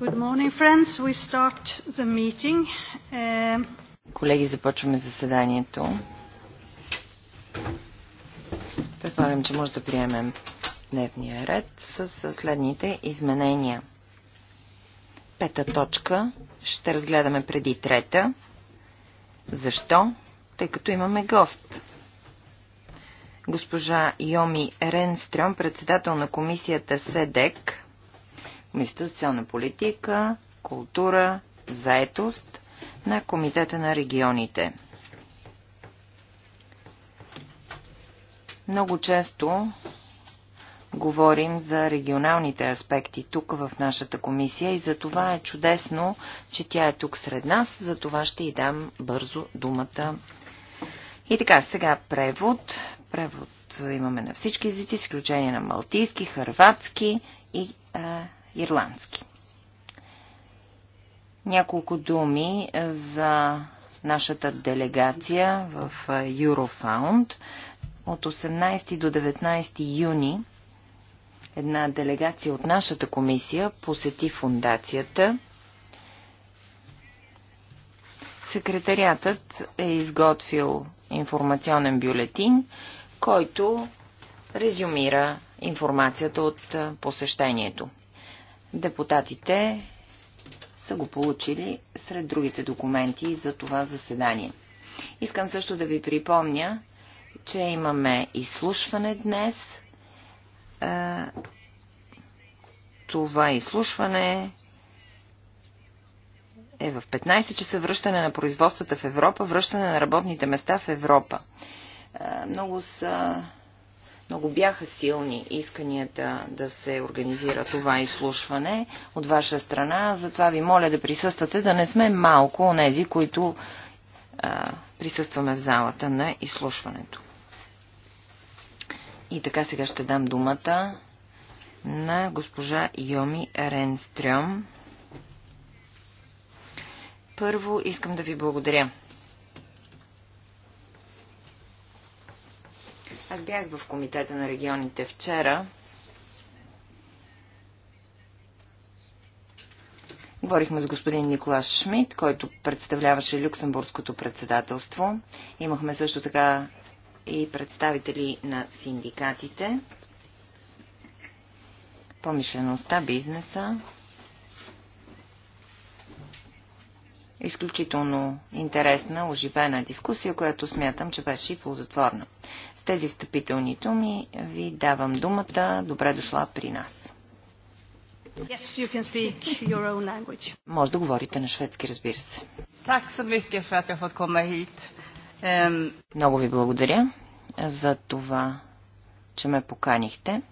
Good morning, friends. We start the meeting. Um, Колеги, започваме заседанието. Предполагам, че може да приемем дневния ред с следните изменения. Пета точка ще разгледаме преди трета. Защо? Тъй като имаме гост. Госпожа Йоми Ренстрем, председател на комисията СЕДЕК, Комисията социална политика, култура, заетост на Комитета на регионите. Много често говорим за регионалните аспекти тук в нашата комисия и за това е чудесно, че тя е тук сред нас, за това ще й дам бързо думата. И така, сега превод. Превод имаме на всички езици, изключение на малтийски, хърватски и е, ирландски. Няколко думи за нашата делегация в Eurofound. От 18 до 19 юни една делегация от нашата комисия посети фундацията. Секретариатът е изготвил информационен бюлетин, който резюмира информацията от посещението. Депутатите са го получили сред другите документи за това заседание. Искам също да ви припомня, че имаме изслушване днес. Това изслушване е в 15 часа връщане на производствата в Европа, връщане на работните места в Европа. Много са много бяха силни исканията да се организира това изслушване от ваша страна, затова ви моля да присъствате, да не сме малко онези, които а, присъстваме в залата на изслушването. И така сега ще дам думата на госпожа Йоми Ренстрем. Първо искам да ви благодаря Аз бях в Комитета на регионите вчера. Говорихме с господин Николас Шмидт, който представляваше Люксембургското председателство. Имахме също така и представители на синдикатите, помишлеността, бизнеса. изключително интересна, оживена дискусия, която смятам, че беше и плодотворна. С тези встъпителни думи ви давам думата. Добре дошла при нас. Yes, you can speak your own language. Може да говорите на шведски, разбира се. Ehm. Много ви благодаря за това, че ме поканихте.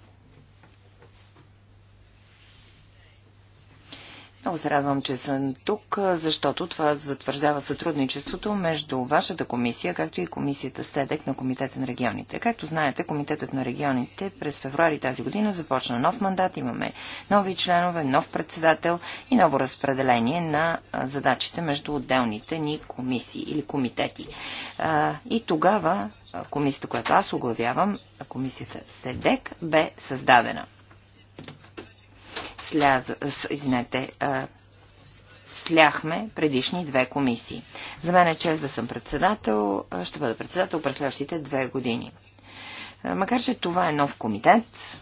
Много се радвам, че съм тук, защото това затвърждава сътрудничеството между вашата комисия, както и комисията СЕДЕК на Комитета на регионите. Както знаете, Комитетът на регионите през февруари тази година започна нов мандат, имаме нови членове, нов председател и ново разпределение на задачите между отделните ни комисии или комитети. И тогава комисията, която аз оглавявам, комисията СЕДЕК, бе създадена сляз, извинете, сляхме предишни две комисии. За мен е чест да съм председател, ще бъда председател през следващите две години. Макар, че това е нов комитет,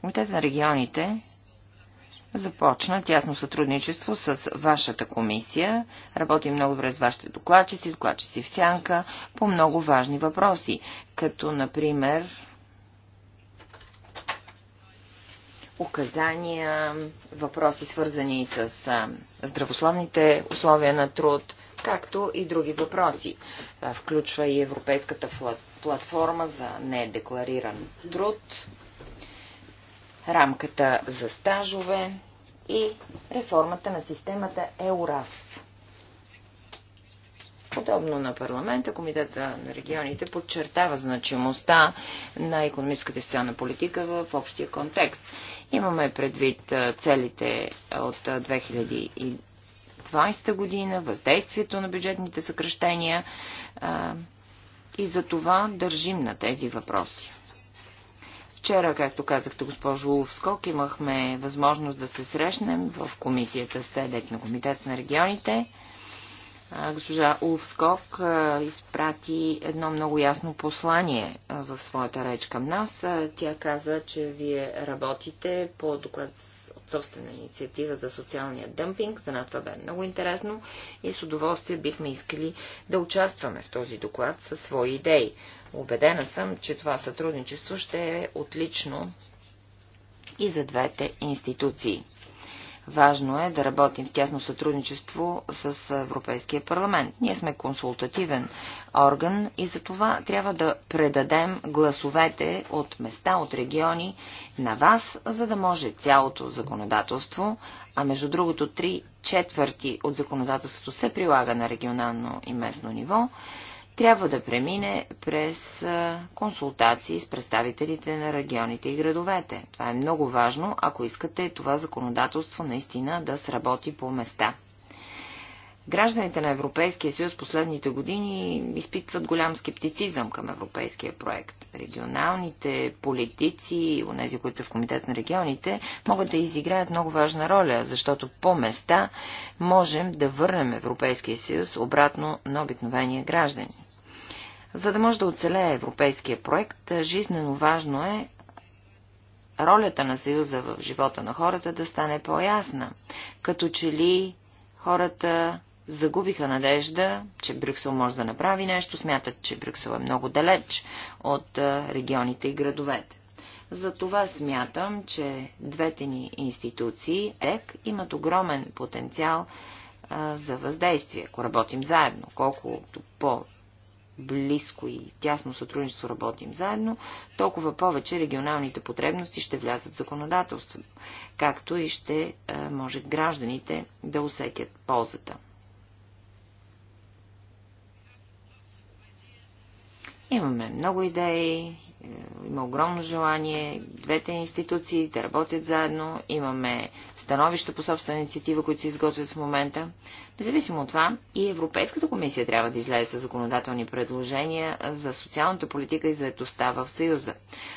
Комитет на регионите започна тясно сътрудничество с вашата комисия. Работи много добре с вашите докладчици, докладчици в сянка по много важни въпроси, като например указания, въпроси свързани с здравословните условия на труд, както и други въпроси. Включва и Европейската платформа за недеклариран труд, рамката за стажове и реформата на системата ЕУРАС. Подобно на парламента, Комитета на регионите подчертава значимостта на економическата и социална политика в общия контекст Имаме предвид целите от 2020 година, въздействието на бюджетните съкръщения и за това държим на тези въпроси. Вчера, както казахте, госпожо Ловскок, имахме възможност да се срещнем в комисията СЕДЕК на Комитет на регионите госпожа Улфскок изпрати едно много ясно послание в своята реч към нас. Тя каза, че вие работите по доклад от собствена инициатива за социалния дъмпинг. За нас това бе много интересно и с удоволствие бихме искали да участваме в този доклад със свои идеи. Обедена съм, че това сътрудничество ще е отлично и за двете институции. Важно е да работим в тясно сътрудничество с Европейския парламент. Ние сме консултативен орган и за това трябва да предадем гласовете от места, от региони на вас, за да може цялото законодателство, а между другото три четвърти от законодателството се прилага на регионално и местно ниво, трябва да премине през консултации с представителите на регионите и градовете. Това е много важно, ако искате това законодателство наистина да сработи по места. Гражданите на Европейския съюз последните години изпитват голям скептицизъм към европейския проект. Регионалните политици, онези, които са в Комитет на регионите, могат да изиграят много важна роля, защото по места можем да върнем Европейския съюз обратно на обикновения граждани. За да може да оцелее европейския проект, жизнено важно е ролята на Съюза в живота на хората да стане по-ясна, като че ли хората загубиха надежда, че Брюксел може да направи нещо, смятат, че Брюксел е много далеч от регионите и градовете. Затова смятам, че двете ни институции, ЕК, имат огромен потенциал а, за въздействие, ако работим заедно. Колкото по близко и тясно сътрудничество работим заедно, толкова повече регионалните потребности ще влязат в законодателство, както и ще е, може гражданите да усетят ползата. Имаме много идеи, има огромно желание двете институции да работят заедно. Имаме становища по собствена инициатива, които се изготвят в момента. Независимо от това, и Европейската комисия трябва да излезе с законодателни предложения за социалната политика и заедостта в Съюза.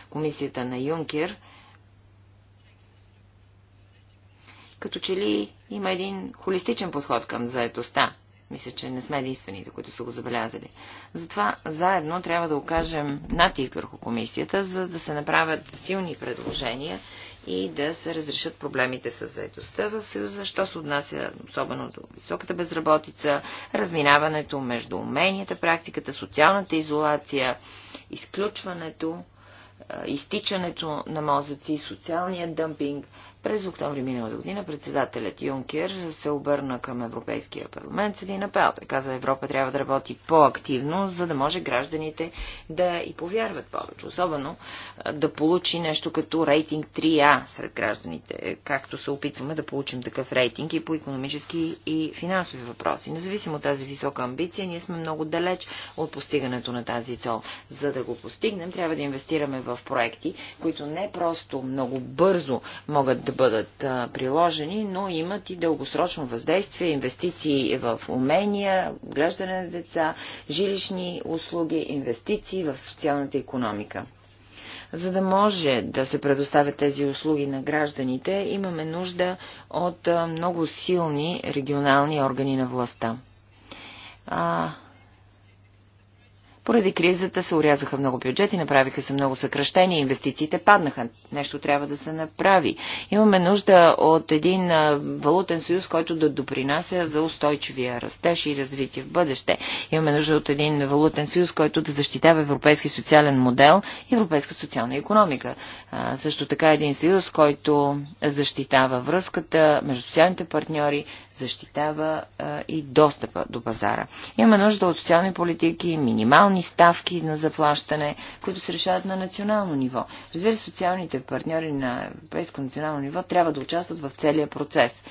Комисията на Юнкер като че ли има един холистичен подход към заедостта. Мисля, че не сме единствените, които са го забелязали. Затова заедно трябва да окажем натиск върху комисията, за да се направят силни предложения и да се разрешат проблемите с заедостта в Съюза, що се отнася особено до високата безработица, разминаването между уменията, практиката, социалната изолация, изключването, изтичането на мозъци, социалния дъмпинг. През октомври миналата година председателят Юнкер се обърна към Европейския парламент с един апел. Той каза, Европа трябва да работи по-активно, за да може гражданите да и повярват повече. Особено да получи нещо като рейтинг 3А сред гражданите, както се опитваме да получим такъв рейтинг и по економически и финансови въпроси. Независимо от тази висока амбиция, ние сме много далеч от постигането на тази цел. За да го постигнем, трябва да инвестираме в проекти, които не просто много бързо могат да да бъдат приложени, но имат и дългосрочно въздействие, инвестиции в умения, граждане на деца, жилищни услуги, инвестиции в социалната економика. За да може да се предоставят тези услуги на гражданите, имаме нужда от много силни регионални органи на властта. Поради кризата се урязаха много бюджети, направиха се много съкръщения, инвестициите паднаха. Нещо трябва да се направи. Имаме нужда от един валутен съюз, който да допринася за устойчивия растеж и развитие в бъдеще. Имаме нужда от един валутен съюз, който да защитава европейски социален модел и европейска социална економика. А, също така един съюз, който защитава връзката между социалните партньори, защитава а, и достъпа до пазара. Имаме нужда от социални политики, минимални ставки на заплащане, които се решават на национално ниво. Разбира се, социалните партньори на европейско национално ниво трябва да участват в целия процес.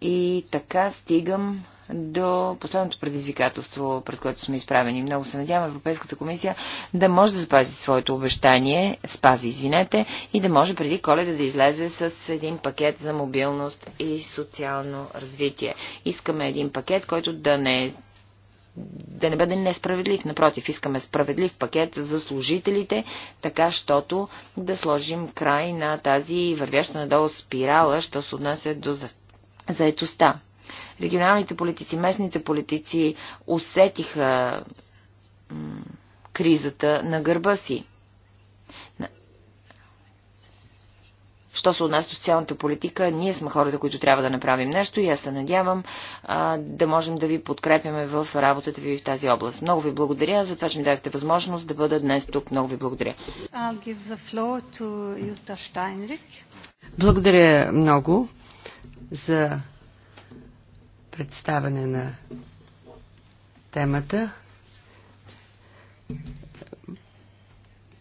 И така стигам до последното предизвикателство, пред което сме изправени. Много се надявам Европейската комисия да може да запази своето обещание, спази, извинете, и да може преди коледа да излезе с един пакет за мобилност и социално развитие. Искаме един пакет, който да не е, да не бъде несправедлив. Напротив, искаме справедлив пакет за служителите, така, щото да сложим край на тази вървяща надолу спирала, що се отнася до заетостта регионалните политици, местните политици усетиха кризата на гърба си. Що се отнася до социалната политика, ние сме хората, които трябва да направим нещо и аз се надявам а, да можем да ви подкрепяме в работата ви в тази област. Много ви благодаря за това, че ми дадахте възможност да бъда днес тук. Много ви благодаря. Благодаря много за представяне на темата.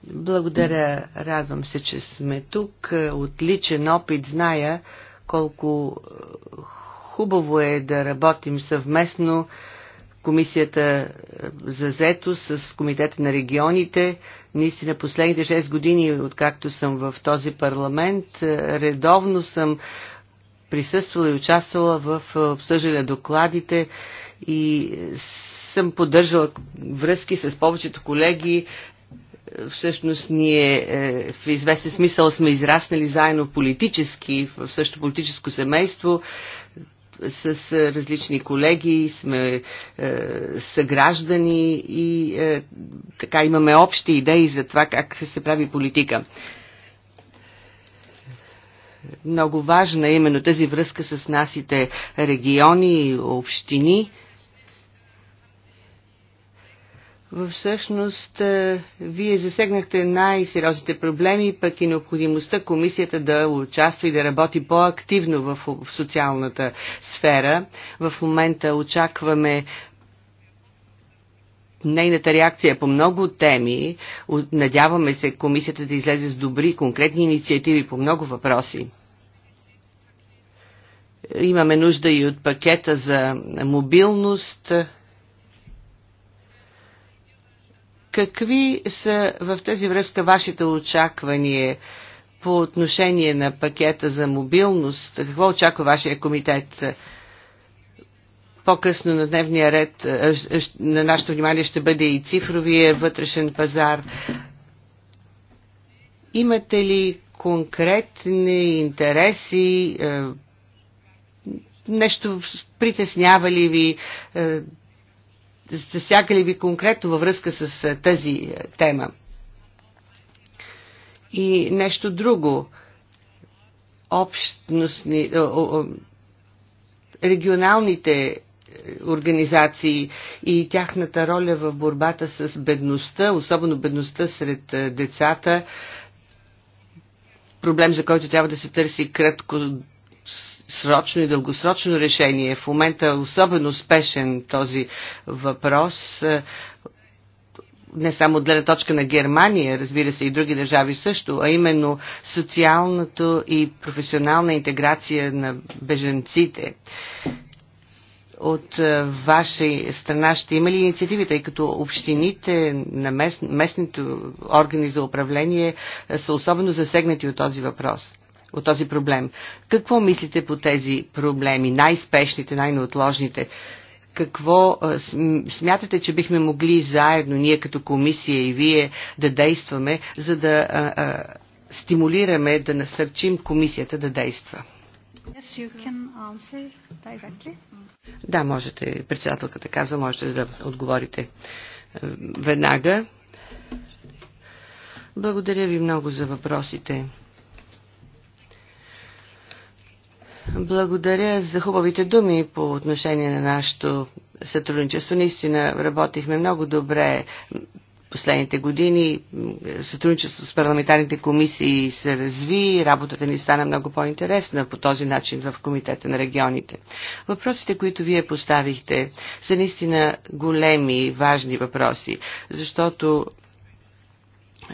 Благодаря, радвам се, че сме тук. Отличен опит зная колко е, хубаво е да работим съвместно Комисията е, за зето с Комитета на регионите. Наистина последните 6 години, откакто съм в този парламент, е, редовно съм присъствала и участвала в обсъждане на докладите и съм поддържала връзки с повечето колеги. Всъщност ние е, в известен смисъл сме израснали заедно политически, в също политическо семейство с е, различни колеги, сме е, съграждани и е, така имаме общи идеи за това как се прави политика много важна именно тази връзка с нашите региони и общини. Всъщност, е, вие засегнахте най-сериозните проблеми, пък и необходимостта комисията да участва и да работи по-активно в социалната сфера. В момента очакваме нейната реакция е по много теми. Надяваме се комисията да излезе с добри, конкретни инициативи по много въпроси. Имаме нужда и от пакета за мобилност. Какви са в тези връзка вашите очаквания по отношение на пакета за мобилност? Какво очаква вашия комитет? По-късно на дневния ред е, е, на нашето внимание ще бъде и цифровия вътрешен пазар. Имате ли конкретни интереси? Е, нещо притеснява ли ви? Засяга ли ви конкретно във връзка с тази тема? И нещо друго. Общностни, регионалните организации и тяхната роля в борбата с бедността, особено бедността сред децата, проблем, за който трябва да се търси кратко срочно и дългосрочно решение. В момента е особено спешен този въпрос не само от гледна точка на Германия, разбира се и други държави също, а именно социалното и професионална интеграция на беженците от е, ваша страна ще има ли инициативи, тъй като общините на мест, местните органи за управление е, са особено засегнати от този въпрос? от този проблем. Какво мислите по тези проблеми, най-спешните, най-неотложните? Какво е, смятате, че бихме могли заедно, ние като комисия и вие, да действаме, за да а, а, стимулираме, да насърчим комисията да действа? да, можете, председателката каза, можете да отговорите е, веднага. Благодаря ви много за въпросите. Благодаря за хубавите думи по отношение на нашето сътрудничество. Наистина работихме много добре последните години. Сътрудничество с парламентарните комисии се разви, работата ни стана много по-интересна по този начин в Комитета на регионите. Въпросите, които вие поставихте, са наистина големи, важни въпроси, защото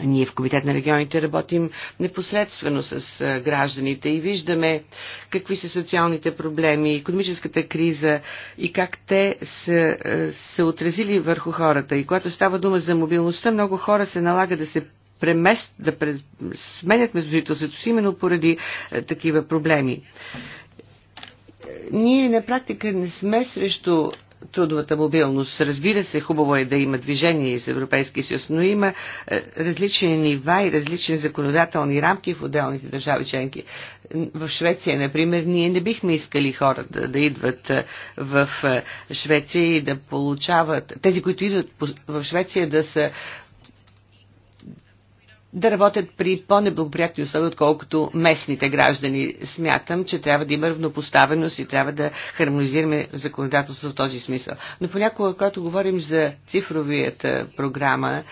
ние в Комитет на регионите работим непосредствено с гражданите и виждаме какви са социалните проблеми, економическата криза и как те са се отразили върху хората. И когато става дума за мобилността, много хора се налага да се премест, да пред, сменят местожителството си именно поради е, такива проблеми. Ние на практика не сме срещу трудовата мобилност. Разбира се, хубаво е да има движение из Европейския съюз, но има е, различни нива и различни законодателни рамки в отделните държави членки. В Швеция, например, ние не бихме искали хора да, да идват е, в е, Швеция и да получават, тези, които идват в Швеция, да са да работят при по-неблагоприятни условия, отколкото местните граждани. Смятам, че трябва да има равнопоставеност и трябва да хармонизираме законодателство в този смисъл. Но понякога, когато говорим за цифровията програма,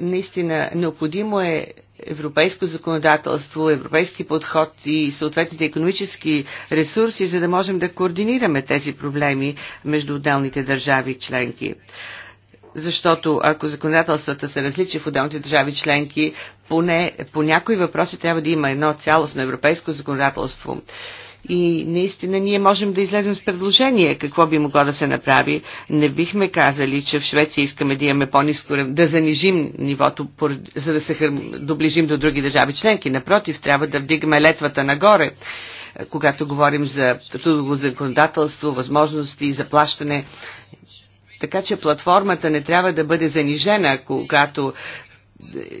наистина необходимо е европейско законодателство, европейски подход и съответните економически ресурси, за да можем да координираме тези проблеми между отделните държави и членки защото ако законодателствата са различни в отделните държави членки, поне по някои въпроси трябва да има едно цялостно европейско законодателство. И наистина ние можем да излезем с предложение какво би могло да се направи. Не бихме казали, че в Швеция искаме да имаме по-низко, да занижим нивото, за да се доближим до други държави членки. Напротив, трябва да вдигаме летвата нагоре когато говорим за трудово законодателство, възможности, заплащане така че платформата не трябва да бъде занижена, когато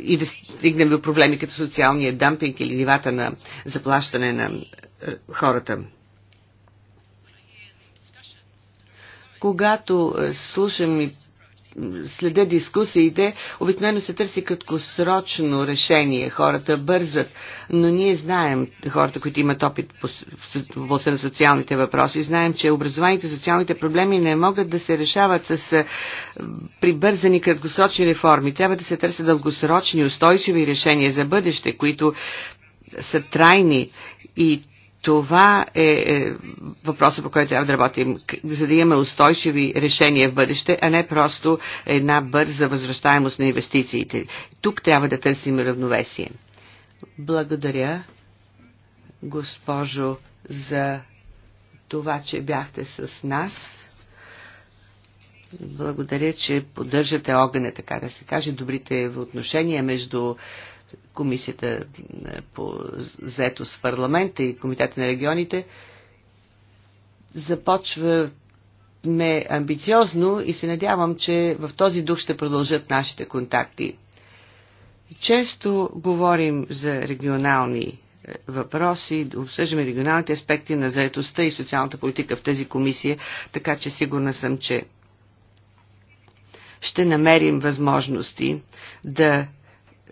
и да стигнем до проблеми като социалния дампинг или нивата на заплащане на е, хората. Когато е, слушам и следя дискусиите, обикновено се търси краткосрочно решение. Хората бързат, но ние знаем, хората, които имат опит в областта на социалните въпроси, знаем, че образованите и социалните проблеми не могат да се решават с прибързани краткосрочни реформи. Трябва да се търсят дългосрочни, устойчиви решения за бъдеще, които са трайни и това е, е въпросът, по който трябва да работим, за да имаме устойчиви решения в бъдеще, а не просто една бърза възвръщаемост на инвестициите. Тук трябва да търсим равновесие. Благодаря, госпожо, за това, че бяхте с нас. Благодаря, че поддържате огъня, така да се каже, добрите отношения между комисията е, по заето с парламента и комитета на регионите, започваме амбициозно и се надявам, че в този дух ще продължат нашите контакти. Често говорим за регионални е, въпроси, обсъждаме регионалните аспекти на заетостта и социалната политика в тази комисия, така че сигурна съм, че ще намерим възможности да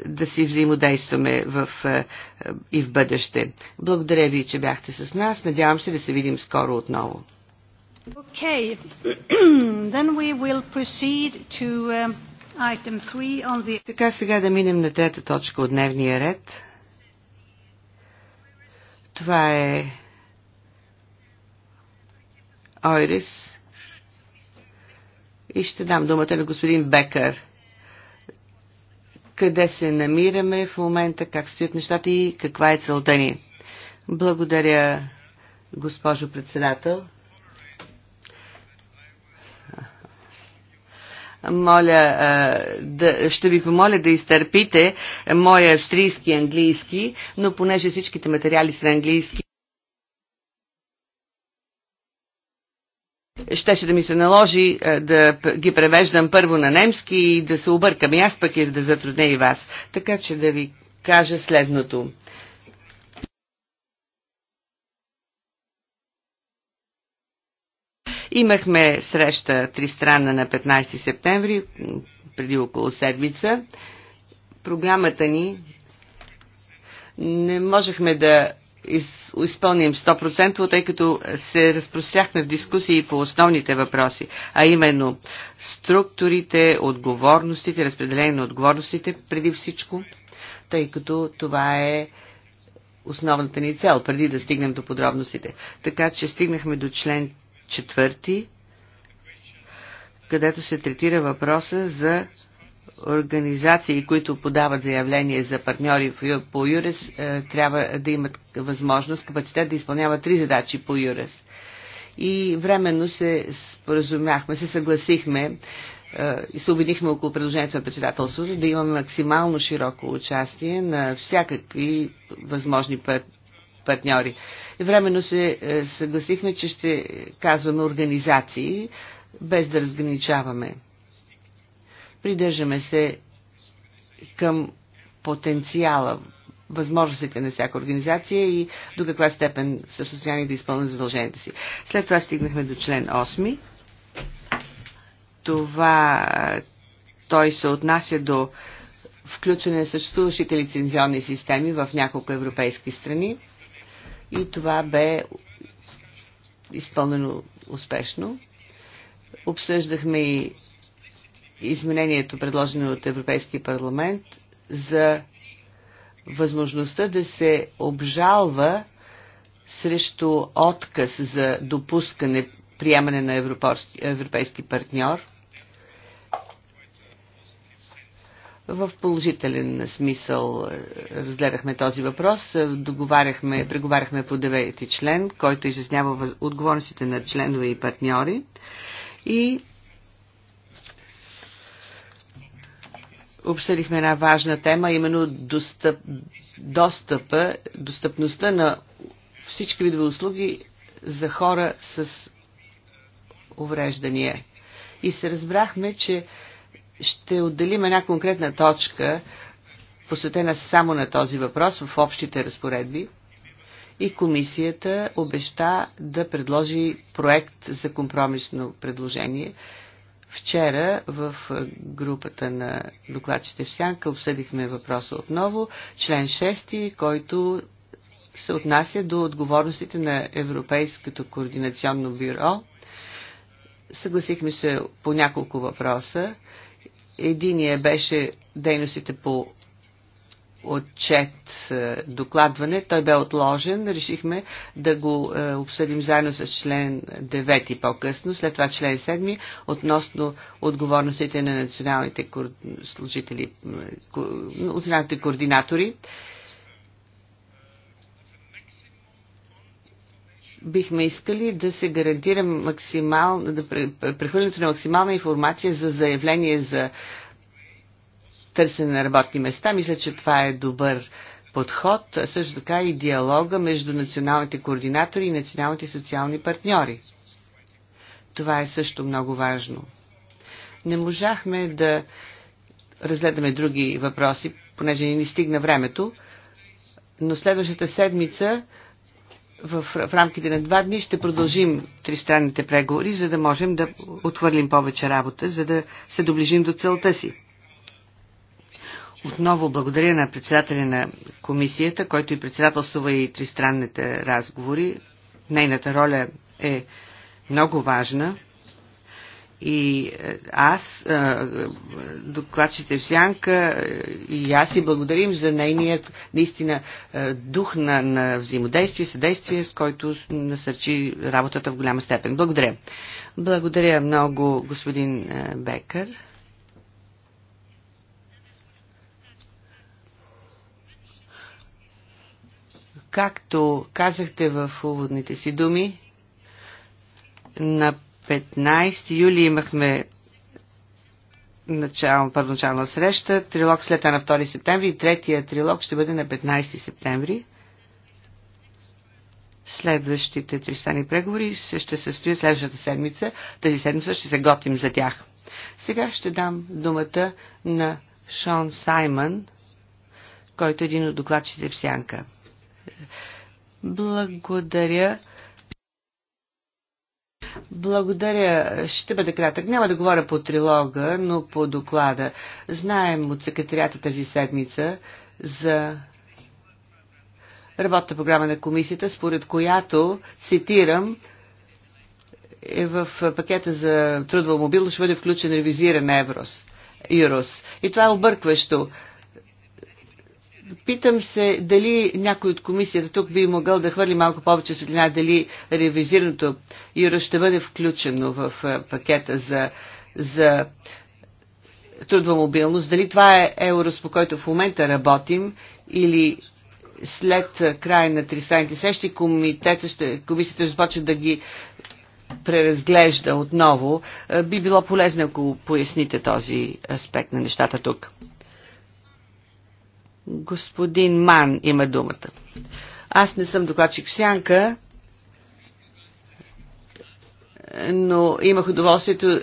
да си взаимодействаме в, е, е, и в бъдеще. Благодаря ви, че бяхте с нас. Надявам се да се видим скоро отново. Okay. Then we will proceed to uh, item on the... Така сега да минем на трета точка от дневния ред. Това е Ойрис. И ще дам думата на господин Бекър къде се намираме в момента, как стоят нещата и каква е целта ни. Благодаря, госпожо председател. моля, да, ще ви помоля да изтърпите моя австрийски и английски, но понеже всичките материали са английски, щеше да ми се наложи е, да ги превеждам първо на немски и да се объркам и аз пък и да затрудня и вас. Така че да ви кажа следното. Имахме среща тристранна на 15 септември, преди около седмица. Програмата ни не можехме да из, изпълним 100%, тъй като се разпростяхме в дискусии по основните въпроси, а именно структурите, отговорностите, разпределение на отговорностите преди всичко, тъй като това е основната ни цел, преди да стигнем до подробностите. Така че стигнахме до член 4, където се третира въпроса за организации, които подават заявление за партньори по ЮРЕС, е, трябва да имат възможност, капацитет да изпълняват три задачи по ЮРЕС. И временно се споразумяхме, се съгласихме е, и се обединихме около предложението на председателството да имаме максимално широко участие на всякакви възможни пар партньори. И временно се е, съгласихме, че ще казваме организации, без да разграничаваме Придържаме се към потенциала, възможностите на всяка организация и до каква степен са в състояние да изпълнят задълженията си. След това стигнахме до член 8. Това той се отнася до включване на съществуващите лицензионни системи в няколко европейски страни и това бе изпълнено успешно. Обсъждахме и изменението, предложено от Европейския парламент, за възможността да се обжалва срещу отказ за допускане приемане на европейски партньор В положителен смисъл е, разгледахме този въпрос. Е, договаряхме, преговаряхме по девети член, който изяснява отговорностите на членове и партньори. И обсъдихме една важна тема, именно достъп, достъпа, достъпността на всички видове услуги за хора с увреждания. И се разбрахме, че ще отделим една конкретна точка, посветена само на този въпрос в общите разпоредби. И комисията обеща да предложи проект за компромисно предложение, Вчера в групата на докладчите в Сянка обсъдихме въпроса отново. Член 6, който се отнася до отговорностите на Европейското координационно бюро. Съгласихме се по няколко въпроса. Единия беше дейностите по отчет, е, докладване. Той бе отложен. Решихме да го е, обсъдим заедно с член 9 по-късно, след това член 7 относно отговорностите на националните служители, националните координатори. бихме искали да се гарантира максимал, да прехвърлянето на максимална информация за заявление за търсене на работни места. Мисля, че това е добър подход, също така и диалога между националните координатори и националните социални партньори. Това е също много важно. Не можахме да разгледаме други въпроси, понеже не ни стигна времето, но следващата седмица в, в рамките на два дни ще продължим тристранните преговори, за да можем да отхвърлим повече работа, за да се доближим до целта си. Отново благодаря на председателя на комисията, който и председателства и тристранните разговори. Нейната роля е много важна. И е, аз, е, докладчите в Сянка, е, и аз и благодарим за нейния наистина дух на, на взаимодействие, съдействие, с който насърчи работата в голяма степен. Благодаря. Благодаря много, господин Бекър. Както казахте в уводните си думи, на 15 юли имахме начал, първоначална среща, трилог след на 2 септември и третия трилог ще бъде на 15 септември. Следващите тристани преговори ще се състоят следващата седмица. Тази седмица ще се готвим за тях. Сега ще дам думата на Шон Саймън, който е един от докладчите в Сянка. Благодаря. Благодаря. Ще бъде кратък. Няма да говоря по трилога, но по доклада. Знаем от секретарията тази седмица за работна програма на комисията, според която, цитирам, е в пакета за трудова мобилност ще бъде включен ревизиран Еврос. Юрос. И това е объркващо. Питам се дали някой от комисията тук би могъл да хвърли малко повече светлина, дали ревизираното юро ще бъде включено в е, пакета за, за трудва мобилност, дали това е Еврос, по който в момента работим или след края на тристаните сещи комитета ще, комисията ще започне да ги преразглежда отново. Е, би било полезно, ако поясните този аспект на нещата тук. Господин Ман има думата. Аз не съм докладчик в сянка но имах удоволствието, е,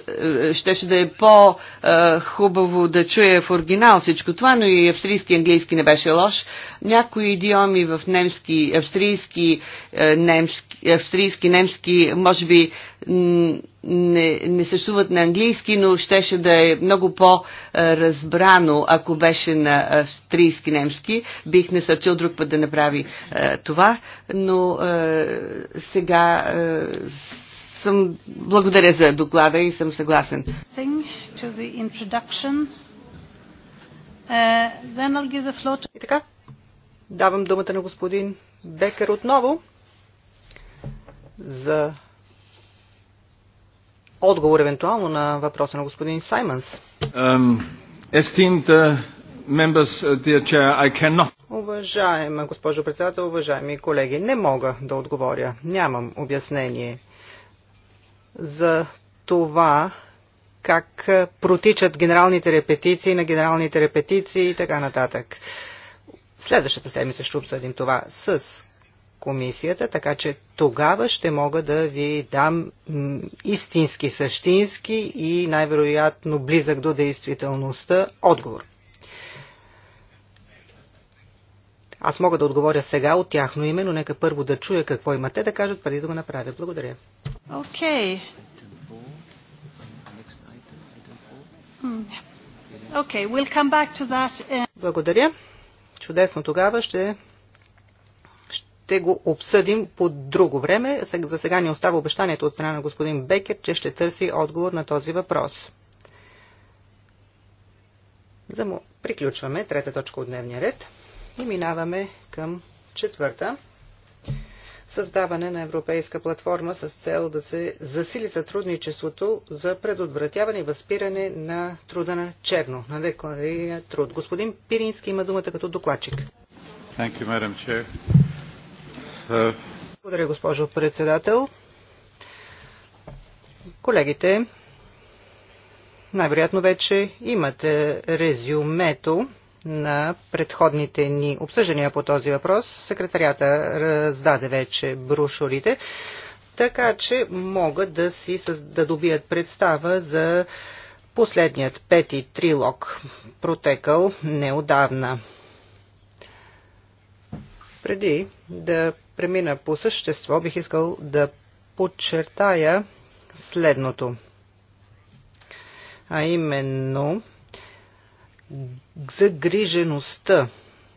щеше да е по-хубаво да чуя в оригинал всичко това, но и австрийски и английски не беше лош. Някои идиоми в немски, австрийски, е, немски, австрийски, немски, може би не, не съществуват на английски, но щеше да е много по-разбрано, ако беше на австрийски, немски. Бих не съчил друг път да направи е, това, но сега съм благодаря за доклада и съм съгласен. Uh, и така, давам думата на господин Бекер отново за отговор евентуално на въпроса на господин Саймънс. Um, uh, members, uh, dear chair, I cannot. Уважаема госпожо председател, уважаеми колеги, не мога да отговоря. Нямам обяснение за това как протичат генералните репетиции на генералните репетиции и така нататък. Следващата седмица ще обсъдим това с комисията, така че тогава ще мога да ви дам истински, същински и най-вероятно близък до действителността отговор. Аз мога да отговоря сега от тяхно име, но нека първо да чуя какво имате да кажат, преди да го направя. Благодаря. Okay. Hmm. Okay, we'll come back to that. Uh, Благодаря. Чудесно тогава ще ще го обсъдим по друго време. За сега ни остава обещанието от страна на господин Бекет, че ще търси отговор на този въпрос. му... Приключваме трета точка от дневния ред и минаваме към четвърта създаване на европейска платформа с цел да се засили сътрудничеството за предотвратяване и възпиране на труда на черно, на декларирания труд. Господин Пирински има думата като докладчик. Thank you, Madam Chair. Uh... Благодаря, госпожо председател. Колегите, най-вероятно вече имате резюмето на предходните ни обсъждания по този въпрос. Секретарията раздаде вече брошурите, така че могат да, си, да добият представа за последният пети трилог, протекал неодавна. Преди да премина по същество, бих искал да подчертая следното. А именно, загрижеността,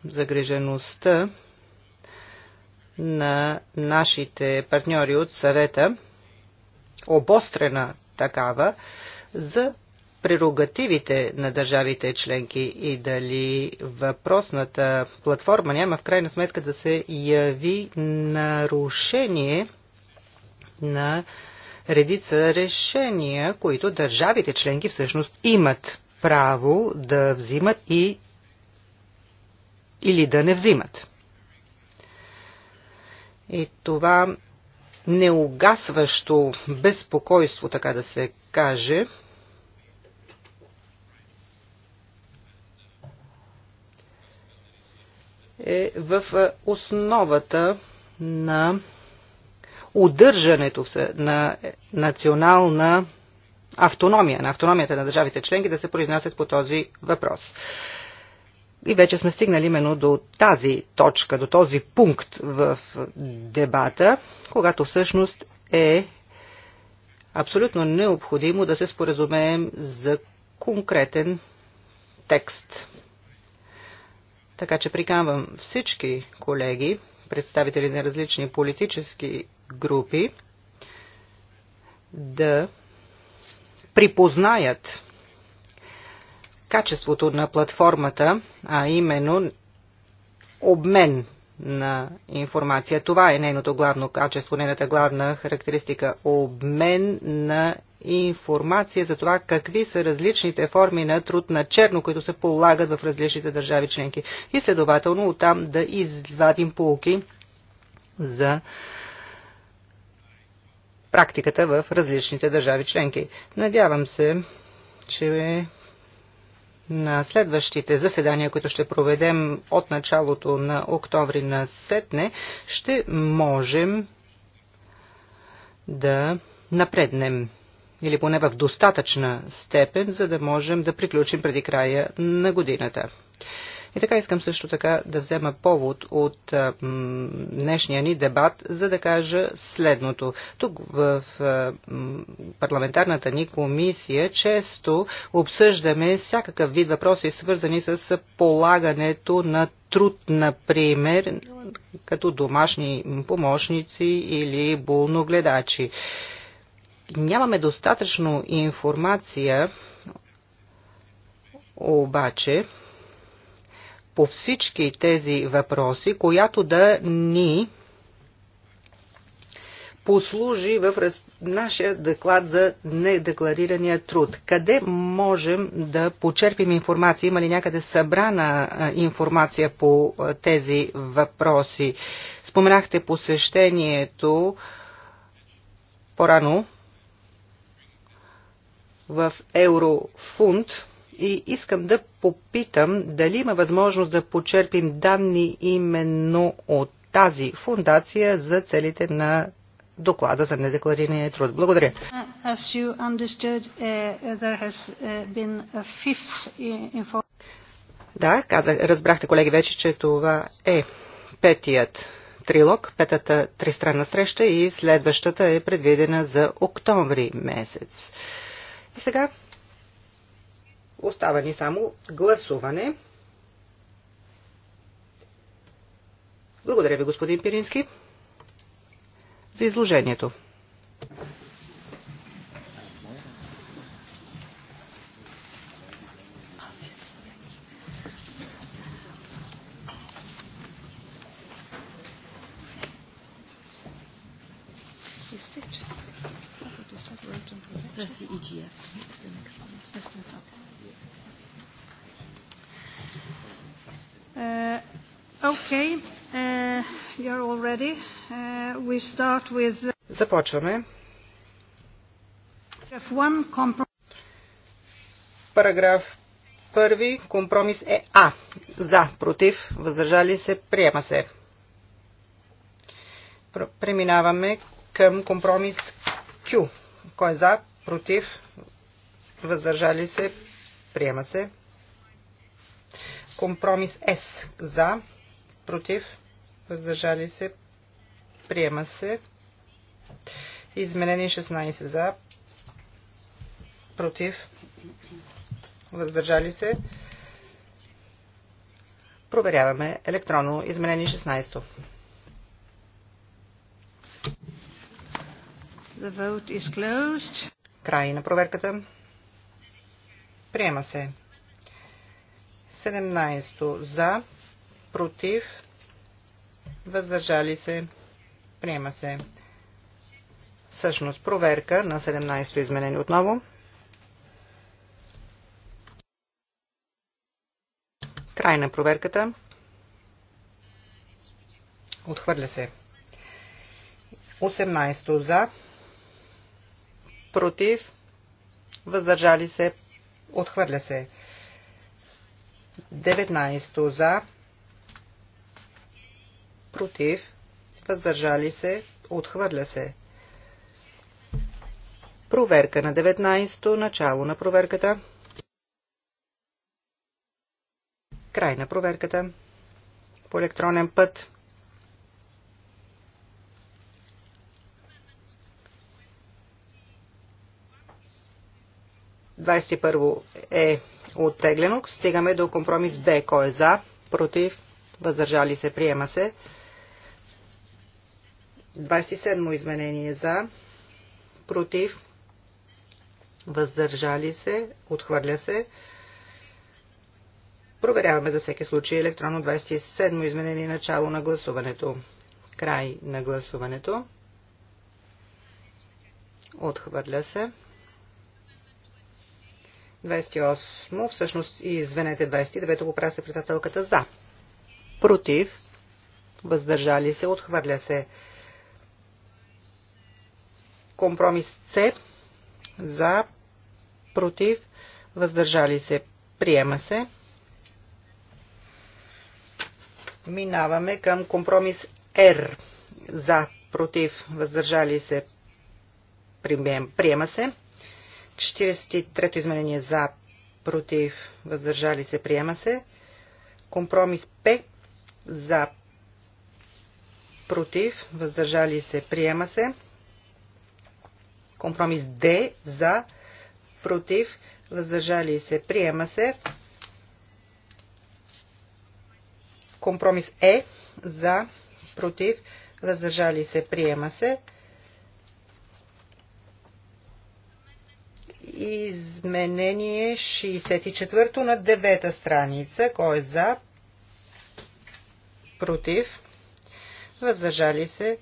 загрижеността на нашите партньори от съвета, обострена такава, за прерогативите на държавите членки и дали въпросната платформа няма в крайна сметка да се яви нарушение на редица решения, които държавите членки всъщност имат право да взимат и или да не взимат. И това неугасващо безпокойство, така да се каже, е в основата на удържането на е, национална автономия, на автономията на държавите членки да се произнасят по този въпрос. И вече сме стигнали именно до тази точка, до този пункт в дебата, когато всъщност е абсолютно необходимо да се споразумеем за конкретен текст. Така че приканвам всички колеги, представители на различни политически групи, да припознаят качеството на платформата, а именно обмен на информация. Това е нейното главно качество, нейната главна характеристика. Обмен на информация за това какви са различните форми на труд на черно, които се полагат в различните държави членки. И следователно оттам да извадим полки за практиката в различните държави членки. Надявам се, че на следващите заседания, които ще проведем от началото на октомври на сетне, ще можем да напреднем или поне в достатъчна степен, за да можем да приключим преди края на годината. И така искам също така да взема повод от а, м, днешния ни дебат, за да кажа следното. Тук в а, м, парламентарната ни комисия често обсъждаме всякакъв вид въпроси, свързани с полагането на труд, например, като домашни помощници или болногледачи. Нямаме достатъчно информация обаче по всички тези въпроси, която да ни послужи в раз... нашия доклад за недекларирания труд. Къде можем да почерпим информация? Има ли някъде събрана информация по тези въпроси? Споменахте посещението по-рано в Еврофунд и искам да попитам дали има възможност да почерпим данни именно от тази фундация за целите на доклада за недекларирания труд. Благодаря. Uh, uh, uh, да, казах, разбрахте, колеги, вече, че това е петият трилог, петата тристранна среща и следващата е предвидена за октомври месец. И сега Остава ни само гласуване. Благодаря ви, господин Пирински, за изложението. That's the EGF. That's the next one. That's the Uh, uh, uh, Започваме. Параграф първи. Компромис е А. За, против, въздържали се, приема се. Преминаваме към компромис Q. Кой е за, против, въздържали се, приема се. Компромис С. За, против, въздържали се, приема се. Изменени 16 за, против, въздържали се. Проверяваме електронно Изменени 16. The vote is closed. Край на проверката. Приема се. 17 за, против, въздържали се, приема се. Всъщност, проверка на 17-то изменение отново. Край на проверката. Отхвърля се. 18 за, против, въздържали се, отхвърля се. 19 за, против, въздържали се, отхвърля се. Проверка на 19-то, начало на проверката. Край на проверката. По електронен път. Двадесет първо е оттеглено. Стигаме до компромис Б. Кой е за? Против? Въздържали се? Приема се. 27 изменение за, против, въздържали се, отхвърля се. Проверяваме за всеки случай електронно 27 изменение начало на гласуването. Край на гласуването. Отхвърля се. 28, всъщност, извинете, 29-то поправя се председателката за. Против, въздържали се, отхвърля се. Компромис С за, против, въздържали се, приема се. Минаваме към компромис Р. За, против, въздържали се, приема се. 43-то изменение за, против, въздържали се, приема се. Компромис П за, против, въздържали се, приема се. Компромис Д за, против, въздържали се, приема се. Компромис Е за, против, въздържали се, приема се. Изменение 64 на 9 страница. Кой е за? Против? Въздържали се?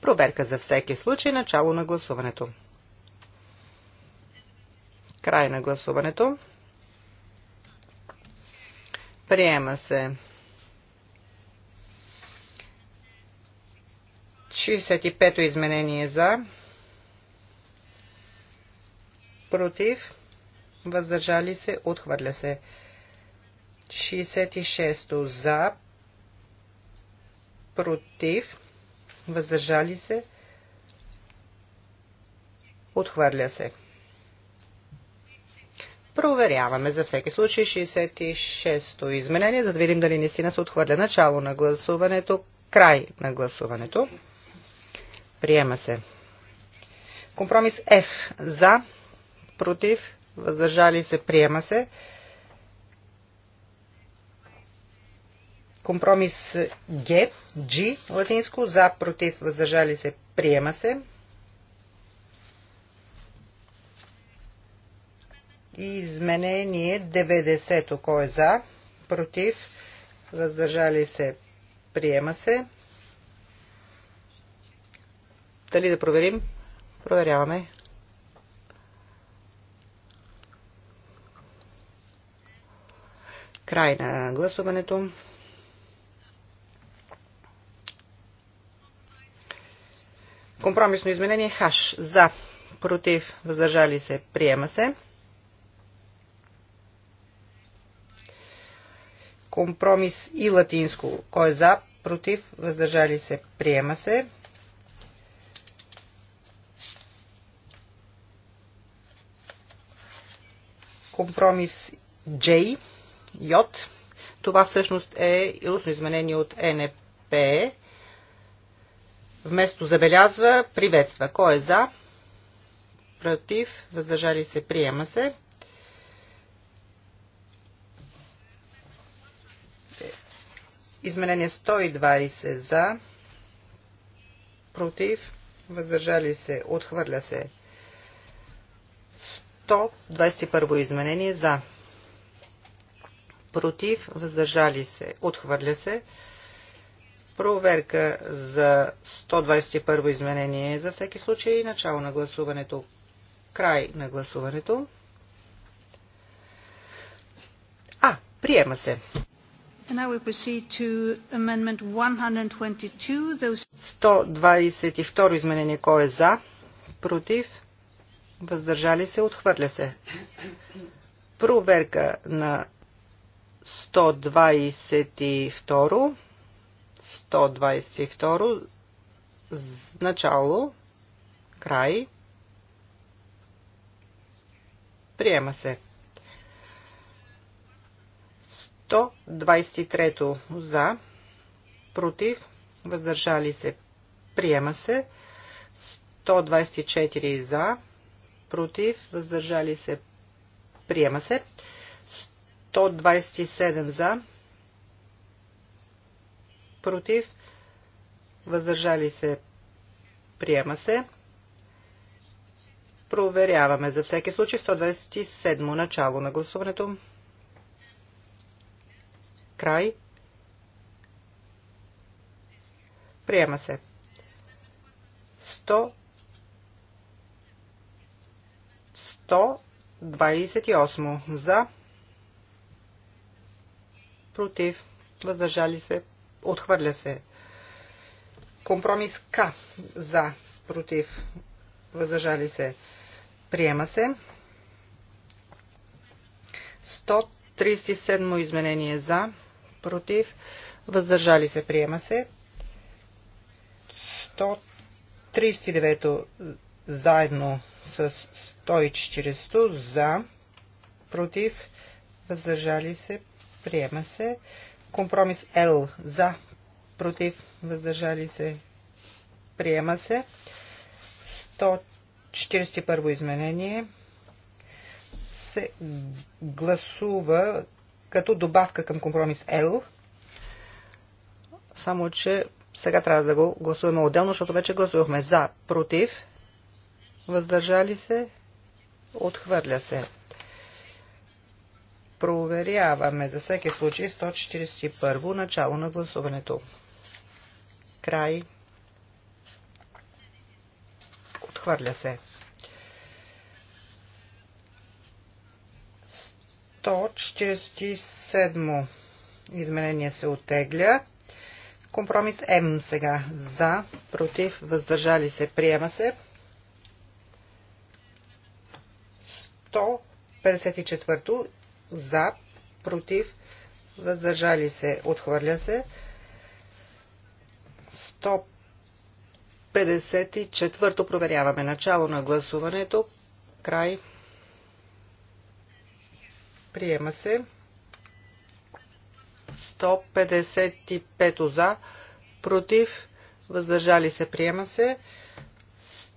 Проверка за всеки случай. Начало на гласуването. Край на гласуването. Приема се 65-то изменение за, против, въздържали се, отхвърля се. 66-то за, против, въздържали се, отхвърля се. Проверяваме за всеки случай 66-то изменение, за да видим дали наистина се отхвърля начало на гласуването, край на гласуването. Приема се. Компромис F за, против, въздържали се, приема се. Компромис G, G, латинско, за, против, въздържали се, приема се. И изменение 90-то, кой е за, против, въздържали се, приема се. Дали да проверим? Проверяваме. Край на гласуването. Компромисно изменение хаш. За. Против. Въздържали се. Приема се. Компромис и латинско. Кой е за? Против. Въздържали се. Приема се. компромис J, J. Това всъщност е устно изменение от НП. Вместо забелязва, приветства. Кой е за? Против. Въздържали се. Приема се. Изменение 120 за. Против. Въздържали се. Отхвърля се. 121 изменение за. Против. Въздържали се. Отхвърля се. Проверка за 121 изменение за всеки случай. Начало на гласуването. Край на гласуването. А, приема се. 122 изменение. Кой е за? Против? Въздържали се? Отхвърля се. Проверка на 122. 122 начало, край, приема се. 123 за, против, въздържали се, приема се. 124 за, против, въздържали се, приема се. 127 за, против, въздържали се, приема се. Проверяваме за всеки случай 127 начало на гласуването. Край. Приема се. 100 128 за против въздържали се Отхвърля се. Компромис К. За. Против. Въздържали се. Приема се. 137 изменение за. Против. Въздържали се. Приема се. 139 заедно с 140 за. Против. Въздържали се. Приема се. Компромис Л за, против, въздържали се, приема се. 141 изменение се гласува като добавка към компромис L. Само, че сега трябва да го гласуваме отделно, защото вече гласувахме за, против, въздържали се, отхвърля се. Проверяваме за всеки случай 141 начало на гласуването. Край. Отхвърля се. 147 изменение се отегля. Компромис М сега. За, против, въздържали се, приема се. 154 за, против, въздържали се, отхвърля се. 154 проверяваме начало на гласуването, край, приема се. 155 за, против, въздържали се, приема се.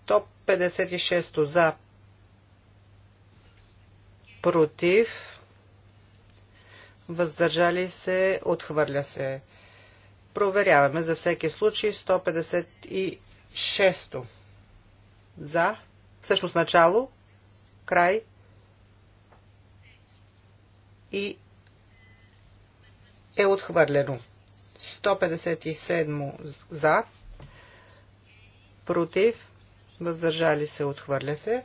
156 за, против, въздържали се, отхвърля се. Проверяваме за всеки случай 156 за, всъщност начало, край и е отхвърлено. 157 за, против, въздържали се, отхвърля се.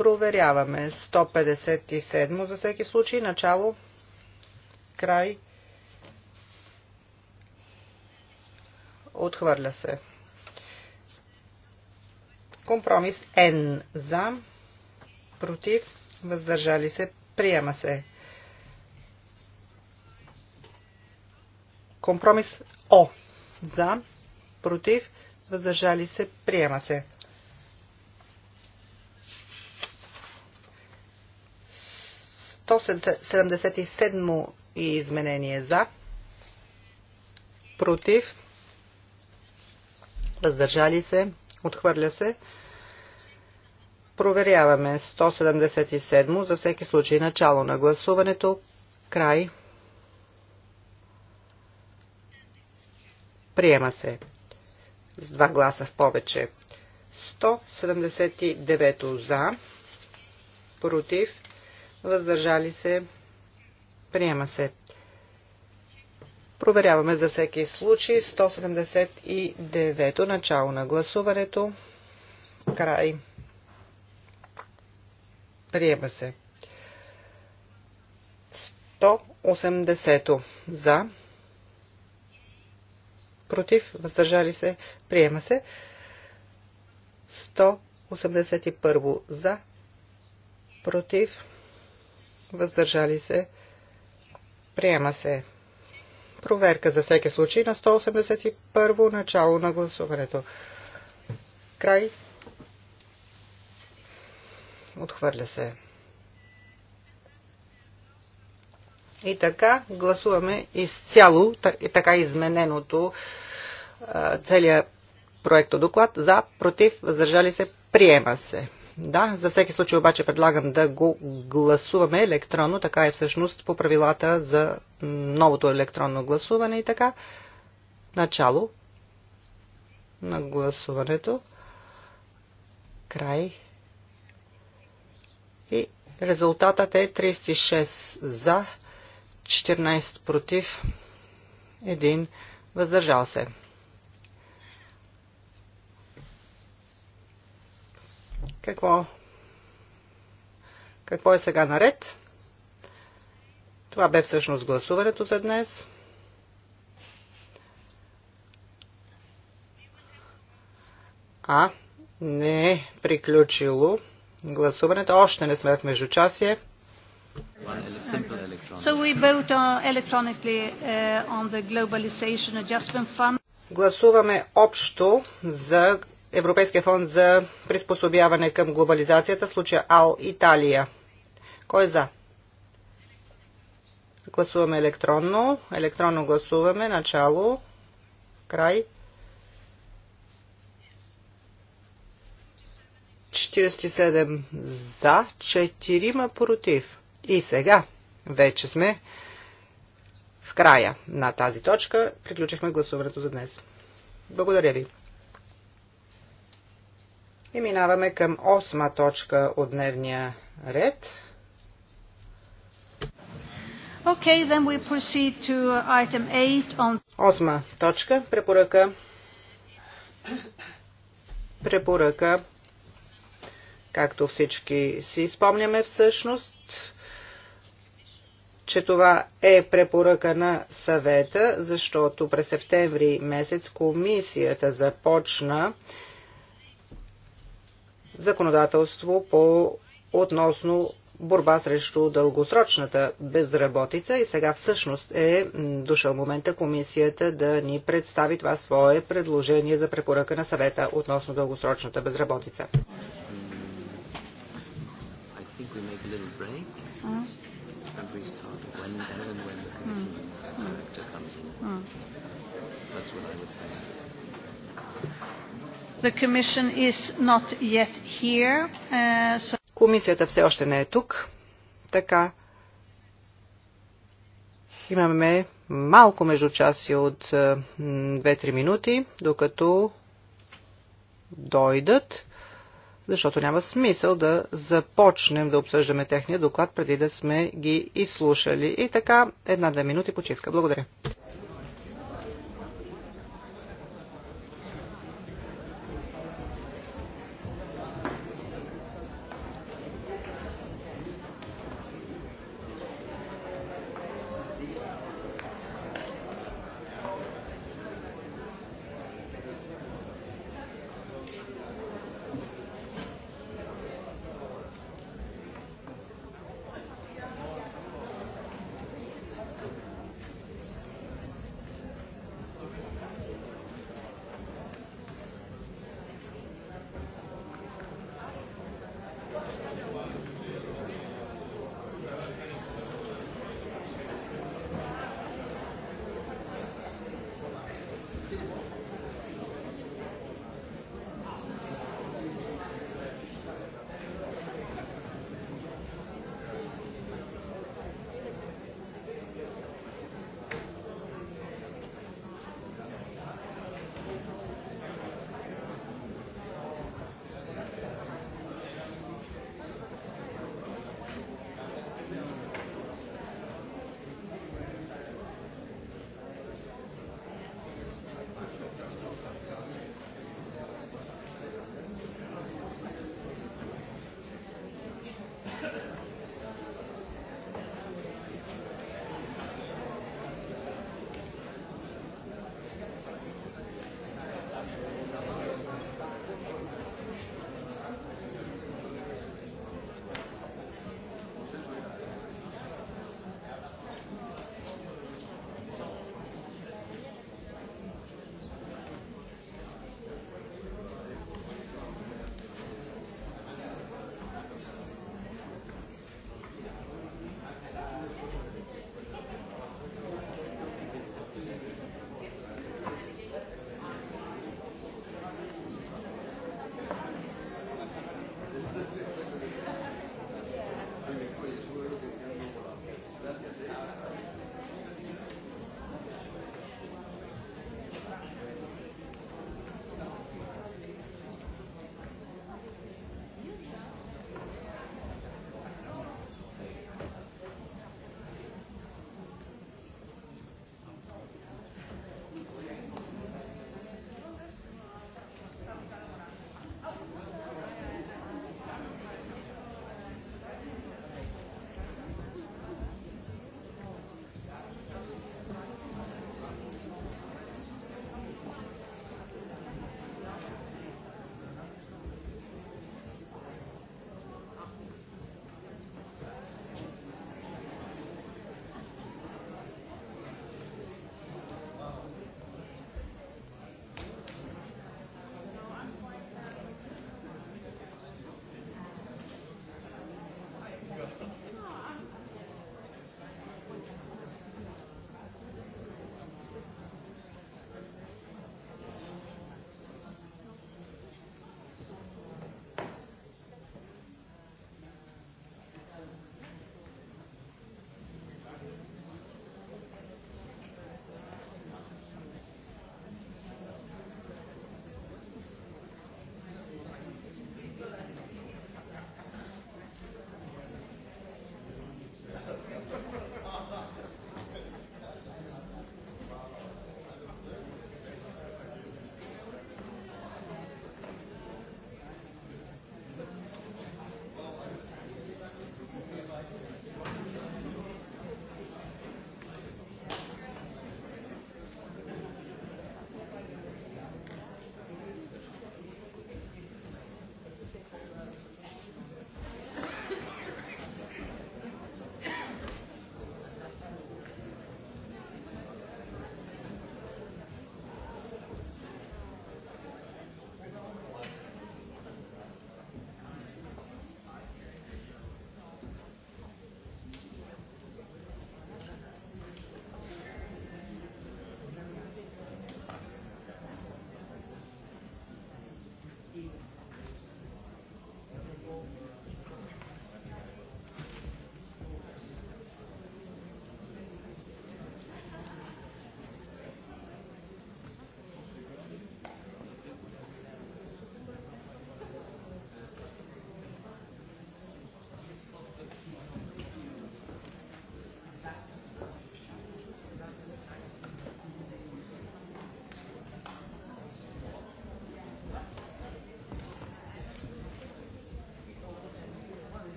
Проверяваме 157 за всеки случай. Начало, край, отхвърля се. Компромис N за, против, въздържали се, приема се. Компромис О за, против, въздържали се, приема се. 177 и изменение за, против, въздържали се, отхвърля се. Проверяваме 177 за всеки случай начало на гласуването, край. Приема се с два гласа в повече. 179 за, против, въздържали се, приема се. Проверяваме за всеки случай 179 начало на гласуването, край. Приема се. 180 за, против, въздържали се, приема се. 181 за, против, въздържали се, приема се. Проверка за всеки случай на 181 во начало на гласуването. Край. Отхвърля се. И така гласуваме изцяло, така измененото целият проектодоклад доклад за, против, въздържали се, приема се. Да, за всеки случай обаче предлагам да го гласуваме електронно, така е всъщност по правилата за новото електронно гласуване и така. Начало на гласуването, край и резултатът е 36 за, 14 против, 1 въздържал се. Какво, какво е сега наред? Това бе всъщност гласуването за днес. А, не е приключило гласуването. Още не сме в междучасие. So we vote uh, electronically uh, on the globalization adjustment fund. Гласуваме общо за Европейския фонд за приспособяване към глобализацията, в случая Ал Италия. Кой е за? Гласуваме електронно. Електронно гласуваме. Начало. Край. 47 за, 4 против. И сега вече сме в края на тази точка. Приключихме гласуването за днес. Благодаря ви. И минаваме към осма точка от дневния ред. Okay, then we proceed to item 8 on... Осма точка, препоръка. Препоръка, както всички си спомняме всъщност, че това е препоръка на съвета, защото през септември месец комисията започна законодателство по относно борба срещу дългосрочната безработица и сега всъщност е дошъл момента комисията да ни представи това свое предложение за препоръка на съвета относно дългосрочната безработица. Uh, Комисията все още не е тук, така имаме малко между часи от 2-3 е, минути, докато дойдат, защото няма смисъл да започнем да обсъждаме техния доклад преди да сме ги изслушали. И така, една-две минути почивка. Благодаря.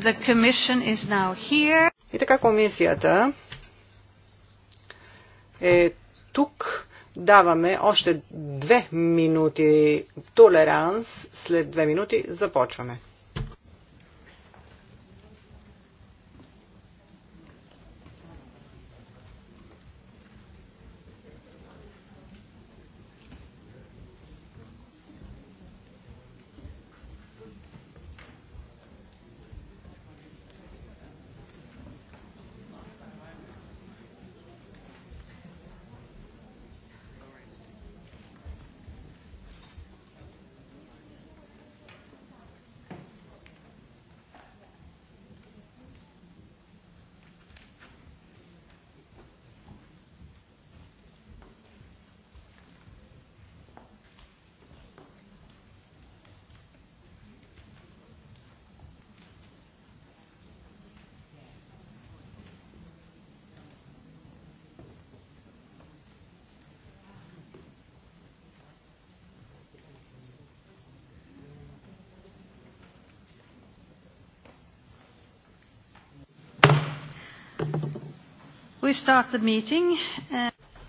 The commission is now here. И така комисията е тук. Даваме още две минути толеранс. След две минути започваме.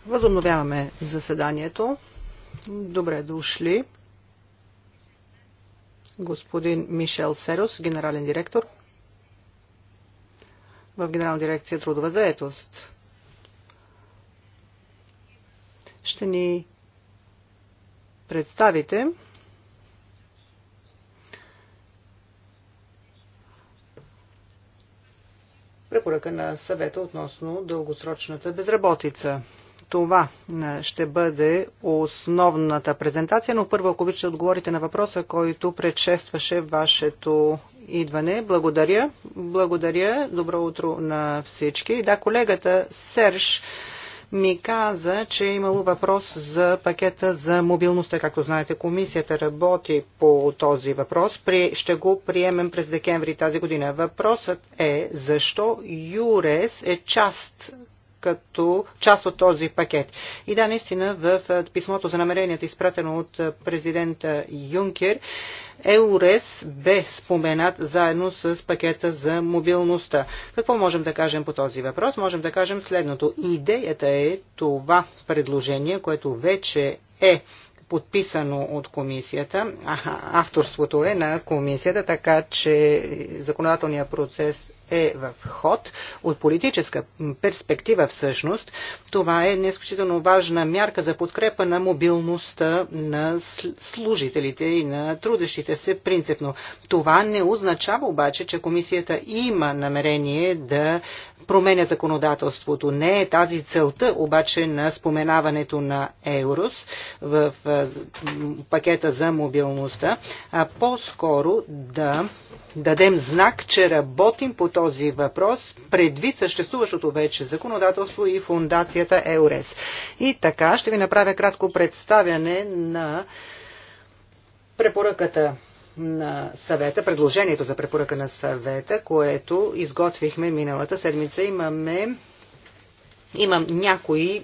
Възобновяваме заседанието. Добре дошли. Господин Мишел Серос, генерален директор в Генерална дирекция Трудова заетост. Ще ни представите препоръка на съвета относно дългосрочната безработица. Това ще бъде основната презентация, но първо, ако обичате, отговорите на въпроса, който предшестваше вашето идване. Благодаря. Благодаря. Добро утро на всички. Да, колегата Серж ми каза, че е имало въпрос за пакета за мобилността. Както знаете, комисията работи по този въпрос. При... Ще го приемем през декември тази година. Въпросът е защо ЮРЕС е част като част от този пакет. И да, наистина в писмото за намеренията, изпратено от президента Юнкер, ЕУРЕС бе споменат заедно с пакета за мобилността. Какво можем да кажем по този въпрос? Можем да кажем следното. Идеята е това предложение, което вече е подписано от комисията. авторството е на комисията, така че законодателният процес е в ход. От политическа перспектива всъщност това е неизключително важна мярка за подкрепа на мобилността на служителите и на трудещите се принципно. Това не означава обаче, че комисията има намерение да променя законодателството. Не е тази целта обаче на споменаването на Еврос в пакета за мобилността, а по-скоро да дадем знак, че работим по този въпрос предвид съществуващото вече законодателство и фундацията ЕОРЕС. И така ще ви направя кратко представяне на препоръката на съвета, предложението за препоръка на съвета, което изготвихме миналата седмица. Имаме Имам някои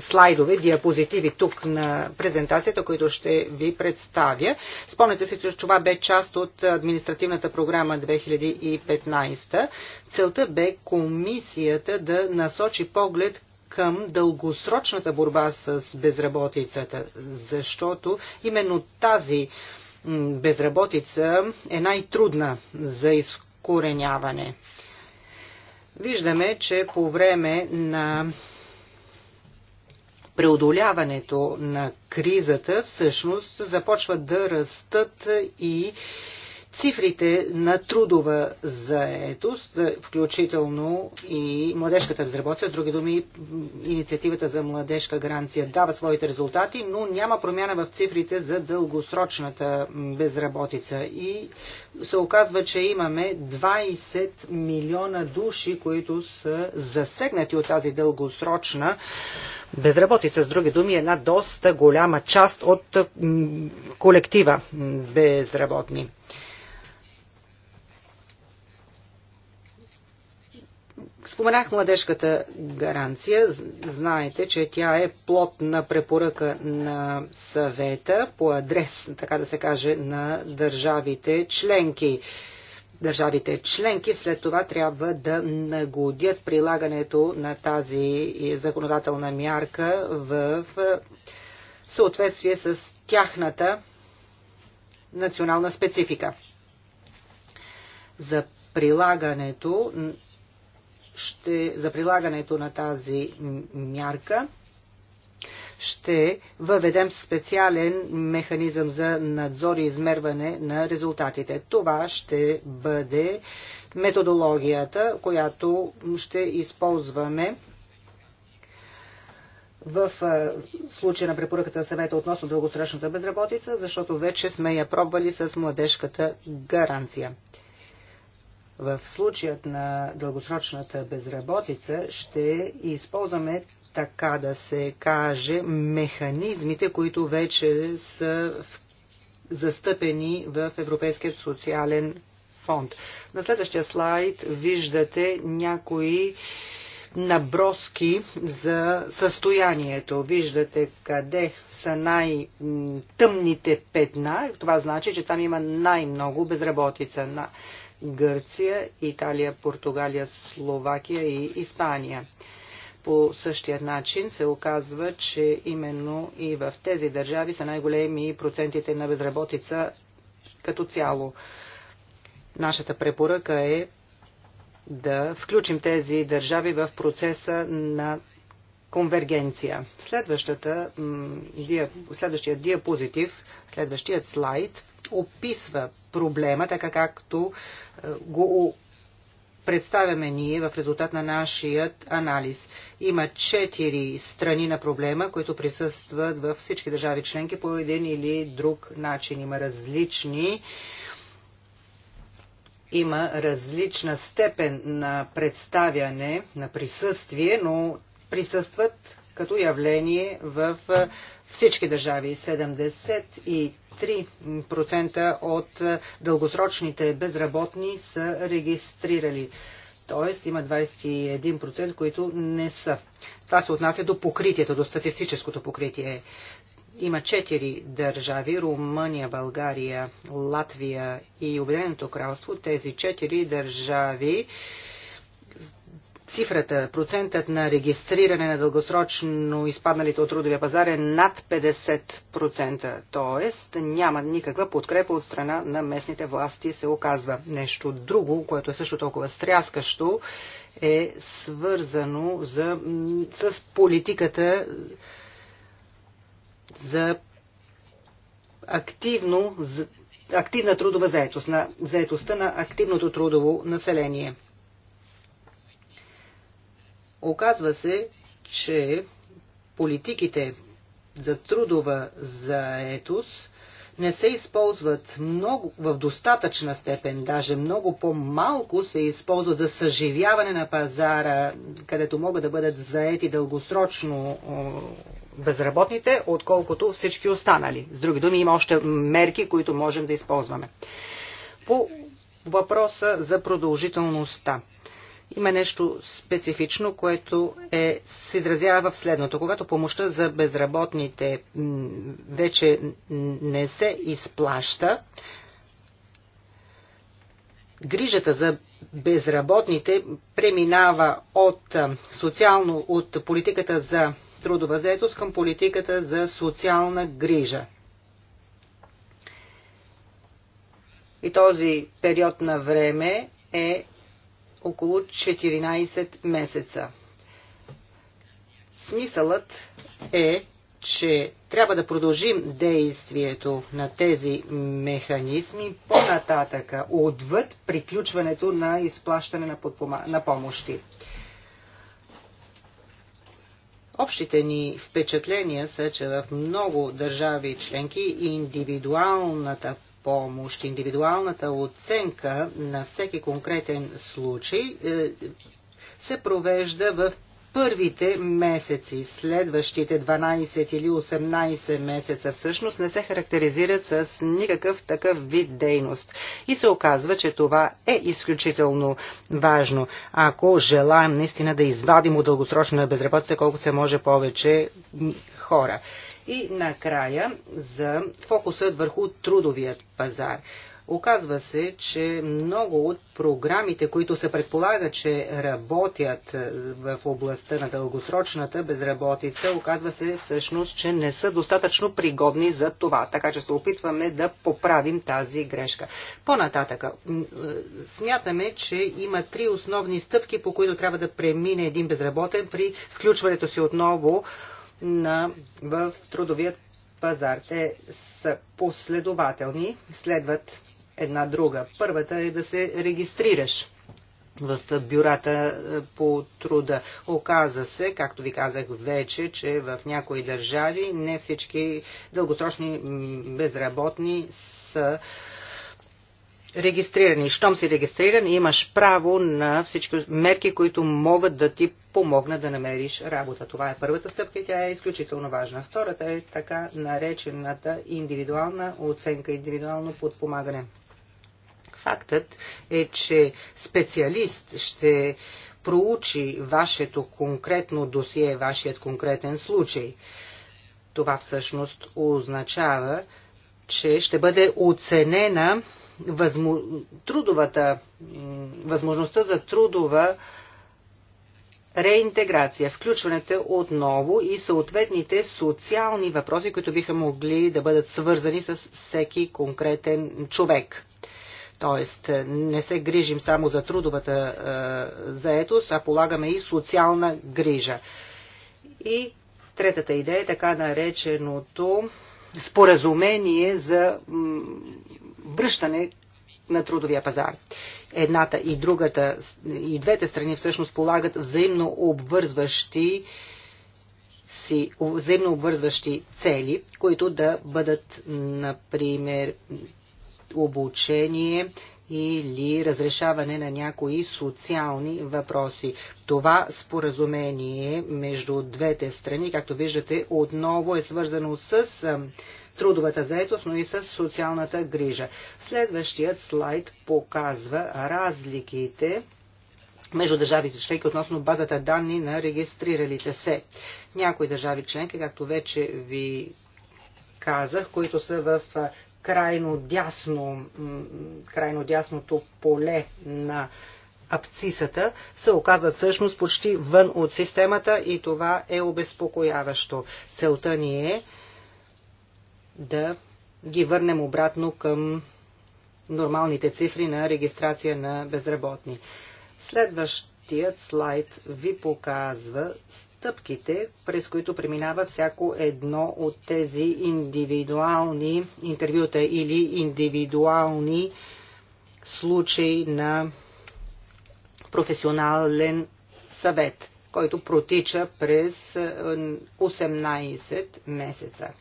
слайдове, диапозитиви тук на презентацията, които ще ви представя. Спомняте се, че това бе част от административната програма 2015. Целта бе комисията да насочи поглед към дългосрочната борба с безработицата, защото именно тази безработица е най-трудна за изкореняване. Виждаме, че по време на преодоляването на кризата всъщност започват да растат и цифрите на трудова заетост, включително и младежката безработица, с други думи, инициативата за младежка гаранция дава своите резултати, но няма промяна в цифрите за дългосрочната безработица. И се оказва, че имаме 20 милиона души, които са засегнати от тази дългосрочна безработица. С други думи, една доста голяма част от колектива безработни. Споменах младежката гаранция. Знаете, че тя е плод на препоръка на съвета по адрес, така да се каже, на държавите членки. Държавите членки след това трябва да нагодят прилагането на тази законодателна мярка в съответствие с тяхната национална специфика. За прилагането ще, за прилагането на тази мярка ще въведем специален механизъм за надзор и измерване на резултатите. Това ще бъде методологията, която ще използваме в случая на препоръката на съвета относно дългосрочната безработица, защото вече сме я пробвали с младежката гаранция в случаят на дългосрочната безработица ще използваме така да се каже механизмите, които вече са застъпени в Европейският социален фонд. На следващия слайд виждате някои наброски за състоянието. Виждате къде са най-тъмните петна. Това значи, че там има най-много безработица. Гърция, Италия, Португалия, Словакия и Испания. По същия начин се оказва, че именно и в тези държави са най-големи процентите на безработица като цяло. Нашата препоръка е да включим тези държави в процеса на конвергенция. Следващата, следващия диапозитив, следващият слайд описва проблема, така както е, го представяме ние в резултат на нашият анализ. Има четири страни на проблема, които присъстват във всички държави членки по един или друг начин. Има различни има различна степен на представяне, на присъствие, но присъстват като явление в всички държави. 73% от дългосрочните безработни са регистрирали. Тоест има 21%, които не са. Това се отнася до покритието, до статистическото покритие. Има четири държави Румъния, България, Латвия и Обединеното кралство. Тези четири държави Цифрата, процентът на регистриране на дългосрочно изпадналите от трудовия пазар е над 50%, т.е. няма никаква подкрепа от страна на местните власти, се оказва. Нещо друго, което е също толкова стряскащо, е свързано за, с политиката за активно, активна трудова заетост, на заетостта на активното трудово население – Оказва се, че политиките за трудова заетост не се използват много, в достатъчна степен, даже много по-малко се използват за съживяване на пазара, където могат да бъдат заети дългосрочно безработните, отколкото всички останали. С други думи, има още мерки, които можем да използваме. По въпроса за продължителността има нещо специфично, което е, се изразява в следното. Когато помощта за безработните вече не се изплаща, грижата за безработните преминава от, социално, от политиката за трудова заетост към политиката за социална грижа. И този период на време е около 14 месеца. Смисълът е, че трябва да продължим действието на тези механизми по-нататъка, отвъд приключването на изплащане на, подпома... на помощи. Общите ни впечатления са, че в много държави членки индивидуалната помощ. Индивидуалната оценка на всеки конкретен случай е, се провежда в първите месеци, следващите 12 или 18 месеца всъщност не се характеризират с никакъв такъв вид дейност. И се оказва, че това е изключително важно, ако желаем наистина да извадим от дългосрочна безработица колкото се може повече хора. И накрая за фокусът върху трудовият пазар. Оказва се, че много от програмите, които се предполага, че работят е, в областта на дългосрочната безработица, оказва се всъщност, че не са достатъчно пригодни за това. Така че се опитваме да поправим тази грешка. По-нататъка, е, смятаме, че има три основни стъпки, по които трябва да премине един безработен при включването си отново на, в трудовият пазар. Те са последователни, следват една друга. Първата е да се регистрираш в бюрата е, по труда. Оказа се, както ви казах вече, че в някои държави не всички дългосрочни безработни са регистрирани. Щом си регистриран, имаш право на всички мерки, които могат да ти помогнат да намериш работа. Това е първата стъпка и тя е изключително важна. Втората е така наречената индивидуална оценка, индивидуално подпомагане. Фактът е, че специалист ще проучи вашето конкретно досие, вашият конкретен случай. Това всъщност означава, че ще бъде оценена възму... трудовата, възможността за трудова реинтеграция, включването отново и съответните социални въпроси, които биха могли да бъдат свързани с всеки конкретен човек. Тоест, не се грижим само за трудовата е, заетост, а полагаме и социална грижа. И третата идея е така нареченото споразумение за връщане на трудовия пазар. Едната и другата, и двете страни всъщност полагат взаимно обвързващи си взаимно обвързващи цели, които да бъдат, например, обучение, или разрешаване на някои социални въпроси. Това споразумение между двете страни, както виждате, отново е свързано с трудовата заетост, но и с социалната грижа. Следващият слайд показва разликите между държавите членки относно базата данни на регистриралите се. Някои държави членки, както вече ви казах, които са в крайно, дясно, крайно дясното поле на абцисата се оказа всъщност почти вън от системата и това е обезпокояващо. Целта ни е да ги върнем обратно към нормалните цифри на регистрация на безработни. Следващ Тият слайд ви показва стъпките, през които преминава всяко едно от тези индивидуални интервюта или индивидуални случаи на професионален съвет, който протича през 18 е, месеца.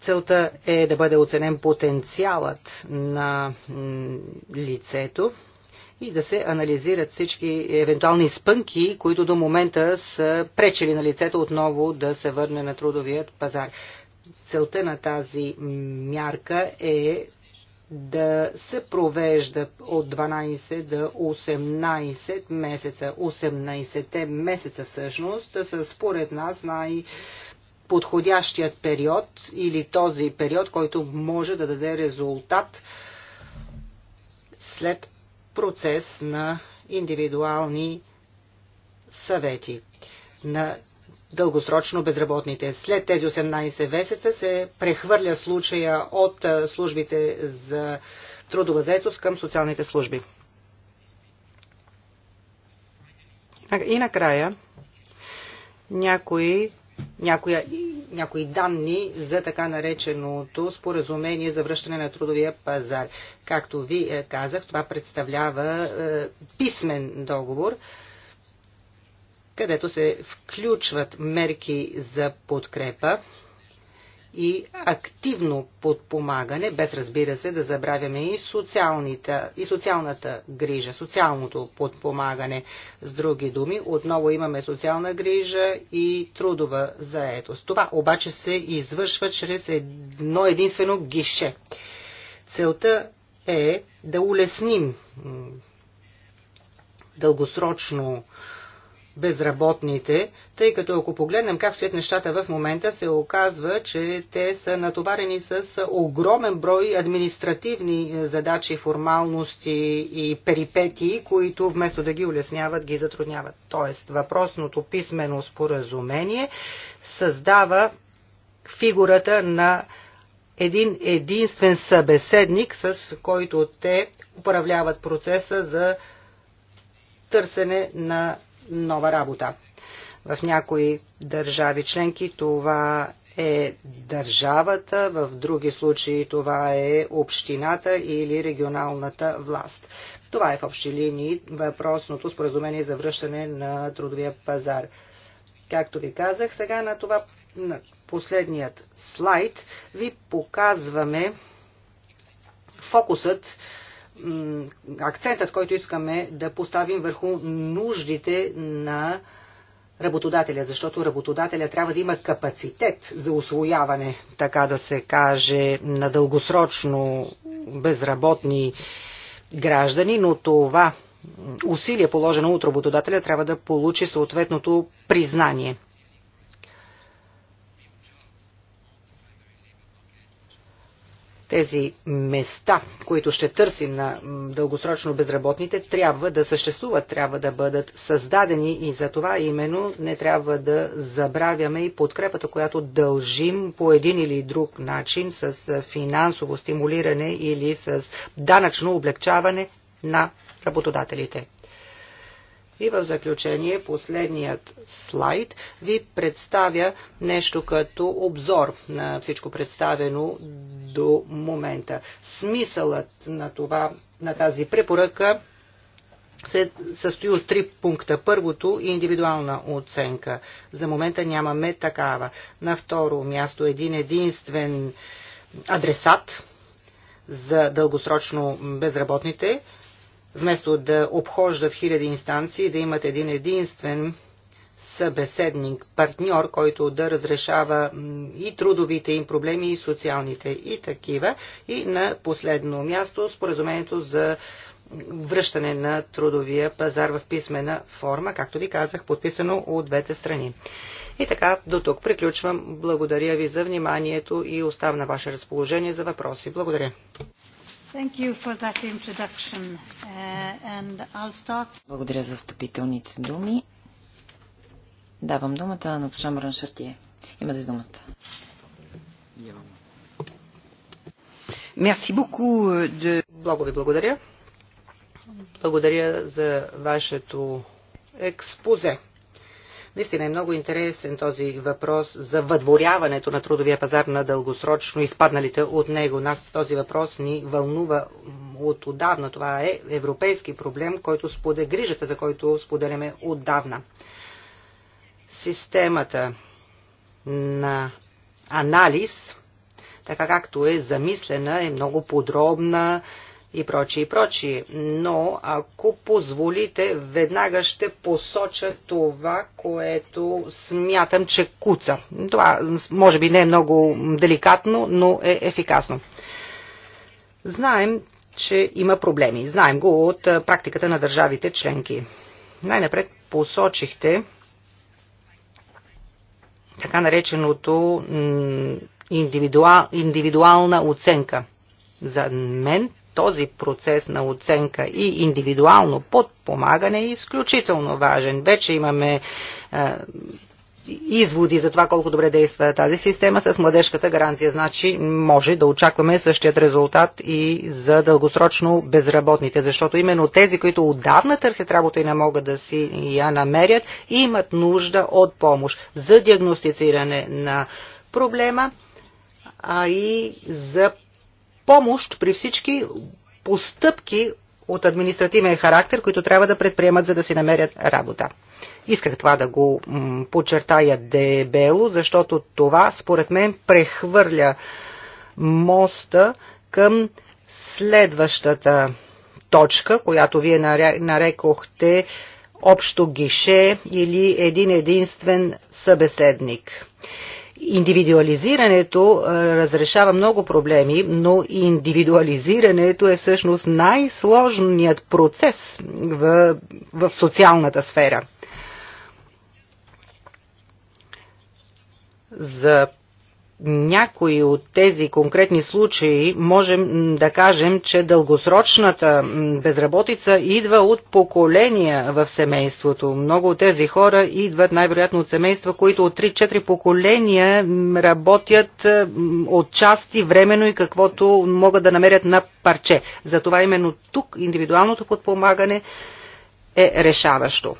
Целта е да бъде оценен потенциалът на лицето и да се анализират всички евентуални спънки, които до момента са пречели на лицето отново да се върне на трудовият пазар. Целта на тази мярка е да се провежда от 12 до 18 месеца. 18-те месеца всъщност са според нас най- подходящият период или този период, който може да даде резултат след процес на индивидуални съвети на дългосрочно безработните. След тези 18 месеца се прехвърля случая от службите за трудова заетост към социалните служби. И накрая някои някоя, някои данни за така нареченото споразумение за връщане на трудовия пазар. Както ви е, казах, това представлява е, писмен договор, където се включват мерки за подкрепа и активно подпомагане, без разбира се да забравяме и, и социалната грижа, социалното подпомагане. С други думи, отново имаме социална грижа и трудова заетост. Това обаче се извършва чрез едно единствено гише. Целта е да улесним дългосрочно безработните, тъй като ако погледнем как стоят нещата в момента, се оказва, че те са натоварени с огромен брой административни е, задачи, формалности и перипетии, които вместо да ги улесняват, ги затрудняват. Тоест, въпросното писмено споразумение създава фигурата на един единствен събеседник, с който те управляват процеса за търсене на нова работа. В някои държави членки това е държавата, в други случаи това е общината или регионалната власт. Това е в общи линии въпросното споразумение за връщане на трудовия пазар. Както ви казах, сега на това на последният слайд ви показваме фокусът акцентът, който искаме да поставим върху нуждите на работодателя, защото работодателя трябва да има капацитет за освояване, така да се каже, на дългосрочно безработни граждани, но това усилие, положено от работодателя, трябва да получи съответното признание. тези места, които ще търсим на дългосрочно безработните, трябва да съществуват, трябва да бъдат създадени и за това именно не трябва да забравяме и подкрепата, която дължим по един или друг начин с финансово стимулиране или с данъчно облегчаване на работодателите. И в заключение, последният слайд ви представя нещо като обзор на всичко представено до момента. Смисълът на, това, на тази препоръка се състои от три пункта. Първото – индивидуална оценка. За момента нямаме такава. На второ място един единствен адресат за дългосрочно безработните – вместо да обхождат хиляди инстанции, да имат един единствен събеседник, партньор, който да разрешава и трудовите им проблеми, и социалните, и такива. И на последно място споразумението за връщане на трудовия пазар в писмена форма, както ви казах, подписано от двете страни. И така, до тук приключвам. Благодаря ви за вниманието и оставам на ваше разположение за въпроси. Благодаря. Thank you for that introduction. Uh, and I'll start... Благодаря за встъпителните думи. Давам думата на госпожа Маран Шартие. Имате думата. Мерси буку. Euh, Много ви благодаря. Благодаря за вашето експозе. Наистина е много интересен този въпрос за въдворяването на трудовия пазар на дългосрочно изпадналите от него. Нас този въпрос ни вълнува от отдавна. Това е европейски проблем, който споде грижата, за който споделяме отдавна. Системата на анализ, така както е замислена, е много подробна, и прочие, и прочие. Но ако позволите, веднага ще посоча това, което смятам, че куца. Това може би не е много деликатно, но е ефикасно. Знаем, че има проблеми. Знаем го от практиката на държавите членки. Най-напред посочихте така нареченото индивидуал, индивидуална оценка. За мен този процес на оценка и индивидуално подпомагане е изключително важен. Вече имаме изводи за това колко добре действа тази система с младежката гаранция. Значи може да очакваме същият резултат и за дългосрочно безработните, защото именно тези, които отдавна търсят работа и не могат да си я намерят, имат нужда от помощ за диагностициране на проблема, а и за помощ при всички постъпки от административен характер, които трябва да предприемат, за да си намерят работа. Исках това да го подчертая дебело, защото това, според мен, прехвърля моста към следващата точка, която вие нарекохте общо гише или един единствен събеседник. Индивидуализирането разрешава много проблеми, но индивидуализирането е всъщност най-сложният процес в, в социалната сфера. За някои от тези конкретни случаи можем да кажем, че дългосрочната безработица идва от поколения в семейството. Много от тези хора идват най-вероятно от семейства, които от 3-4 поколения работят от части времено и каквото могат да намерят на парче. Затова именно тук индивидуалното подпомагане е решаващо.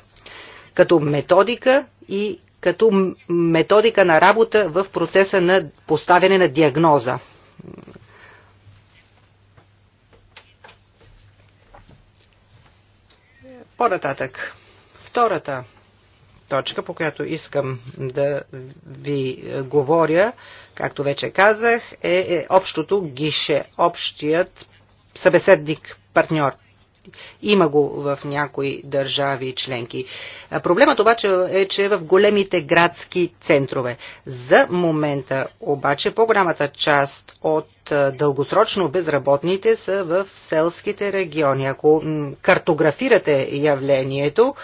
Като методика и като методика на работа в процеса на поставяне на диагноза. По-нататък. Втората точка, по която искам да ви е, говоря, както вече казах, е, е общото гише, общият събеседник, партньор. Има го в някои държави членки. Проблемът обаче е, че е в големите градски центрове. За момента обаче по-голямата част от дългосрочно безработните са в селските региони. Ако картографирате явлението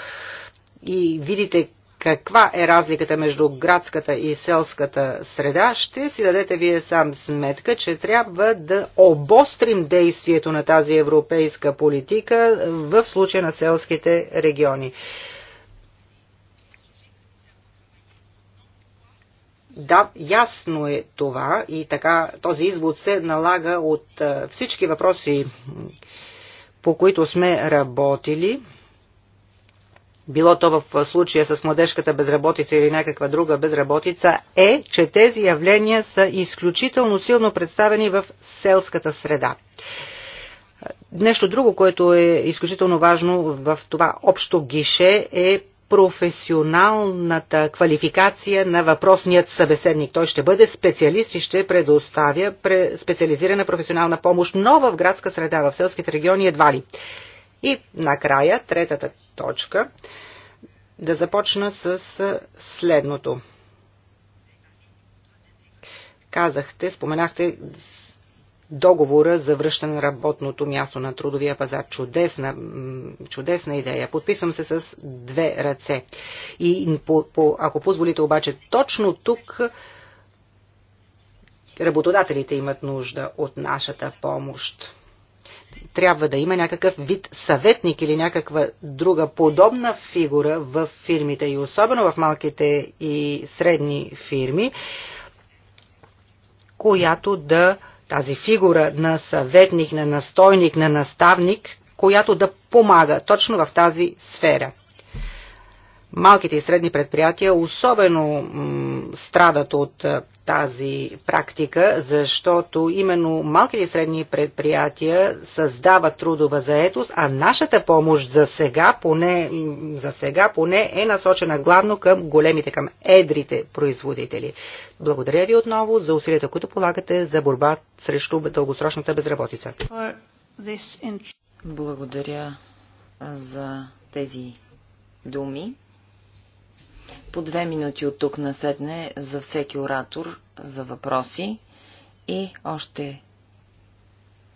и видите каква е разликата между градската и селската среда, ще си дадете вие сам сметка, че трябва да обострим действието на тази европейска политика в случая на селските региони. Да, ясно е това и така този извод се налага от всички въпроси, по които сме работили било то в случая с младежката безработица или някаква друга безработица, е, че тези явления са изключително силно представени в селската среда. Нещо друго, което е изключително важно в това общо гише е професионалната квалификация на въпросният събеседник. Той ще бъде специалист и ще предоставя специализирана професионална помощ, но в градска среда, в селските региони едва ли. И накрая, третата точка, да започна с следното. Казахте, споменахте договора за връщане на работното място на трудовия пазар. Чудесна, чудесна идея. Подписвам се с две ръце. И по, по, ако позволите обаче, точно тук работодателите имат нужда от нашата помощ трябва да има някакъв вид съветник или някаква друга подобна фигура в фирмите и особено в малките и средни фирми, която да тази фигура на съветник, на настойник, на наставник, която да помага точно в тази сфера. Малките и средни предприятия особено страдат от тази практика, защото именно малките и средни предприятия създават трудова заетост, а нашата помощ за сега, поне, за сега поне е насочена главно към големите, към едрите производители. Благодаря ви отново за усилията, които полагате за борба срещу дългосрочната безработица. Благодаря за тези думи по две минути от тук наседне за всеки оратор за въпроси и още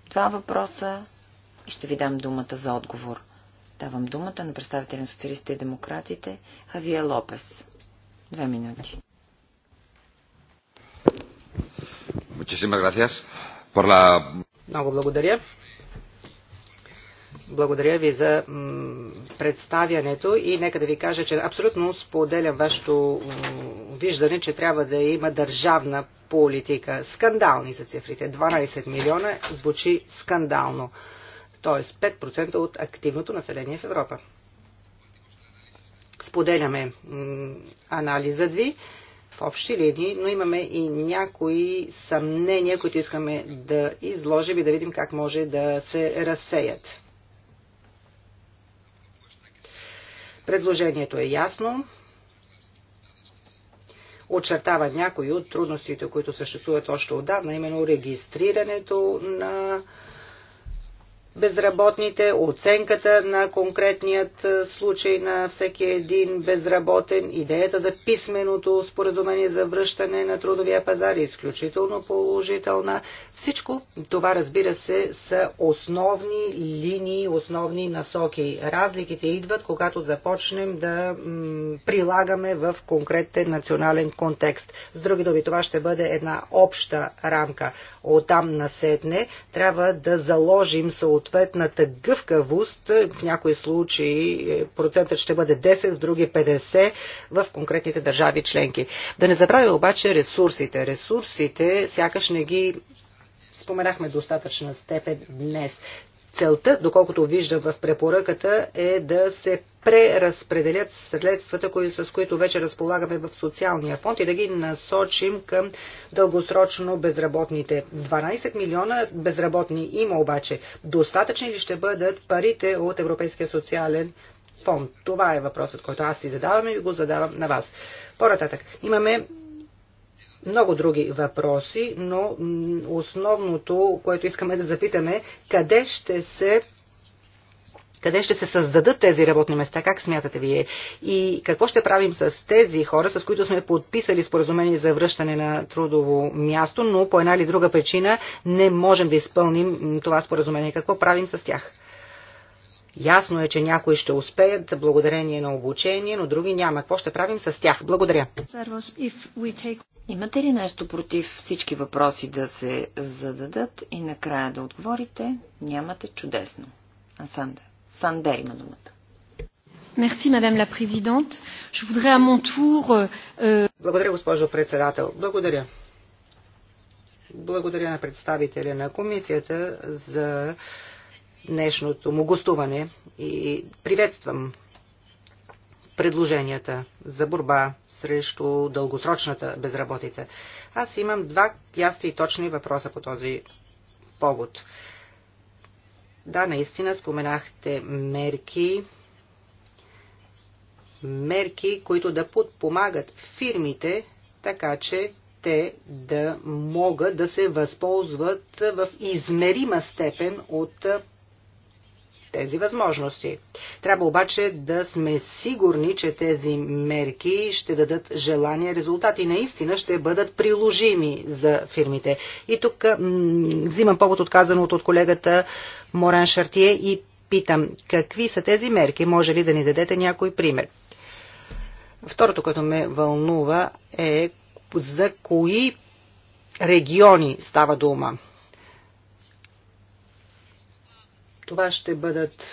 два въпроса и ще ви дам думата за отговор. Давам думата на представителя на социалистите и демократите Хавия Лопес. Две минути. Много благодаря благодаря ви за представянето и нека да ви кажа, че абсолютно споделям вашето виждане, че трябва да има държавна политика. Скандални са цифрите. 12 милиона звучи скандално. Тоест 5% от активното население в Европа. Споделяме анализът ви в общи линии, но имаме и някои съмнения, които искаме да изложим и да видим как може да се разсеят. Предложението е ясно, очертава някои от трудностите, които съществуват още отдавна, именно регистрирането на безработните, оценката на конкретният е, случай на всеки един безработен, идеята за писменото споразумение за връщане на трудовия пазар е изключително положителна. Всичко това, разбира се, са основни линии, основни насоки. Разликите идват, когато започнем да прилагаме в конкретен национален контекст. С други думи, това ще бъде една обща рамка. Оттам насетне трябва да заложим съответно съответната гъвкавост, в някои случаи е, процентът ще бъде 10, в други 50 в конкретните държави членки. Да не забравя обаче ресурсите. Ресурсите сякаш не ги споменахме достатъчна степен днес целта, доколкото виждам в препоръката, е да се преразпределят средствата, с които вече разполагаме в социалния фонд и да ги насочим към дългосрочно безработните. 12 милиона безработни има обаче. Достатъчни ли ще бъдат парите от Европейския социален фонд? Това е въпросът, който аз си задавам и го задавам на вас. По-нататък имаме много други въпроси, но основното, което искаме да запитаме, къде ще се къде ще се създадат тези работни места, как смятате вие? И какво ще правим с тези хора, с които сме подписали споразумение за връщане на трудово място, но по една или друга причина не можем да изпълним това споразумение? Какво правим с тях? Ясно е, че някои ще успеят благодарение на обучение, но други няма. Какво ще правим с тях? Благодаря. Имате ли нещо против всички въпроси да се зададат и накрая да отговорите? Нямате чудесно. А санда. Санде има думата. Merci, Madame la Présidente. Je voudrais à mon tour... Euh, Благодаря, госпожо председател. Благодаря. Благодаря на представителя на комисията за днешното му гостуване и приветствам предложенията за борба срещу дългосрочната безработица. Аз имам два ясни и точни въпроса по този повод. Да, наистина споменахте мерки, мерки, които да подпомагат фирмите, така че те да могат да се възползват в измерима степен от тези възможности. Трябва обаче да сме сигурни, че тези мерки ще дадат желания резултати. Наистина ще бъдат приложими за фирмите. И тук взимам повод отказаното от колегата Моран Шартие и питам, какви са тези мерки? Може ли да ни дадете някой пример? Второто, което ме вълнува е за кои региони става дума. Това ще бъдат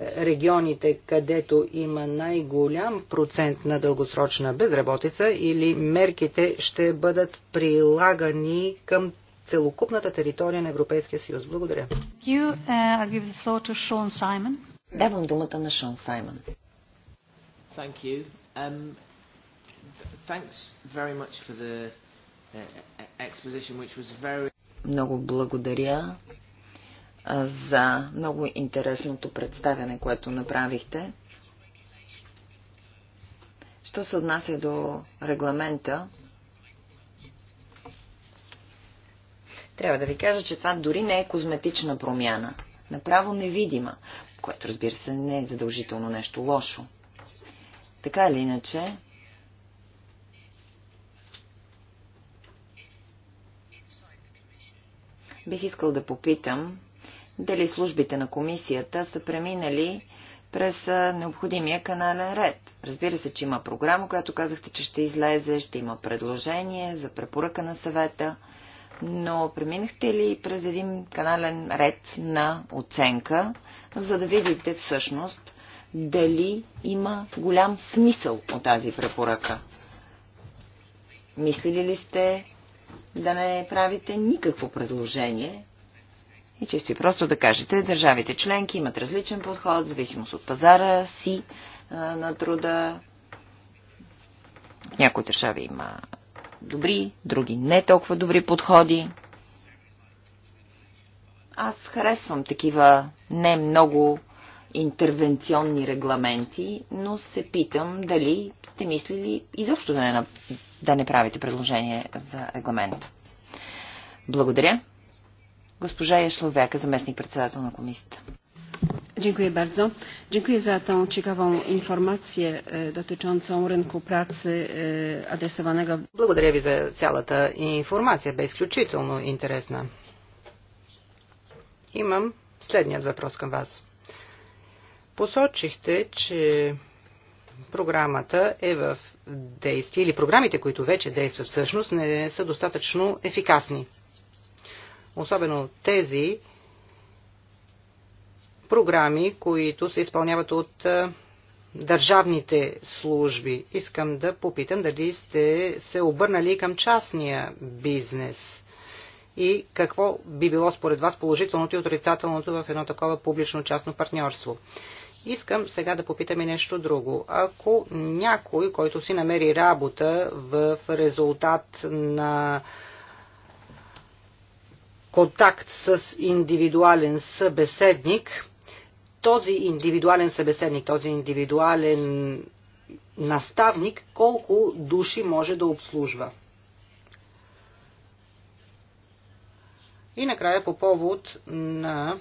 регионите, където има най-голям процент на дългосрочна безработица или мерките ще бъдат прилагани към целокупната територия на Европейския съюз. Благодаря. Uh, Давам думата на Шон Саймон. Um, uh, e-, Много благодаря за много интересното представяне, което направихте. Що се отнася до регламента, трябва да ви кажа, че това дори не е козметична промяна. Направо невидима, което разбира се не е задължително нещо лошо. Така или иначе, бих искал да попитам дали службите на комисията са преминали през необходимия канален ред. Разбира се, че има програма, която казахте, че ще излезе, ще има предложение за препоръка на съвета, но преминахте ли през един канален ред на оценка, за да видите всъщност дали има голям смисъл от тази препоръка? Мислили ли сте да не правите никакво предложение, и чисто и просто да кажете, държавите членки имат различен подход, зависимост от пазара си на труда. В някои държави има добри, други не толкова добри подходи. Аз харесвам такива не много интервенционни регламенти, но се питам дали сте мислили изобщо да не, да не правите предложение за регламент. Благодаря. Госпожа Яшловяка, заместник председател на комисията. Dziękuję bardzo. Dziękuję za tą ciekawą informację e, dotyczącą rynku pracy e, adresowanego. Благодаря ви за цялата информация, бе изключително интересна. Имам следният въпрос към вас. Посочихте, че програмата е в действие или програмите, които вече действат всъщност, не са достатъчно ефикасни особено тези програми, които се изпълняват от държавните служби. Искам да попитам дали сте се обърнали към частния бизнес и какво би било според вас положителното и отрицателното в едно такова публично-частно партньорство. Искам сега да попитам и нещо друго. Ако някой, който си намери работа в резултат на контакт с индивидуален събеседник, този индивидуален събеседник, този индивидуален наставник, колко души може да обслужва. И накрая по повод на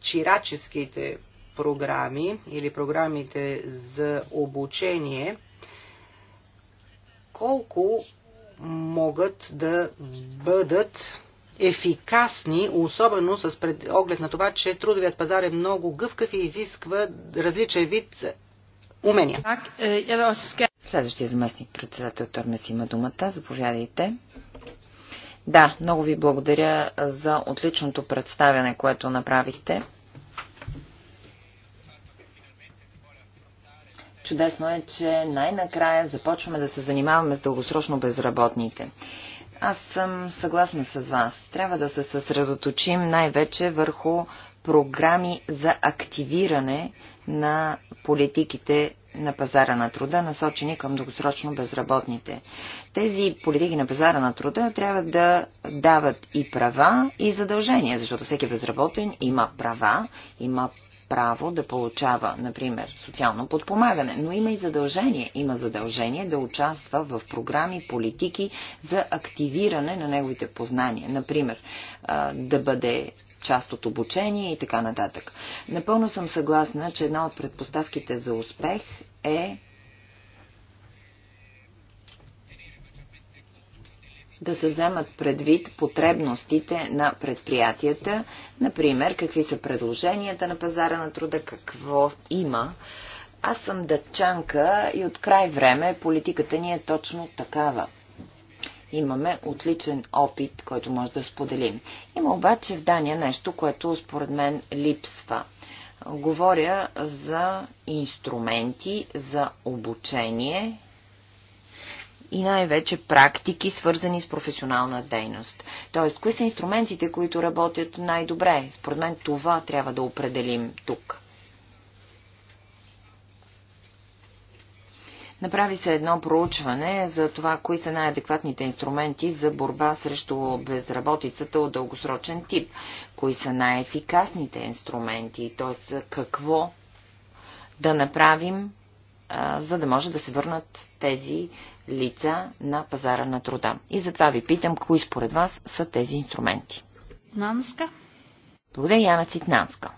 чираческите програми или програмите за обучение, колко могат да бъдат ефикасни, особено с пред оглед на това, че трудовият пазар е много гъвкав и изисква различен вид умения. Е, Следващия заместник председател Тормес има думата. Заповядайте. Да, много ви благодаря за отличното представяне, което направихте. Чудесно е, че най-накрая започваме да се занимаваме с дългосрочно безработните. Аз съм съгласна с вас. Трябва да се съсредоточим най-вече върху програми за активиране на политиките на пазара на труда, насочени към дългосрочно безработните. Тези политики на пазара на труда трябва да дават и права, и задължения, защото всеки безработен има права, има право да получава, например, социално подпомагане, но има и задължение. Има задължение да участва в програми, политики за активиране на неговите познания. Например, да бъде част от обучение и така нататък. Напълно съм съгласна, че една от предпоставките за успех е да се вземат предвид потребностите на предприятията, например какви са предложенията на пазара на труда, какво има. Аз съм дъчанка и от край време политиката ни е точно такава. Имаме отличен опит, който може да споделим. Има обаче в Дания нещо, което според мен липсва. Говоря за инструменти, за обучение и най-вече практики, свързани с професионална дейност. Тоест, кои са инструментите, които работят най-добре? Според мен това трябва да определим тук. Направи се едно проучване за това, кои са най-адекватните инструменти за борба срещу безработицата от дългосрочен тип, кои са най-ефикасните инструменти, т.е. какво да направим, за да може да се върнат тези лица на пазара на труда. И затова ви питам, кои според вас са тези инструменти. Нанска. Благодаря, Яна Цитнанска.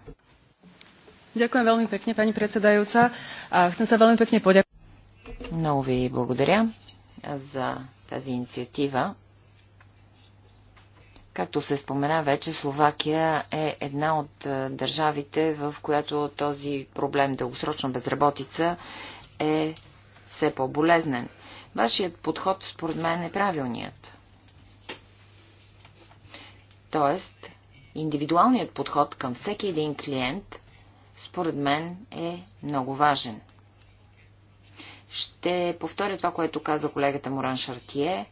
Дякуем veľmi пекне, пани predsedajúca. A chcem sa пекне подяк... Много ви благодаря за тази инициатива. Както се спомена вече, Словакия е една от държавите, в която този проблем дългосрочна безработица е все по-болезнен. Вашият подход, според мен, е правилният. Тоест, индивидуалният подход към всеки един клиент, според мен, е много важен. Ще повторя това, което каза колегата Моран Шартие.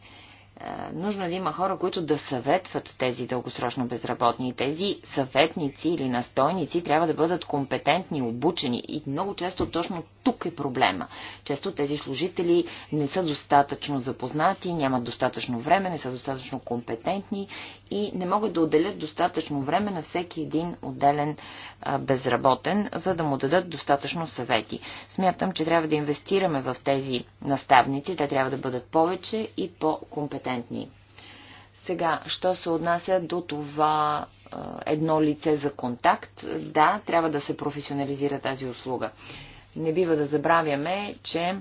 Е, нужно е да има хора, които да съветват тези дългосрочно безработни. Тези съветници или настойници трябва да бъдат компетентни, обучени. И много често точно тук е проблема. Често тези служители не са достатъчно запознати, нямат достатъчно време, не са достатъчно компетентни и не могат да отделят достатъчно време на всеки един отделен безработен, за да му дадат достатъчно съвети. Смятам, че трябва да инвестираме в тези наставници, те трябва да бъдат повече и по-компетентни. Сега, що се отнася до това едно лице за контакт, да, трябва да се професионализира тази услуга. Не бива да забравяме, че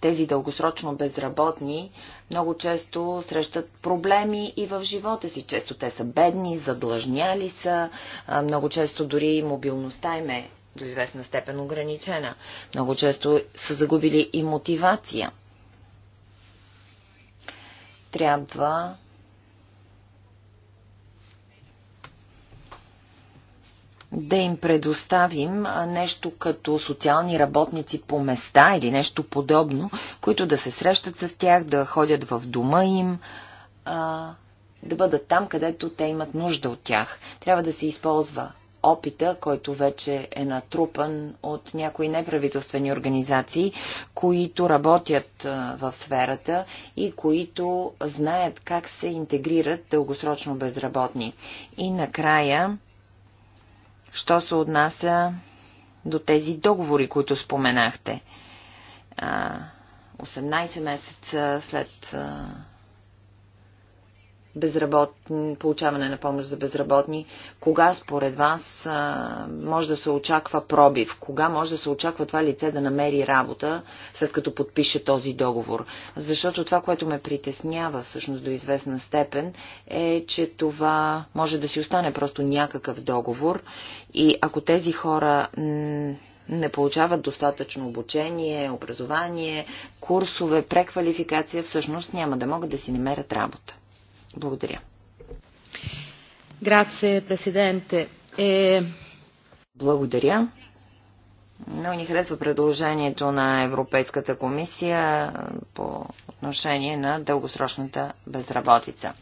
тези дългосрочно безработни много често срещат проблеми и в живота си. Често те са бедни, задлъжняли са, много често дори мобилността им е до известна степен ограничена. Много често са загубили и мотивация. Трябва да им предоставим нещо като социални работници по места или нещо подобно, които да се срещат с тях, да ходят в дома им, да бъдат там, където те имат нужда от тях. Трябва да се използва опита, който вече е натрупан от някои неправителствени организации, които работят в сферата и които знаят как се интегрират дългосрочно безработни. И накрая Що се отнася до тези договори, които споменахте? 18 месеца след безработ... получаване на помощ за безработни, кога според вас а, може да се очаква пробив? Кога може да се очаква това лице да намери работа, след като подпише този договор? Защото това, което ме притеснява всъщност до известна степен, е, че това може да си остане просто някакъв договор и ако тези хора не получават достатъчно обучение, образование, курсове, преквалификация, всъщност няма да могат да си намерят работа. Благодаря. Грация, президенте. Е... Благодаря. Много ни харесва предложението на Европейската комисия по отношение на дългосрочната безработица.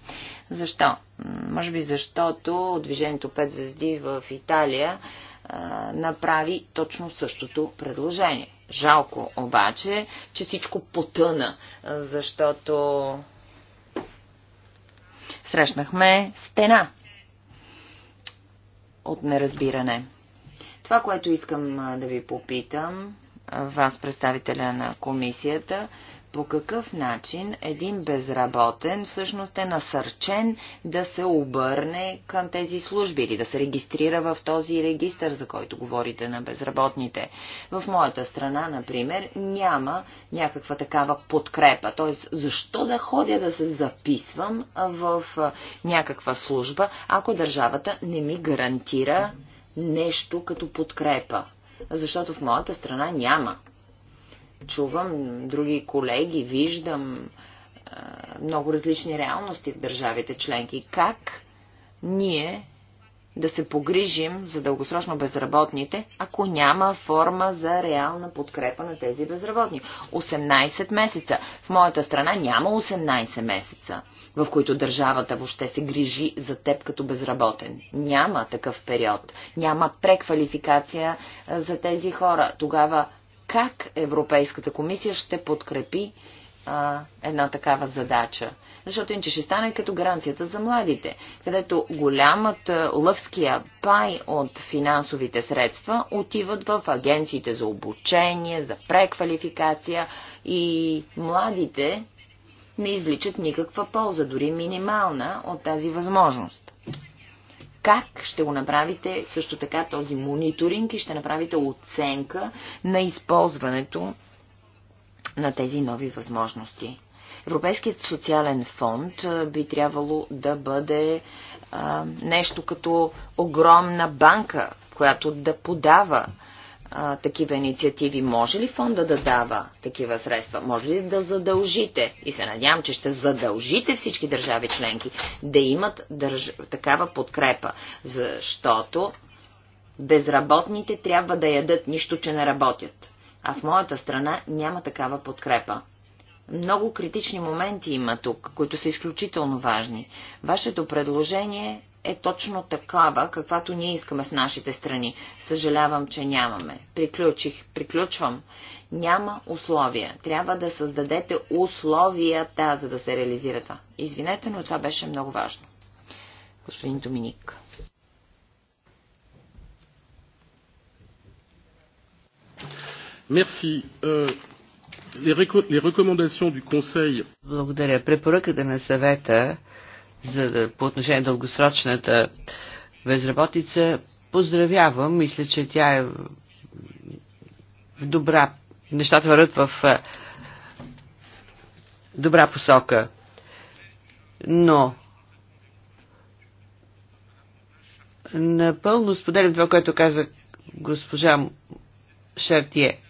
Защо? Може би защото движението 5 звезди в Италия а, направи точно същото предложение. Жалко обаче, че всичко потъна, защото Срещнахме стена от неразбиране. Това, което искам да ви попитам, вас, представителя на комисията, по какъв начин един безработен всъщност е насърчен да се обърне към тези служби или да се регистрира в този регистр, за който говорите на безработните. В моята страна, например, няма някаква такава подкрепа. Т.е. защо да ходя да се записвам в някаква служба, ако държавата не ми гарантира нещо като подкрепа? Защото в моята страна няма чувам други колеги, виждам много различни реалности в държавите членки. Как ние да се погрижим за дългосрочно безработните, ако няма форма за реална подкрепа на тези безработни. 18 месеца. В моята страна няма 18 месеца, в които държавата въобще се грижи за теб като безработен. Няма такъв период. Няма преквалификация за тези хора. Тогава как Европейската комисия ще подкрепи а, една такава задача. Защото иначе ще стане като гаранцията за младите, където голямът лъвския пай от финансовите средства отиват в агенциите за обучение, за преквалификация и младите не изличат никаква полза, дори минимална от тази възможност как ще го направите също така този мониторинг и ще направите оценка на използването на тези нови възможности. Европейският социален фонд би трябвало да бъде а, нещо като огромна банка, която да подава а, такива инициативи. Може ли фонда да дава такива средства? Може ли да задължите? И се надявам, че ще задължите всички държави членки да имат държ... такава подкрепа, защото безработните трябва да ядат нищо, че не работят. А в моята страна няма такава подкрепа. Много критични моменти има тук, които са изключително важни. Вашето предложение е точно такава, каквато ние искаме в нашите страни. Съжалявам, че нямаме. Приключих, приключвам. Няма условия. Трябва да създадете условията, за да се реализира това. Извинете, но това беше много важно. Господин Доминик. Мерси. Е, Благодаря. Препоръката на съвета за, по отношение на дългосрочната безработица, поздравявам. Мисля, че тя е в добра. Нещата върват в добра посока. Но напълно споделям това, което каза госпожа Шартие.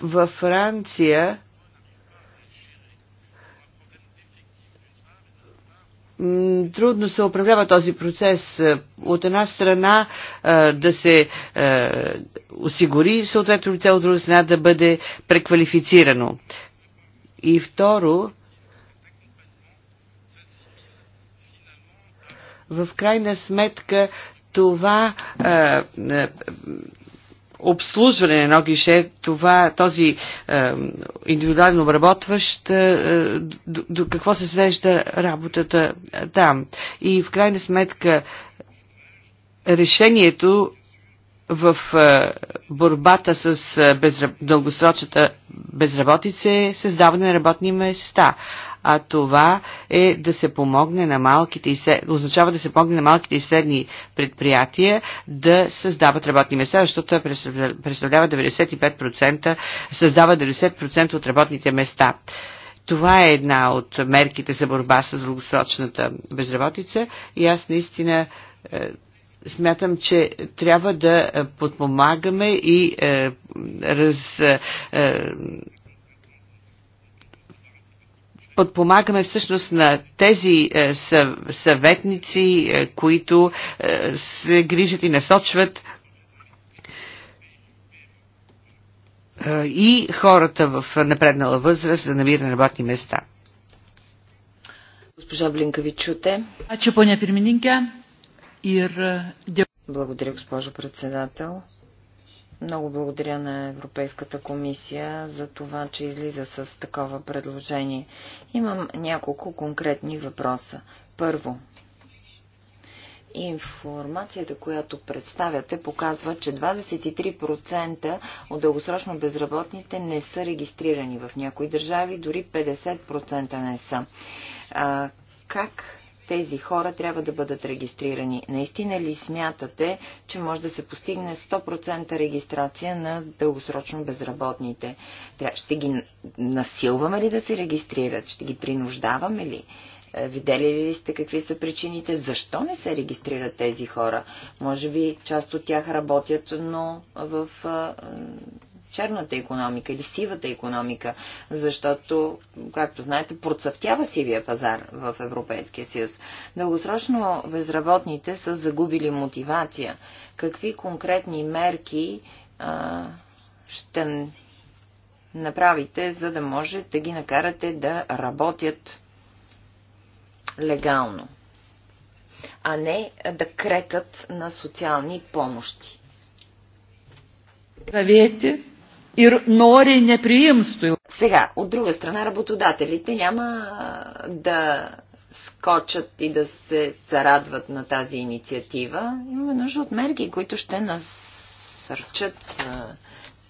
Във Франция трудно се управлява този процес. Е, от една страна е, да се е, осигури съответно лице, от друга страна да бъде преквалифицирано. И второ, в крайна сметка това обслужване на едно гише, това, този е, индивидуален обработващ, е, до, до какво се свежда работата е, там. И в крайна сметка решението в е, борбата с е, безра... дългосрочната безработица е създаване на работни места а това е да се помогне на малките и сред... означава да се помогне на малките и средни предприятия да създават работни места, защото това представлява 95%, създава 90% от работните места. Това е една от мерките за борба с дългосрочната безработица и аз наистина е, смятам, че трябва да подпомагаме и е, раз, е, подпомагаме всъщност на тези е, съветници, е, които е, се грижат и насочват и хората в напреднала възраст за намиране на работни места. Госпожа Блинка, ви чуте. поня Благодаря, госпожо председател. Много благодаря на Европейската комисия за това, че излиза с такова предложение. Имам няколко конкретни въпроса. Първо, информацията, която представяте, показва, че 23% от дългосрочно безработните не са регистрирани в някои държави, дори 50% не са. А, как тези хора трябва да бъдат регистрирани. Наистина ли смятате, че може да се постигне 100% регистрация на дългосрочно безработните? Ще ги насилваме ли да се регистрират? Ще ги принуждаваме ли? Е, видели ли сте какви са причините? Защо не се регистрират тези хора? Може би част от тях работят, но в черната економика или сивата економика, защото, както знаете, процъфтява сивия пазар в Европейския съюз. Дългосрочно безработните са загубили мотивация. Какви конкретни мерки а, ще направите, за да може да ги накарате да работят легално, а не да крекат на социални помощи. Съвети и нори неприемство. Сега, от друга страна, работодателите няма да скочат и да се зарадват на тази инициатива. Имаме нужда от мерки, които ще насърчат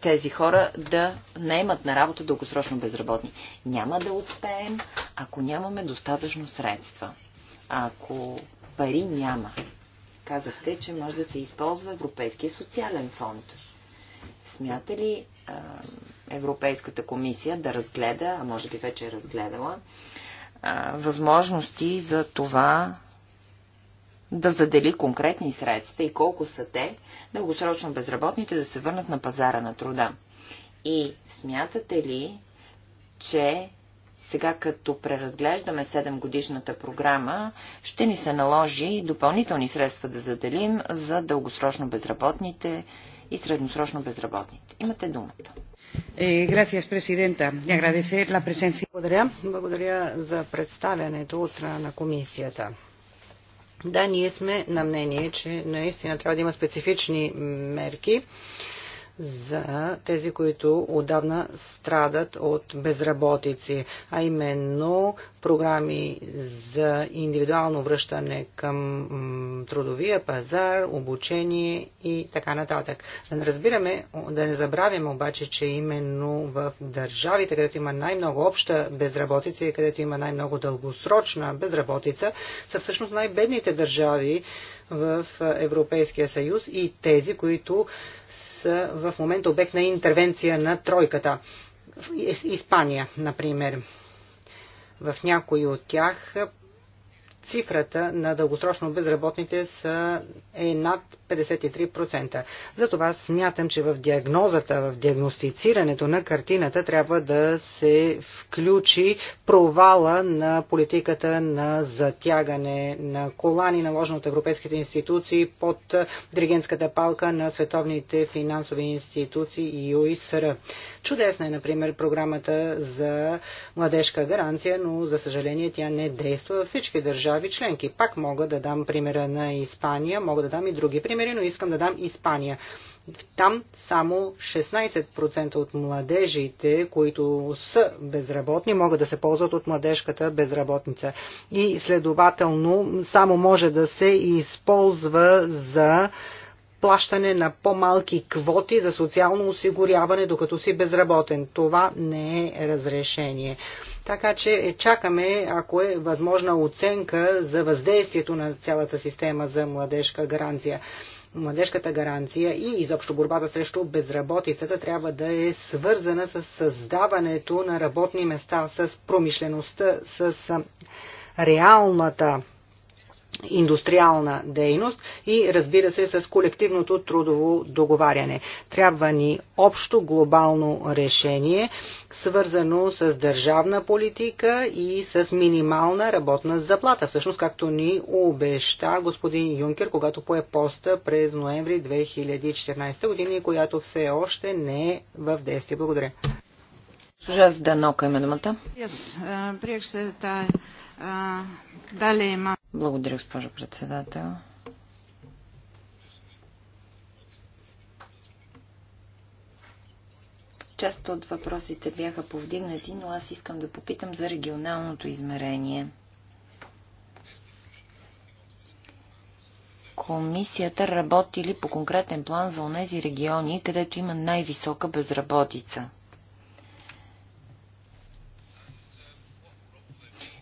тези хора да наемат на работа дългосрочно безработни. Няма да успеем, ако нямаме достатъчно средства. Ако пари няма. Казахте, че може да се използва Европейския социален фонд. Смята ли а, Европейската комисия да разгледа, а може би вече е разгледала, а, възможности за това да задели конкретни средства и колко са те, дългосрочно безработните да се върнат на пазара на труда? И смятате ли, че сега като преразглеждаме 7 годишната програма, ще ни се наложи допълнителни средства да заделим за дългосрочно безработните и средносрочно безработните. Имате думата. Е, Благодаря. Благодаря за представянето от страна на комисията. Да, ние сме на мнение, че наистина трябва да има специфични мерки за тези, които отдавна страдат от безработици, а именно програми за индивидуално връщане към трудовия пазар, обучение и така нататък. Да не разбираме, да не забравяме обаче, че именно в държавите, където има най-много обща безработица и където има най-много дългосрочна безработица, са всъщност най-бедните държави в Европейския съюз и тези, които са в момента обект на интервенция на тройката. Испания, например. В някои от тях цифрата на дългосрочно безработните са, е над 53%. Затова смятам, че в диагнозата, в диагностицирането на картината трябва да се включи провала на политиката на затягане на колани, наложено от европейските институции под диригентската палка на световните финансови институции и ОИСР. Чудесна е, например, програмата за младежка гаранция, но за съжаление тя не действа във всички държави държави членки. Пак мога да дам примера на Испания, мога да дам и други примери, но искам да дам Испания. Там само 16% от младежите, които са безработни, могат да се ползват от младежката безработница. И следователно само може да се използва за плащане на по-малки квоти за социално осигуряване, докато си безработен. Това не е разрешение. Така че чакаме, ако е възможна оценка за въздействието на цялата система за младежка гаранция. Младежката гаранция и изобщо борбата срещу безработицата трябва да е свързана с създаването на работни места, с промишлеността, с реалната индустриална дейност и разбира се с колективното трудово договаряне. Трябва ни общо глобално решение, свързано с държавна политика и с минимална работна заплата, всъщност както ни обеща господин Юнкер, когато пое поста през ноември 2014 година и която все още не е в действие. Благодаря. Служа с Данока има думата. Yes, uh, има. Благодаря, госпожо председател. Част от въпросите бяха повдигнати, но аз искам да попитам за регионалното измерение. Комисията работи ли по конкретен план за онези региони, където има най-висока безработица?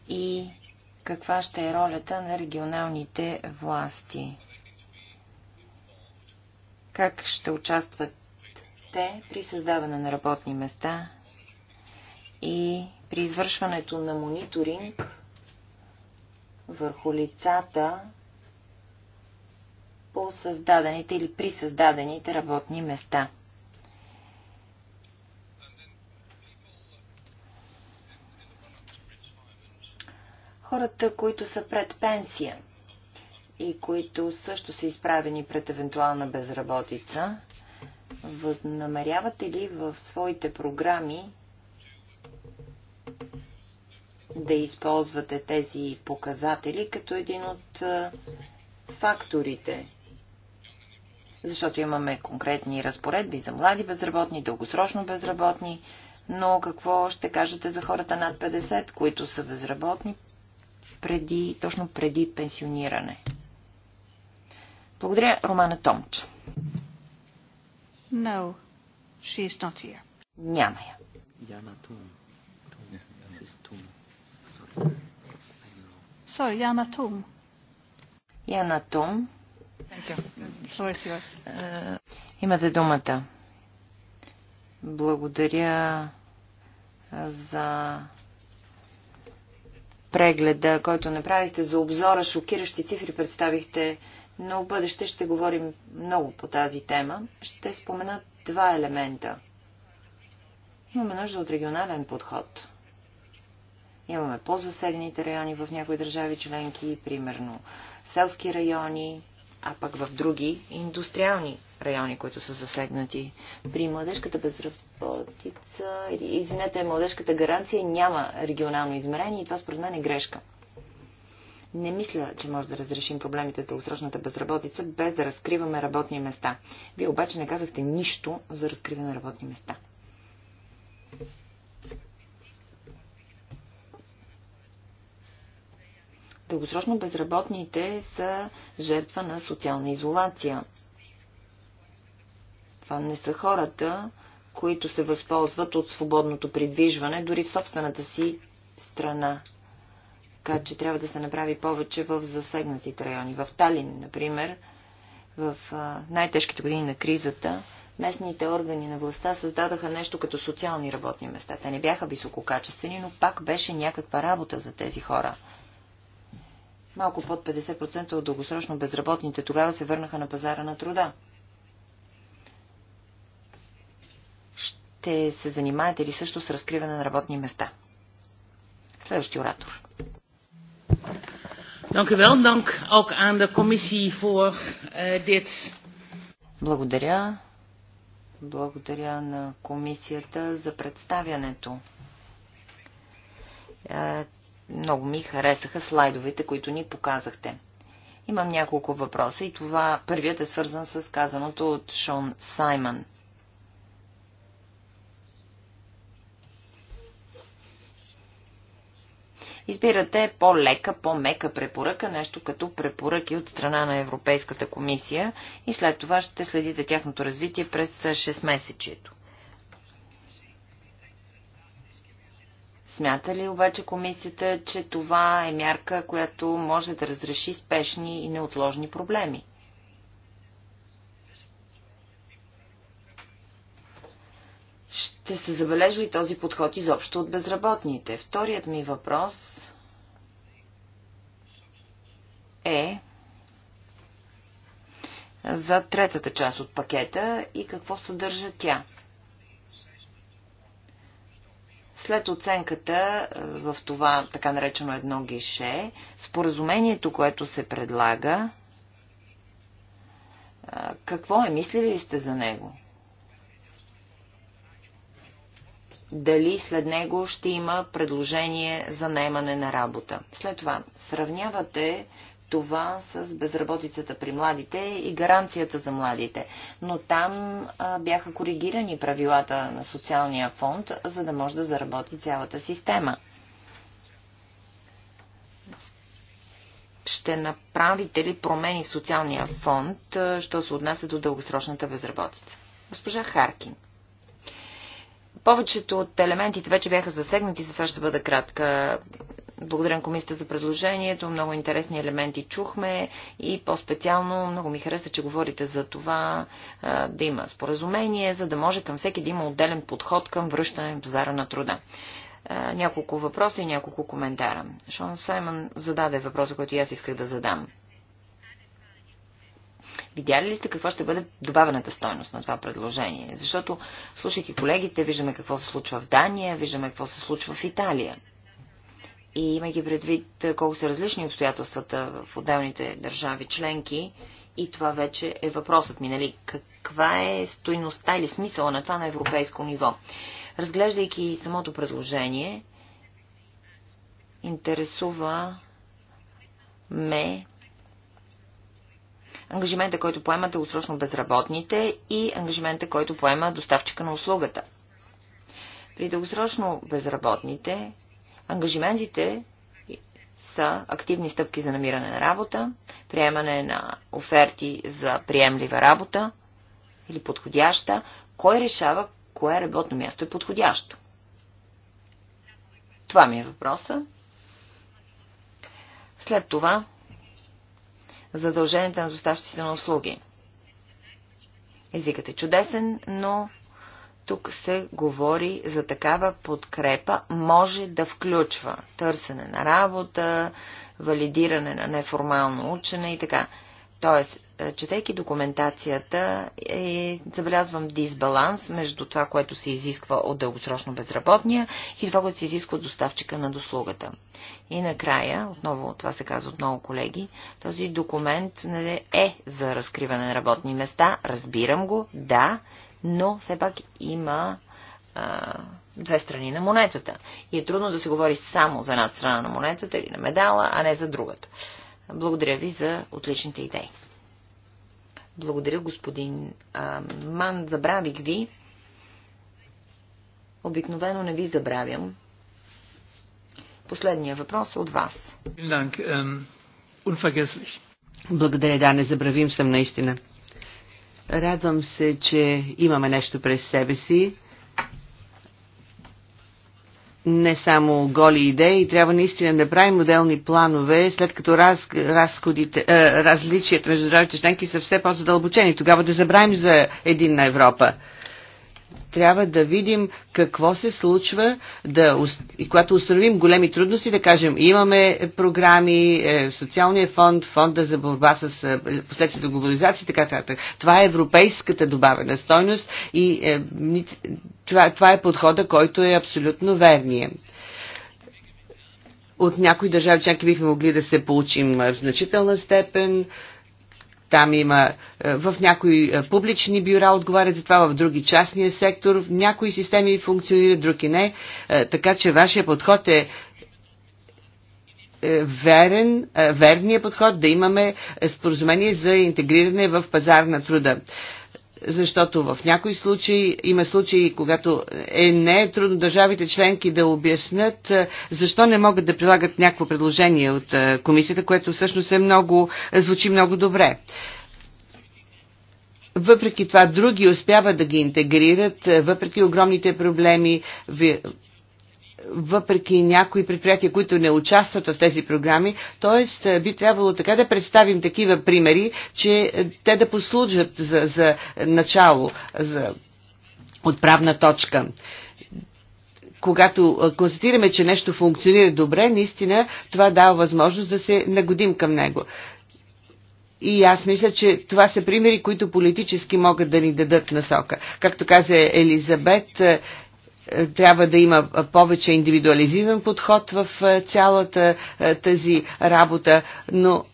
и каква ще е ролята на регионалните власти. Как ще участват те при създаване на работни места и при извършването на мониторинг върху лицата по създадените или при създадените работни места. хората, които са пред пенсия и които също са изправени пред евентуална безработица, възнамерявате ли в своите програми да използвате тези показатели като един от факторите? Защото имаме конкретни разпоредби за млади безработни, дългосрочно безработни, но какво ще кажете за хората над 50, които са безработни преди, точно преди пенсиониране. Благодаря, Романа Томч. No, she is not here. Няма я. Яна Тум. Sorry, Яна Тум. Яна Тум. Uh, имате думата. Благодаря за прегледа, който направихте за обзора, шокиращи цифри представихте, но в бъдеще ще говорим много по тази тема. Ще спомена два елемента. Имаме нужда от регионален подход. Имаме по-засегните райони в някои държави членки, примерно селски райони, а пък в други индустриални райони, които са засегнати. При младежката безработица, извинете, младежката гаранция няма регионално измерение и това според мен е грешка. Не мисля, че може да разрешим проблемите с дългосрочната безработица, без да разкриваме работни места. Вие обаче не казахте нищо за разкриване на работни места. Дългосрочно безработните са жертва на социална изолация. Това не са хората, които се възползват от свободното придвижване, дори в собствената си страна. Така че трябва да се направи повече в засегнатите райони. В Талин, например, в най-тежките години на кризата, местните органи на властта създадаха нещо като социални работни места. Те не бяха висококачествени, но пак беше някаква работа за тези хора – Малко под 50% от дългосрочно безработните тогава се върнаха на пазара на труда. Ще се занимаете ли също с разкриване на работни места? Следващи оратор. Благодаря. Благодаря на комисията за представянето. Е, много ми харесаха слайдовете, които ни показахте. Имам няколко въпроса и това първият е свързан с казаното от Шон Саймън. Избирате по-лека, по-мека препоръка, нещо като препоръки от страна на Европейската комисия и след това ще следите тяхното развитие през 6 месечето. Смята ли обаче комисията, че това е мярка, която може да разреши спешни и неотложни проблеми? Ще се забележи ли този подход изобщо от безработните? Вторият ми въпрос е за третата част от пакета и какво съдържа тя. След оценката е, в това така наречено едно гише, споразумението, което се предлага, е, какво е? Мислили ли сте за него? дали след него ще има предложение за наемане на работа. След това сравнявате това с безработицата при младите и гаранцията за младите. Но там а, бяха коригирани правилата на социалния фонд, за да може да заработи цялата система. Ще направите ли промени в социалния фонд, що се отнася до дългосрочната безработица? Госпожа Харкин. Повечето от елементите вече бяха засегнати, сега ще бъда кратка. Благодаря на комисията за предложението. Много интересни елементи чухме и по-специално много ми хареса, че говорите за това да има споразумение, за да може към всеки да има отделен подход към връщане в пазара на труда няколко въпроса и няколко коментара. Шон Саймън зададе въпроса, който и аз исках да задам. Видяли ли сте какво ще бъде добавената стойност на това предложение? Защото, слушайки колегите, виждаме какво се случва в Дания, виждаме какво се случва в Италия. И имайки предвид е, колко са различни обстоятелствата в отделните държави членки, и това вече е въпросът ми, нали? Каква е стойността или смисъла на това на европейско ниво? Разглеждайки самото предложение, интересува ме ангажимента, който поема дългосрочно безработните и ангажимента, който поема доставчика на услугата. При дългосрочно безработните ангажиментите са активни стъпки за намиране на работа, приемане на оферти за приемлива работа или подходяща. Кой решава кое работно място е подходящо? Това ми е въпроса. След това задълженията на доставчиците на услуги. Езикът е чудесен, но тук се говори за такава подкрепа, може да включва търсене на работа, валидиране на неформално учене и така. Тоест, е, четейки документацията, е, забелязвам дисбаланс между това, което се изисква от дългосрочно безработния и това, което се изисква от доставчика на дослугата. И накрая, отново това се казва от много колеги, този документ не нали, е за разкриване на работни места, разбирам го, да, но все пак има а, две страни на монетата. И е трудно да се говори само за една страна на монетата или на медала, а не за другата. Благодаря ви за отличните идеи. Благодаря, господин а, Ман. Забравих ви. Обикновено не ви забравям. Последния въпрос е от вас. Ähm, Благодаря, да, не забравим съм наистина. Радвам се, че имаме нещо през себе си не само голи идеи, трябва наистина да правим моделни планове, след като раз, разходите, е, различията между държавите членки са все по-задълбочени. Тогава да забравим за един на Европа трябва да видим какво се случва, да, и когато установим големи трудности, да кажем, имаме програми, е, социалния фонд, фонда за борба с е, последствията глобализация, така, така. Това е европейската добавена стойност и е, това, това е подхода, който е абсолютно верния от някои държави членки бихме могли да се получим в значителна степен. Там има е, в някои е, публични бюра отговарят за това, в други частния сектор, в някои системи функционират, други не. Е, така че вашия подход е верен, верният подход да имаме споразумение за интегриране в пазар на труда защото в някои случаи има случаи, когато е не е трудно държавите членки да обяснят е, защо не могат да прилагат някакво предложение от е, комисията, което всъщност е много, звучи много добре. Въпреки това други успяват да ги интегрират, е, въпреки огромните проблеми, въпреки някои предприятия, които не участват в тези програми. Т.е. би трябвало така да представим такива примери, че е, те да послужат за, за начало, за отправна точка когато е, констатираме, че нещо функционира добре, наистина това дава възможност да се нагодим към него. И аз мисля, че това са примери, които политически могат да ни дадат насока. Както каза Елизабет, е, е, трябва да има повече индивидуализиран подход в е, цялата е, тази работа, но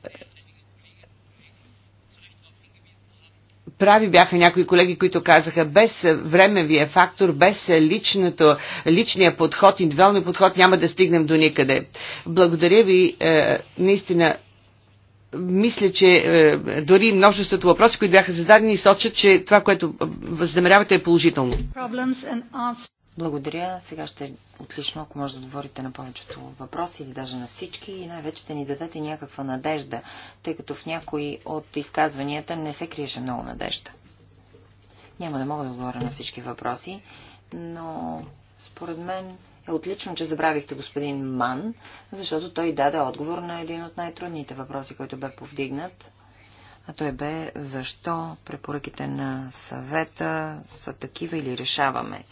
прави бяха някои колеги, които казаха, без времевия фактор, без личното, личния подход, индивидуалния подход няма да стигнем до никъде. Благодаря ви, наистина мисля, че е, дори множеството въпроси, които бяха зададени, сочат, че това, което възнамерявате е положително. Благодаря. Сега ще е отлично, ако може да отговорите на повечето въпроси или даже на всички и най-вече да ни дадете някаква надежда, тъй като в някои от изказванията не се криеше много надежда. Няма да мога да отговоря на всички въпроси, но според мен е отлично, че забравихте господин Ман, защото той даде отговор на един от най-трудните въпроси, който бе повдигнат. А той бе защо препоръките на съвета са такива или решаваме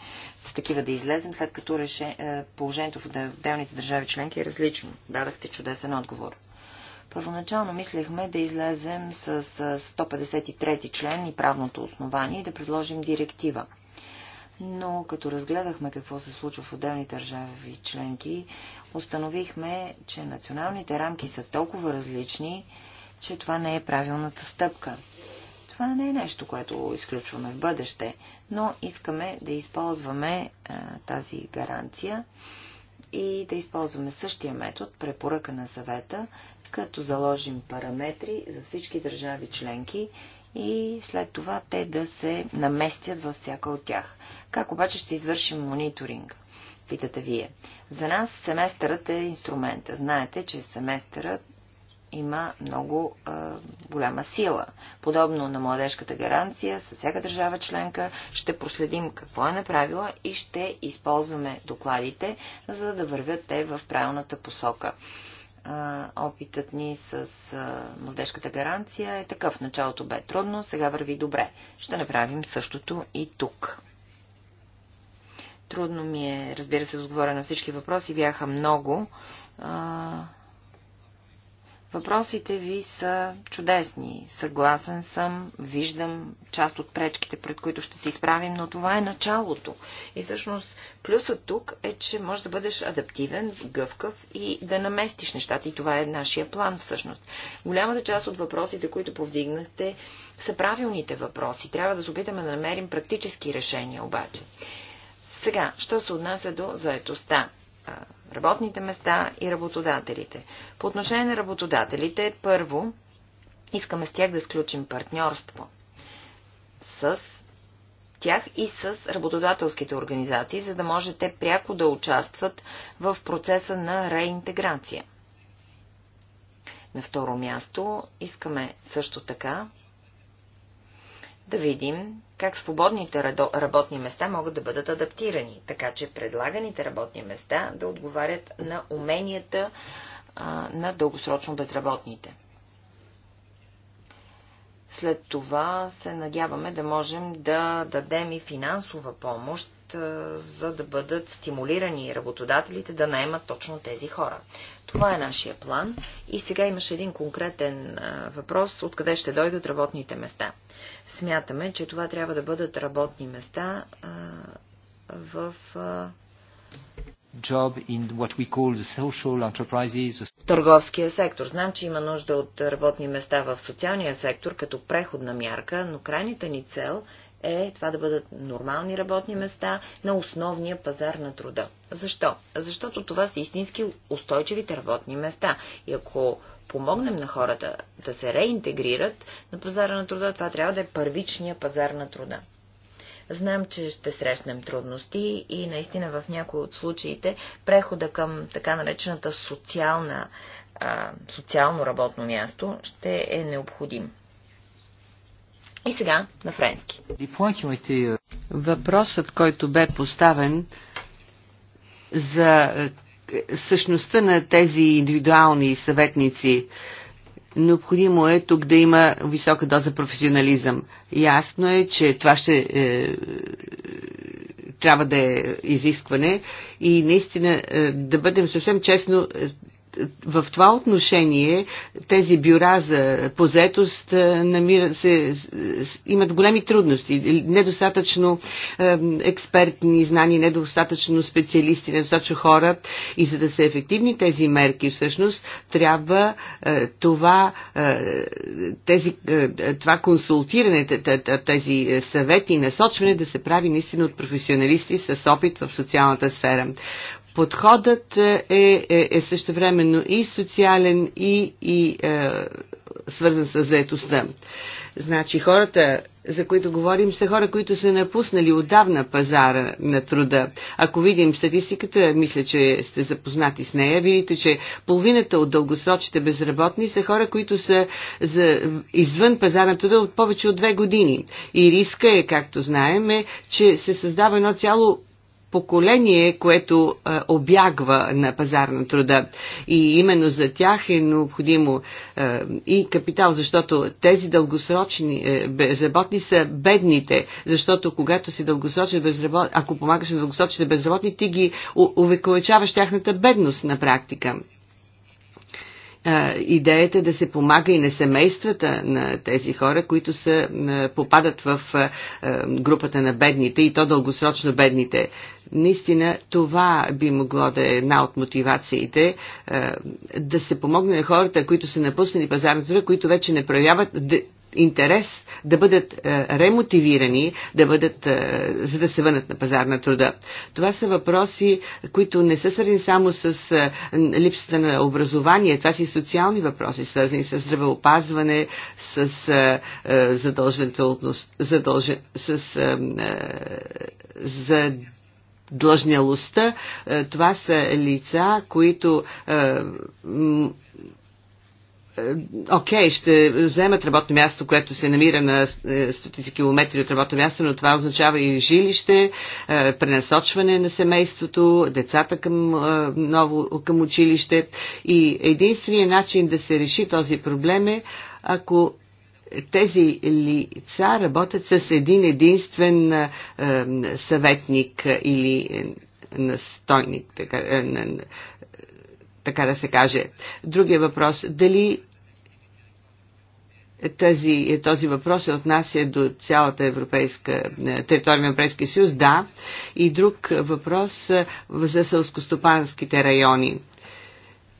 с такива да излезем, след като реше... Е, положението в отделните държави членки е различно. Дадахте чудесен отговор. Първоначално мислехме да излезем с 153 е, член и правното основание и да предложим директива. Но като разгледахме какво се случва в отделни държави членки, установихме, че националните рамки са толкова различни, че това не е правилната стъпка. Това не е нещо, което изключваме в бъдеще, но искаме да използваме а, тази гаранция и да използваме същия метод, препоръка на съвета, като заложим параметри за всички държави членки и след това те да се наместят във всяка от тях. Как обаче ще извършим мониторинг? Питате вие. За нас семестърът е инструмента. Знаете, че семестърът има много а, голяма сила. Подобно на младежката гаранция, със всяка държава членка ще проследим какво е направила и ще използваме докладите, за да вървят те в правилната посока. А, опитът ни с а, младежката гаранция е такъв. началото бе трудно, сега върви добре. Ще направим същото и тук. Трудно ми е, разбира се, да отговоря на всички въпроси. Бяха много. А, Въпросите ви са чудесни. Съгласен съм, виждам част от пречките, пред които ще се изправим, но това е началото. И всъщност плюсът тук е, че може да бъдеш адаптивен, гъвкав и да наместиш нещата. И това е нашия план всъщност. Голямата част от въпросите, които повдигнахте, са правилните въпроси. Трябва да се опитаме да намерим практически решения обаче. Сега, що се отнася до заетостта? работните места и работодателите. По отношение на работодателите, първо, искаме с тях да сключим партньорство с тях и с работодателските организации, за да може те пряко да участват в процеса на реинтеграция. На второ място искаме също така да видим как свободните работни места могат да бъдат адаптирани, така че предлаганите работни места да отговарят на уменията на дългосрочно безработните. След това се надяваме да можем да дадем и финансова помощ за да бъдат стимулирани работодателите да наемат точно тези хора. Това е нашия план. И сега имаше един конкретен въпрос, откъде ще дойдат работните места. Смятаме, че това трябва да бъдат работни места в търговския сектор. Знам, че има нужда от работни места в социалния сектор като преходна мярка, но крайната ни цел е това да бъдат нормални работни места на основния пазар на труда. Защо? Защото това са истински устойчивите работни места. И ако помогнем на хората да се реинтегрират на пазара на труда, това трябва да е първичния пазар на труда. Знам, че ще срещнем трудности и наистина в някои от случаите прехода към така наречената социална, а, социално работно място ще е необходим. И сега на френски. Euh, Въпросът, който бе поставен за е, същността на тези индивидуални съветници, необходимо е тук да има висока доза професионализъм. Ясно е, че това ще е, трябва да е изискване и наистина е, да бъдем съвсем честно, е, в това отношение тези бюра за позетост е, намират се, имат големи трудности. Недостатъчно е, експертни знания, недостатъчно специалисти, недостатъчно хора. И за да са ефективни тези мерки, всъщност, трябва е, това, тези, това консултиране, тези съвети и насочване да се прави наистина от професионалисти с опит в социалната сфера подходът е, е, е, е същевременно и социален, и, и е, свързан с заетостта. Значи хората, за които говорим, са хора, които са напуснали отдавна пазара на труда. Ако видим статистиката, мисля, че сте запознати с нея, видите, че половината от дългосрочните безработни са хора, които са за, извън пазара на труда от повече от две години. И риска е, както знаем, е, че се създава едно цяло поколение, което а, е, обягва на пазар на труда. И именно за тях е необходимо а, е, и капитал, защото тези дългосрочни а, е, безработни са бедните, защото когато си дългосрочен безработни, ако помагаш на дългосрочните безработни, ти ги увековечаваш тяхната бедност на практика идеята да се помага и на семействата на тези хора, които са, попадат в групата на бедните и то дългосрочно бедните. Наистина това би могло да е една от мотивациите да се помогне на хората, които са напуснали пазарната труда, които вече не проявяват интерес да бъдат е, ремотивирани, да бъдат, е, за да се върнат на пазар на труда. Това са въпроси, които не са свързани само с е, липсата на образование, това са и социални въпроси, свързани с здравеопазване, с задължителност, задължен, с за длъжнялостта. Това са лица, които е, окей, okay, ще вземат работно място, което се намира на е, стотици километри от работно място, но това означава и жилище, е, пренасочване на семейството, децата към, ново, към училище. И единственият начин да се реши този проблем е, ако тези лица работят с един единствен съветник или настойник, така, така да се каже. Другия въпрос, дали тази, този въпрос се отнася до цялата европейска е, територия на Европейския съюз, да. И друг въпрос е, за сълскостопанските райони.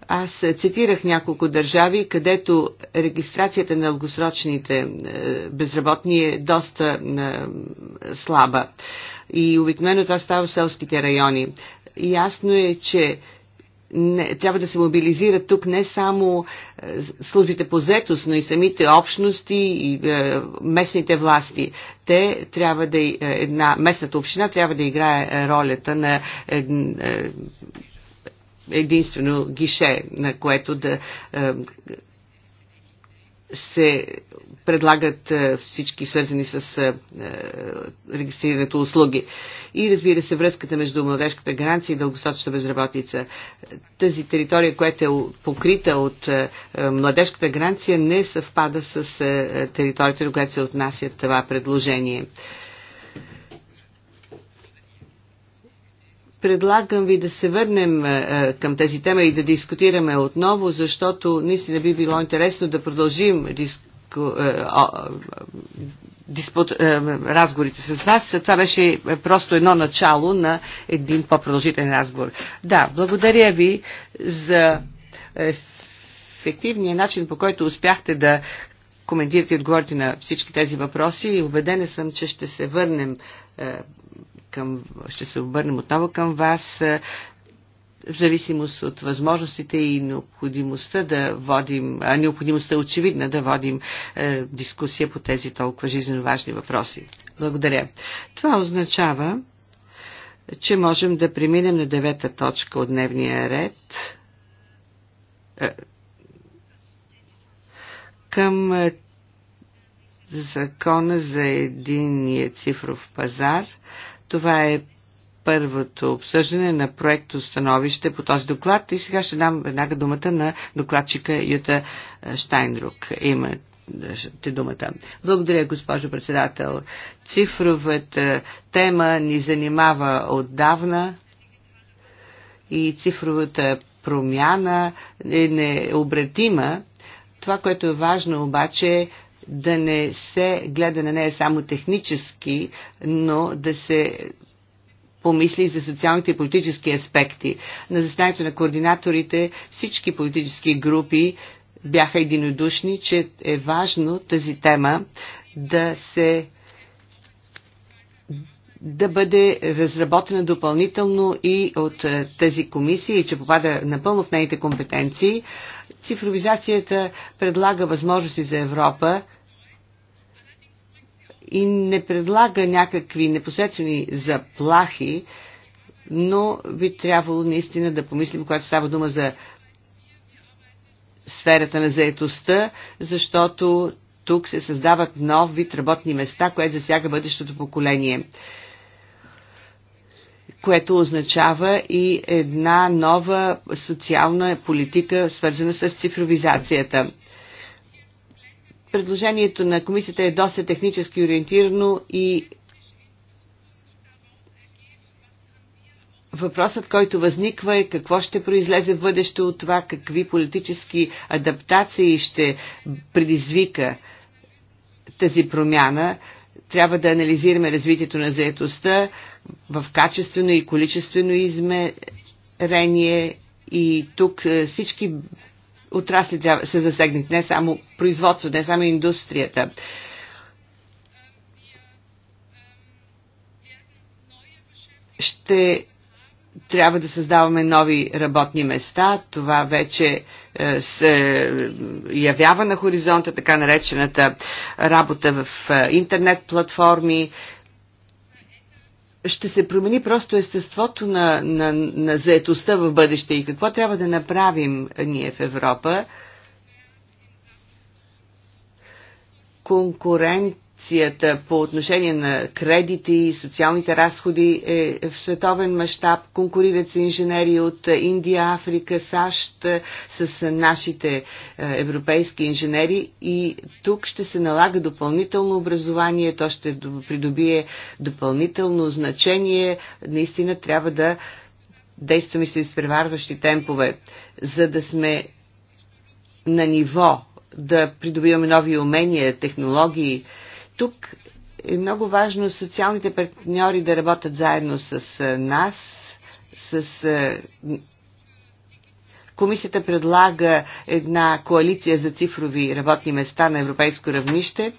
Аз цитирах няколко държави, където регистрацията на дългосрочните е, безработни е доста слаба. И обикновено това става в селските райони. Ясно е, че не, трябва да се мобилизират тук не само е, службите по заетост, но и самите общности и е, местните власти. Те трябва да е, една местната община трябва да играе ролята на е, е, единствено гише, на което да е, се предлагат е, всички свързани с е, е, регистрирането услуги. И разбира се, връзката между младежката гаранция и дългосрочната безработица. Тази територия, която е покрита от младежката гаранция, не съвпада с територията, до която се отнася това предложение. Предлагам ви да се върнем е, е, към тези теми и да дискутираме отново, защото наистина би било интересно да продължим е, диспут, разговорите с вас. Това беше просто едно начало на един по-продължителен разговор. Да, благодаря ви за ефективния начин, по който успяхте да коментирате и отговорите на всички тези въпроси. Убедена съм, че ще се върнем към, ще се обърнем отново към вас е, в зависимост от възможностите и необходимостта да водим, а необходимостта е очевидна да водим е, дискусия по тези толкова жизненно важни въпроси. Благодаря. Това означава, че можем да преминем на девета точка от дневния ред е, към е, закона за единния цифров пазар. Това е първото обсъждане на проекто становище по този доклад и сега ще дам веднага думата на докладчика Юта е, Штайнрук. Има те думата. Благодаря, госпожо председател. Цифровата тема ни занимава отдавна и цифровата промяна е необратима. Това, което е важно обаче е да не се гледа на нея само технически, но да се помисли за социалните и политически аспекти. На заседанието на координаторите всички политически групи бяха единодушни, че е важно тази тема да се да бъде разработена допълнително и от е, тази комисия и че попада напълно в нейните компетенции. Цифровизацията предлага възможности за Европа и не предлага някакви непосредствени заплахи, но би трябвало наистина да помислим, когато става дума за сферата на заетостта, защото тук се създават нов вид работни места, което засяга бъдещото поколение което означава и една нова социална политика, свързана с цифровизацията. Предложението на комисията е доста технически ориентирано и въпросът, който възниква е какво ще произлезе в бъдеще от това, какви политически адаптации ще предизвика тази промяна. Трябва да анализираме развитието на заетостта в качествено и количествено измерение и тук е, всички отрасли трябва, се засегнат, не само производство, не само индустрията. Ще трябва да създаваме нови работни места. Това вече е, се е, явява на хоризонта така наречената работа в е, интернет платформи, ще се промени просто естеството на, на, на заетостта в бъдеще и какво трябва да направим ние в Европа. Конкурент корупцията по отношение на кредити и социалните разходи е в световен мащаб. Конкурират се инженери от Индия, Африка, САЩ е, с нашите е, европейски инженери и тук ще се налага допълнително образование, то ще придобие допълнително значение. Наистина трябва да действаме с изпреварващи темпове, за да сме на ниво, да придобиваме нови умения, технологии, тук е много важно социалните партньори да работят заедно с нас, с Комисията предлага една коалиция за цифрови работни места на европейско равнище.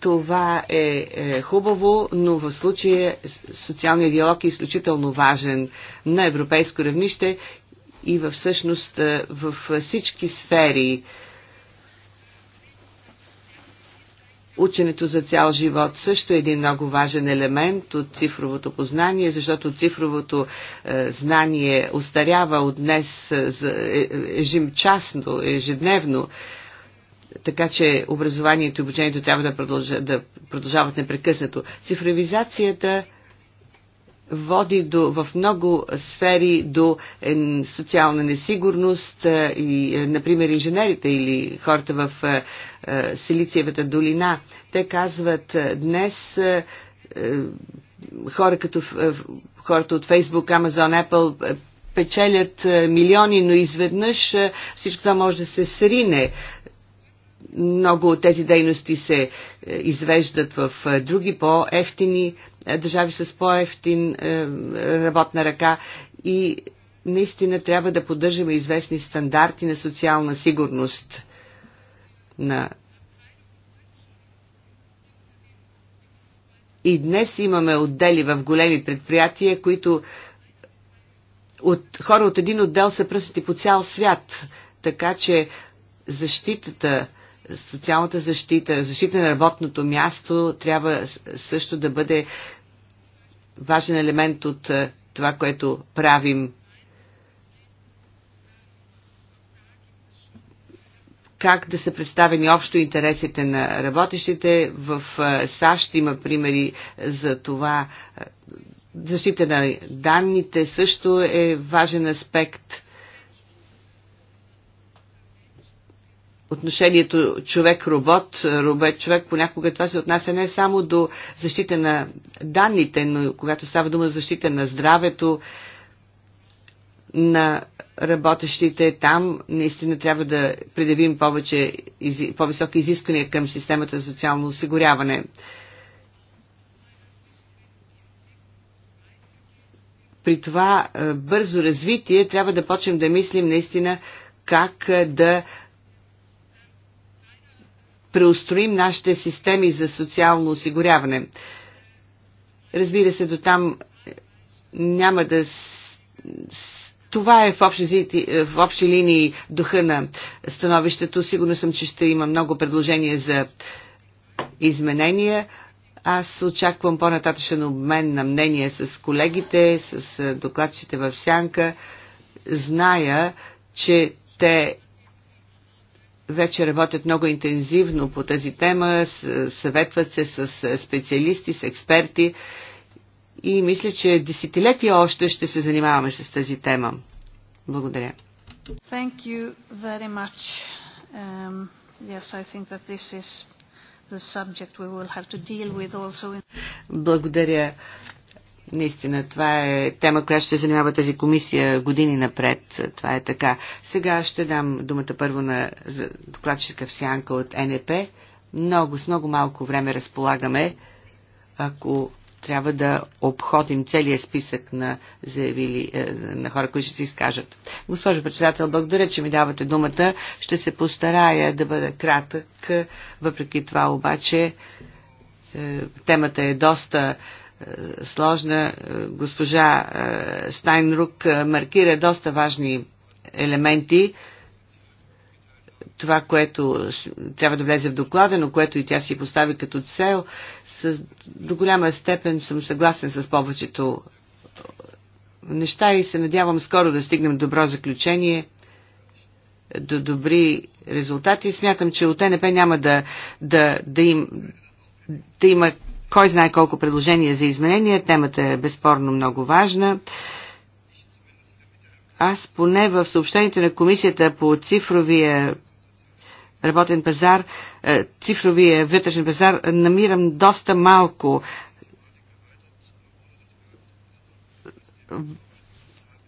Това е, е хубаво, но в случая социалният диалог е изключително важен на европейско равнище и във всъщност във всички сфери Ученето за цял живот също е един много важен елемент от цифровото познание, защото цифровото е, знание остарява от днес е, е, ежемчасно, ежедневно. Така че образованието и обучението трябва да, продължа, да продължават непрекъснато. Цифровизацията води до, в много сфери до социална несигурност е, и, е, например, инженерите или хората в е, Силициевата долина. Те казват днес хора като хората от Facebook, Amazon, Apple печелят милиони, но изведнъж всичко това може да се срине много от тези дейности се извеждат в други по-ефтини държави с по-ефтин е, работна ръка и наистина трябва да поддържаме известни стандарти на социална сигурност на И днес имаме отдели в големи предприятия, които от, хора от един отдел са пръснати по цял свят. Така че защитата, социалната защита, защита на работното място трябва също да бъде важен елемент от е, това, което правим. Как да са представени общо интересите на работещите. В е, САЩ има примери за това. Е, защита на данните също е важен аспект – отношението човек-робот, робот-човек, понякога това се отнася не само до защита на данните, но когато става дума за защита на здравето на работещите там, наистина трябва да предявим повече, по-високи изисквания към системата за социално осигуряване. При това бързо развитие трябва да почнем да мислим наистина как да преустроим нашите системи за социално осигуряване. Разбира се, до там е, няма да... Това е в общи, е, в общи линии духа на становището. Сигурно съм, че ще има много предложения за изменения. Аз очаквам по-нататъчен обмен на мнение с колегите, с е, докладчите в Сянка. Зная, че те вече работят много интензивно по тази тема, съветват се с е, специалисти, с експерти и мисля, че десетилетия още ще се занимаваме с тази тема. Благодаря. Thank you very much. Um, yes, I think that this is the subject we will have to deal with also in... Благодаря. Наистина, това е тема, която ще занимава тази комисия години напред. Това е така. Сега ще дам думата първо на докладчика в сянка от НЕП. Много, с много малко време разполагаме, ако трябва да обходим целият списък на заявили е, на хора, които ще се изкажат. Госпожо председател, благодаря, че ми давате думата. Ще се постарая да бъда кратък. Въпреки това обаче е, темата е доста е, сложна. Е, госпожа Стайнрук е, маркира доста важни елементи. Това, което трябва да влезе в доклада, но което и тя си постави като цел, с, до голяма степен съм съгласен с повечето неща и се надявам скоро да стигнем добро заключение, до добри резултати. Смятам, че от ТНП няма да, да, да, им, да има кой знае колко предложения за изменения. Темата е безспорно много важна. Аз поне в съобщението на комисията по цифровия работен пазар, е, цифровия вътрешен пазар, намирам доста малко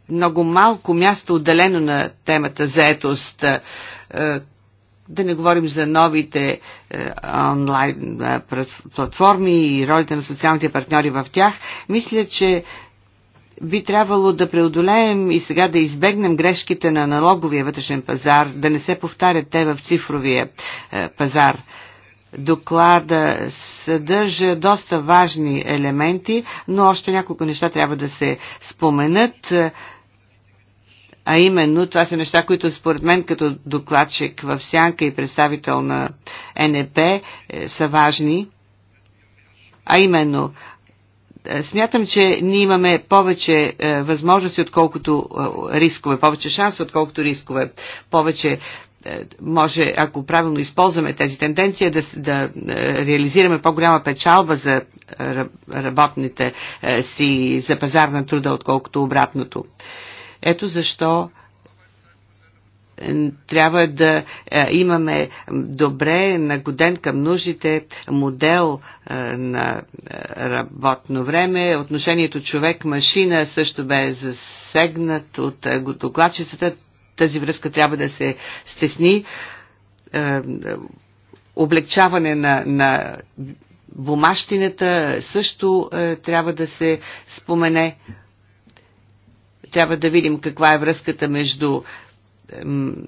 много малко място отделено на темата заетост, е, да не говорим за новите е, онлайн е, платформи и ролите на социалните партньори в тях. Мисля, че би трябвало да преодолеем и сега да избегнем грешките на налоговия вътрешен пазар, да не се повтарят те в цифровия е, пазар доклада съдържа доста важни елементи, но още няколко неща трябва да се споменат. А именно, това са неща, които според мен като докладчик в Сянка и представител на НЕП е, са важни. А именно, е, смятам, че ние имаме повече е, възможности, отколкото рискове, повече шансове, отколкото рискове, повече може, ако правилно използваме тези тенденции, да, да реализираме по-голяма печалба за работните си, за пазар на труда, отколкото обратното. Ето защо е, трябва да е, имаме добре нагоден към нуждите модел е, на работно време. Отношението човек-машина също бе засегнат от докладчицата. Тази връзка трябва да се стесни. Облегчаване на, на бумащината също трябва да се спомене. Трябва да видим каква е връзката между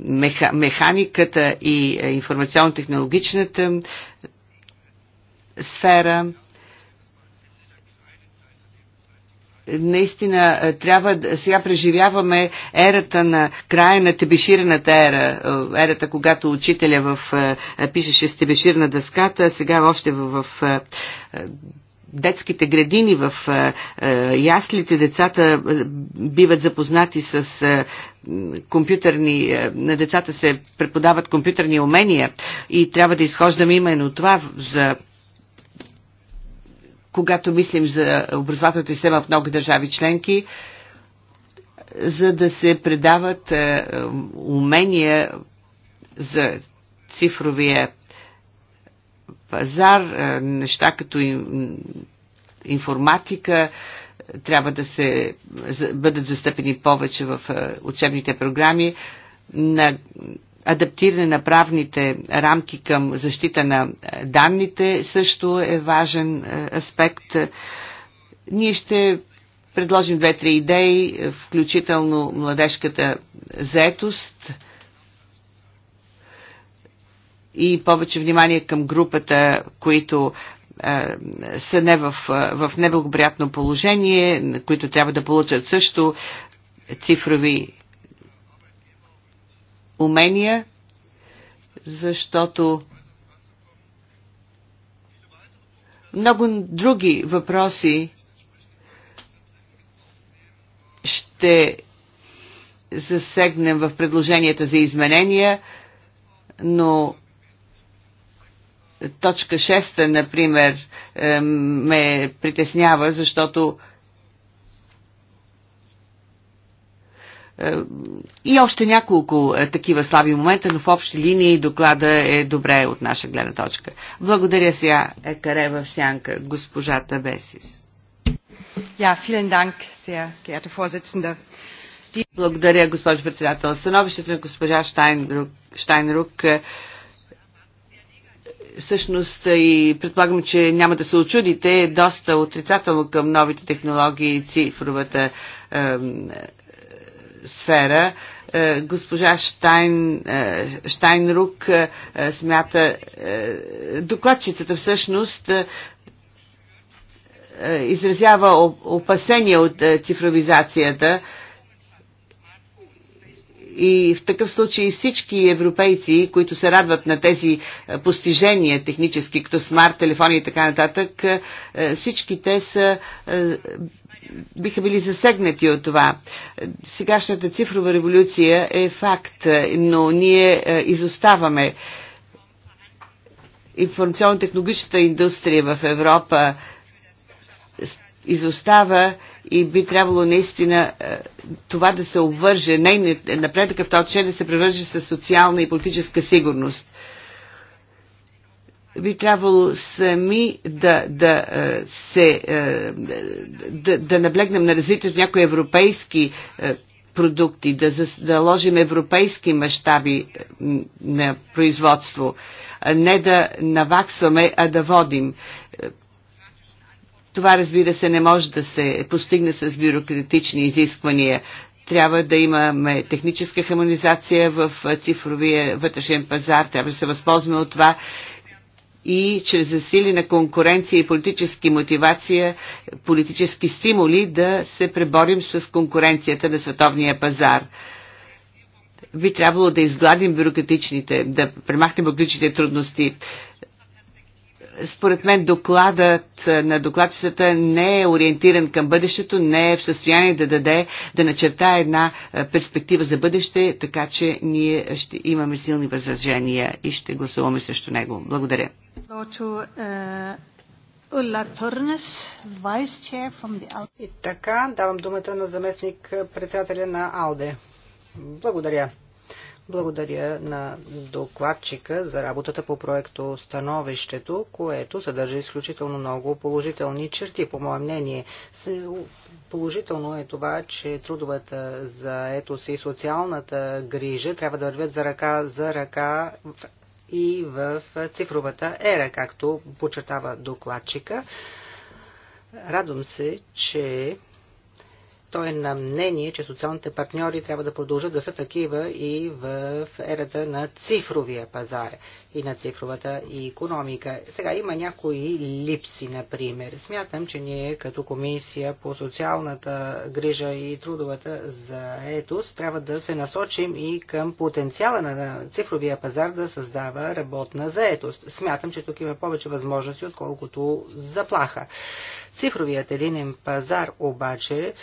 меха, механиката и е, информационно-технологичната сфера. наистина е, трябва, сега преживяваме ерата на края на тебеширената ера, е, ерата когато учителя в, пишеше с тебеширна дъската, сега още в, в детските градини, в е, е, яслите децата е, биват запознати с компютърни, на децата се преподават компютърни умения и трябва да изхождаме именно това за когато мислим за образователната система в много държави членки, за да се предават умения за цифровия пазар, е, неща като информатика е, трябва да се бъдат застъпени повече в е, учебните програми на адаптиране на правните рамки към защита на данните също е важен аспект. Ние ще предложим две-три идеи, включително младежката заетост – и повече внимание към групата, които е, са не в, е, в неблагоприятно положение, които трябва да получат също цифрови умения, защото много други въпроси ще засегнем в предложенията за изменения, но точка 6, например, е, ме притеснява, защото е, и още няколко е, такива слаби момента, но в общи линии доклада е добре от наша гледна точка. Благодаря сега, Екаре в сянка, госпожата Бесис. Ja, vielen Dank, sehr geehrte Vorsitzende. Die... Благодаря, госпожо председател. Становището на госпожа Штайнрук, Штайнрук всъщност и предполагам, че няма да се очудите е доста отрицателно към новите технологии и цифровата е, е, сфера. Е, госпожа Штайн, е, Штайнрук е, смята, е, докладчицата всъщност е, изразява опасения от цифровизацията и в такъв случай всички европейци, които се радват на тези е, постижения технически, като смарт, телефони и така нататък, е, е, всички те са биха били засегнати от това. Сегашната цифрова революция е факт, но ние изоставаме. Информационно-технологичната индустрия в Европа изостава и би трябвало наистина е, това да се обвърже, нейният напредък в този член да се превърже с социална и политическа сигурност. Би трябвало сами да, да, е, се, е, да, да наблегнем на развитието на някои европейски продукти, да заложим да европейски мащаби на производство, не да наваксваме, а да водим. Това, разбира се, не може да се постигне с бюрократични изисквания. Трябва да имаме техническа хармонизация в цифровия вътрешен пазар, трябва да се възползваме от това и чрез на конкуренция и политически мотивация, политически стимули да се преборим с конкуренцията на световния пазар. Би трябвало да изгладим бюрократичните, да премахнем бюрократичните трудности. Според мен докладът на докладчетата не е ориентиран към бъдещето, не е в състояние да даде, да начерта една перспектива за бъдеще, така че ние ще имаме силни възражения и ще гласуваме срещу него. Благодаря. Uh, и така, давам думата на заместник председателя на АЛДЕ. Благодаря. Благодаря на докладчика за работата по проекто Становището, което съдържа изключително много положителни черти, по мое мнение. Положително е това, че трудовата за ето и социалната грижа трябва да вървят за ръка за ръка и в цифровата ера, както подчертава докладчика. Радвам се, че той е на мнение, че социалните партньори трябва да продължат да са такива и в ерата на цифровия пазар и на цифровата економика. Сега има някои липси, например. Смятам, че ние като комисия по социалната грижа и трудовата заетост трябва да се насочим и към потенциала на цифровия пазар да създава работна заетост. Смятам, че тук има повече възможности, отколкото заплаха. Цифровият единен пазар обаче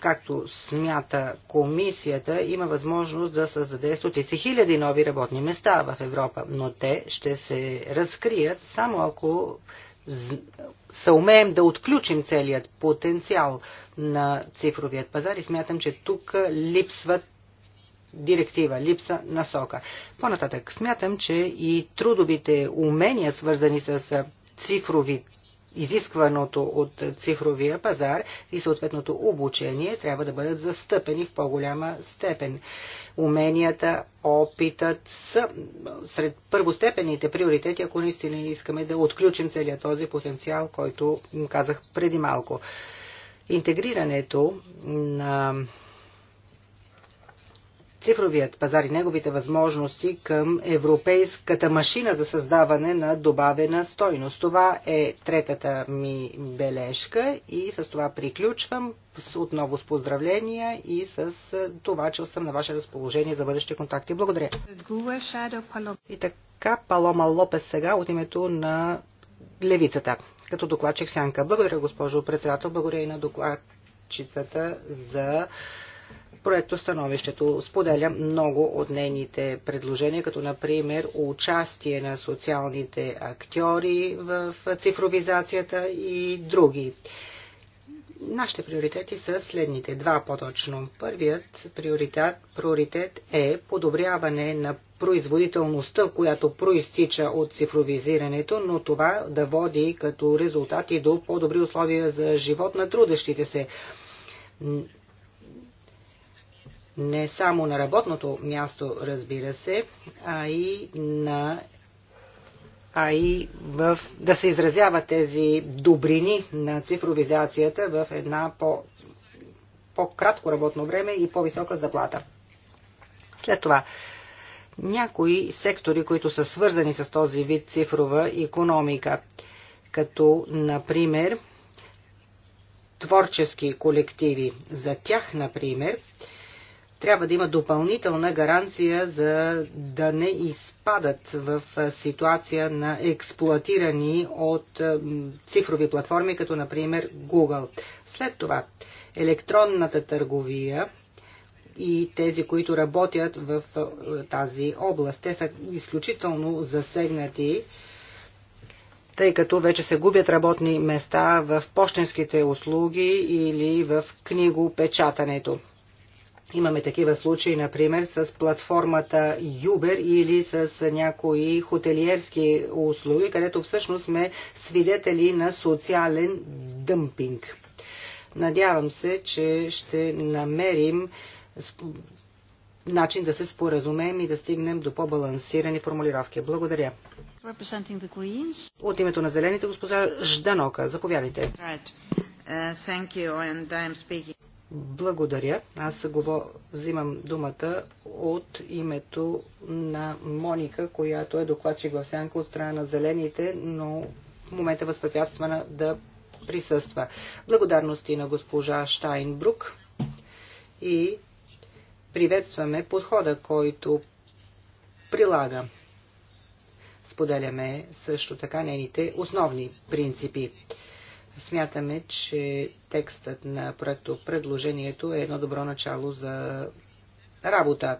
както смята комисията, има възможност да създаде стотици хиляди нови работни места в Европа, но те ще се разкрият само ако съумеем да отключим целият потенциал на цифровият пазар и смятам, че тук липсват директива, липса насока. По-нататък смятам, че и трудовите умения, свързани с цифровите изискваното от цифровия пазар и съответното обучение трябва да бъдат застъпени в по-голяма степен. Уменията, опитът са сред първостепенните приоритети, ако наистина искаме да отключим целият този потенциал, който казах преди малко. Интегрирането на цифровият пазар и неговите възможности към европейската машина за създаване на добавена стойност. Това е третата ми бележка и с това приключвам отново с поздравления и с това, че съм на ваше разположение за бъдещи контакти. Благодаря. И така, Палома Лопес сега от името на Левицата, като докладчик Сянка. Благодаря, госпожо председател, благодаря и на докладчицата за становището. Споделям много от нейните предложения, като например участие на социалните актьори в цифровизацията и други. Нашите приоритети са следните два по-точно. Първият приоритет, приоритет е подобряване на производителността, която проистича от цифровизирането, но това да води като резултат и до по-добри условия за живот на трудещите се не само на работното място, разбира се, а и на а и в, да се изразява тези добрини на цифровизацията в една по, по-кратко работно време и по-висока заплата. След това, някои сектори, които са свързани с този вид цифрова економика, като, например, творчески колективи. За тях, например, трябва да има допълнителна гаранция за да не изпадат в ситуация на експлуатирани от цифрови платформи, като например Google. След това, електронната търговия и тези, които работят в тази област. Те са изключително засегнати, тъй като вече се губят работни места в почтенските услуги или в книгопечатането. Имаме такива случаи, например, с платформата Uber или с някои хотелиерски услуги, където всъщност сме свидетели на социален дъмпинг. Надявам се, че ще намерим начин да се споразумеем и да стигнем до по-балансирани формулировки. Благодаря. От името на Зелените, госпожа Жданока, заповядайте. Right. Uh, благодаря. Аз го взимам думата от името на Моника, която е докладчик в Сянка от страна на Зелените, но в момента възпрепятствана да присъства. Благодарности на госпожа Штайнбрук и приветстваме подхода, който прилага. Споделяме също така нейните основни принципи. Смятаме, че текстът на проекто предложението е едно добро начало за работа.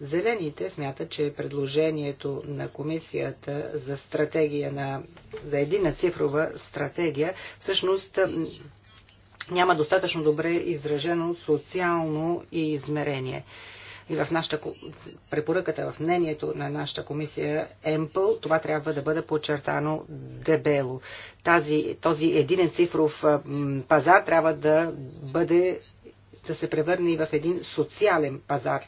Зелените смятат, че предложението на комисията за стратегия на, за едина цифрова стратегия всъщност няма достатъчно добре изражено социално измерение и в нашата препоръката, в мнението на нашата комисия ЕМПЛ, това трябва да бъде подчертано дебело. Тази, този един цифров пазар трябва да бъде да се превърне и в един социален пазар.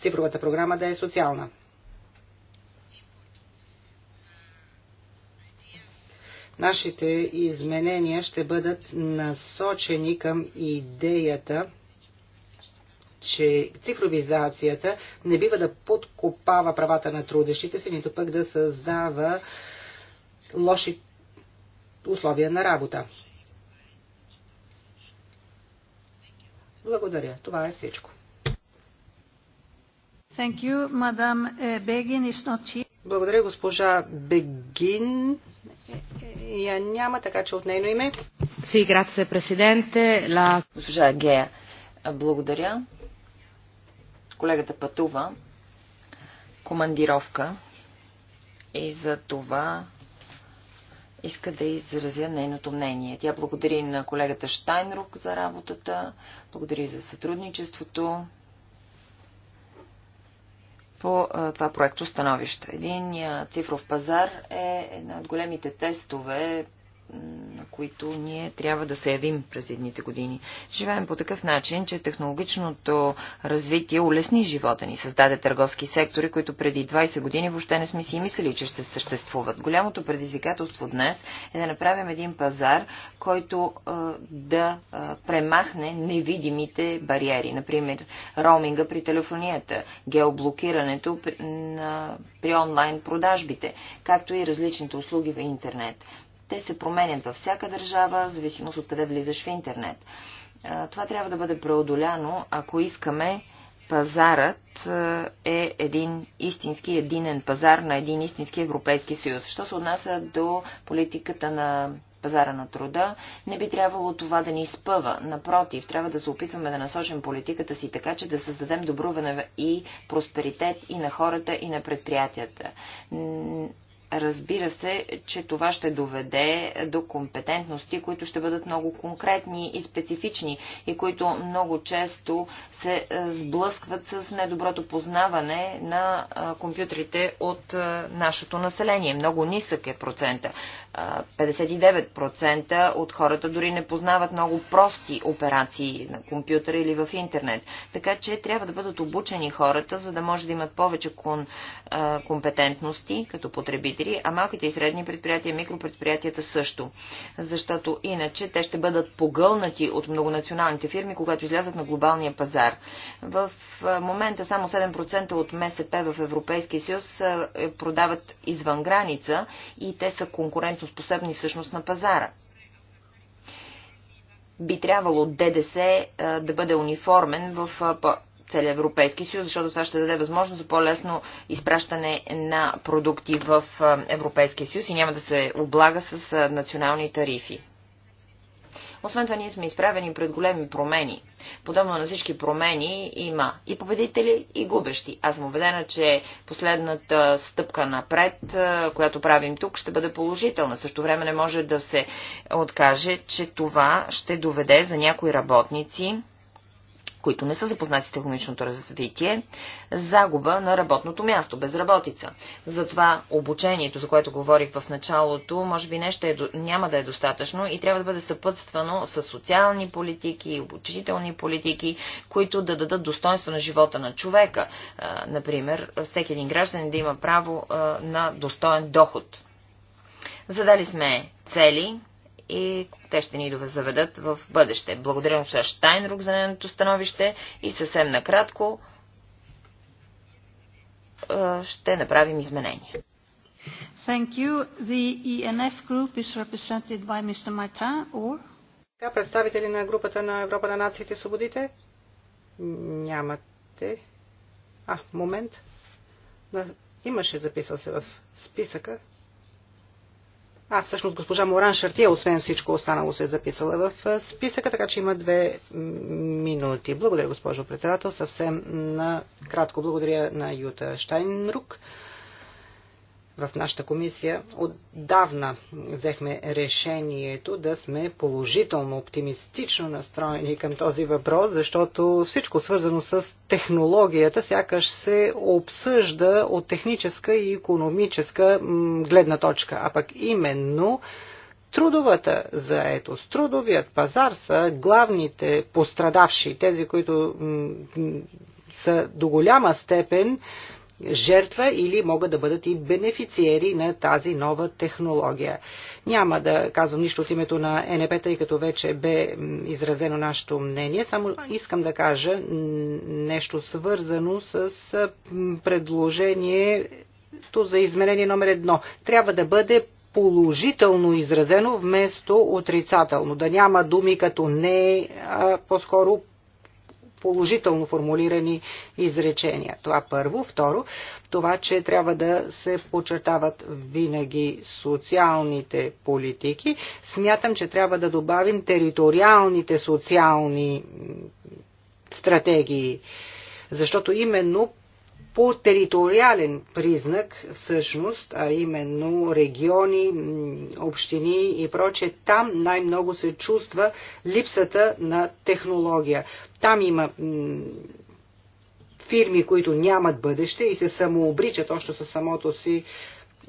Цифровата програма да е социална. Нашите изменения ще бъдат насочени към идеята че цифровизацията не бива да подкопава правата на трудещите си, нито пък да създава лоши условия на работа. Благодаря. Това е всичко. Thank you, Madam е, Begin is not here. Благодаря, госпожа Бегин. Я няма, така че от нейно име. Си, се, президенте. Ла... Госпожа Гея, благодаря. Колегата пътува командировка и за това иска да изразя нейното мнение. Тя благодари на колегата Штайнрук за работата, благодари за сътрудничеството по това проекто становище. Един цифров пазар е една от големите тестове на които ние трябва да се явим през едните години. Живеем по такъв начин, че технологичното развитие улесни живота ни, създаде търговски сектори, които преди 20 години въобще не сме си мислили, че ще съществуват. Голямото предизвикателство днес е да направим един пазар, който а, да а, премахне невидимите бариери. Например, роуминга при телефонията, геоблокирането при, на, при онлайн продажбите, както и различните услуги в интернет. Те се променят във всяка държава, в зависимост от къде влизаш в интернет. Това трябва да бъде преодоляно, ако искаме пазарът е един истински единен пазар на един истински Европейски съюз. Що се отнася до политиката на пазара на труда, не би трябвало това да ни изпъва. Напротив, трябва да се опитваме да насочим политиката си така, че да създадем добруване и просперитет и на хората, и на предприятията. Разбира се, че това ще доведе до компетентности, които ще бъдат много конкретни и специфични и които много често се е, сблъскват с недоброто познаване на е, компютрите от е, нашето население. Много нисък е процента. 59% от хората дори не познават много прости операции на компютъра или в интернет. Така че трябва да бъдат обучени хората, за да може да имат повече компетентности като потребители 4, а малките и средни предприятия, микропредприятията също. Защото иначе те ще бъдат погълнати от многонационалните фирми, когато излязат на глобалния пазар. В момента само 7% от МСП в Европейския съюз е, продават извън граница и те са конкурентоспособни всъщност на пазара би трябвало ДДС да бъде униформен в целия Европейски съюз, защото това ще даде възможност за по-лесно изпращане на продукти в Европейския съюз и няма да се облага с национални тарифи. Освен това, ние сме изправени пред големи промени. Подобно на всички промени има и победители, и губещи. Аз съм убедена, че последната стъпка напред, която правим тук, ще бъде положителна. Също време не може да се откаже, че това ще доведе за някои работници които не са запознати с техномичното развитие, загуба на работното място, безработица. Затова обучението, за което говорих в началото, може би нещо е, няма да е достатъчно и трябва да бъде съпътствано с социални политики, обучителни политики, които да дадат достоинство на живота на човека. Например, всеки един гражданин да има право на достоен доход. Задали сме цели, и те ще ни заведат в бъдеще. Благодаря на Штайнрук за нейното становище и съвсем накратко ще направим изменения. Thank you. The ENF group is represented by Mr. or... Така, представители на групата на Европа на нациите свободите? Нямате. А, момент. имаше записал се в списъка. А, всъщност госпожа Моран Шартия, освен всичко останало, се е записала в списъка, така че има две минути. Благодаря, госпожо председател. Съвсем на кратко благодаря на Юта Штайнрук в нашата комисия отдавна взехме решението да сме положително, оптимистично настроени към този въпрос, защото всичко свързано с технологията сякаш се обсъжда от техническа и економическа гледна точка, а пък именно трудовата заетост, трудовият пазар са главните пострадавши, тези, които са до голяма степен жертва или могат да бъдат и бенефициери на тази нова технология. Няма да казвам нищо от името на НП, тъй като вече бе изразено нашето мнение. Само искам да кажа нещо свързано с предложението за изменение номер едно. Трябва да бъде положително изразено вместо отрицателно. Да няма думи като не, а по-скоро положително формулирани изречения. Това първо. Второ, това, че трябва да се подчертават винаги социалните политики. Смятам, че трябва да добавим териториалните социални стратегии. Защото именно по териториален признак, всъщност, а именно региони, общини и прочее, там най-много се чувства липсата на технология. Там има фирми, които нямат бъдеще и се самообричат още със самото си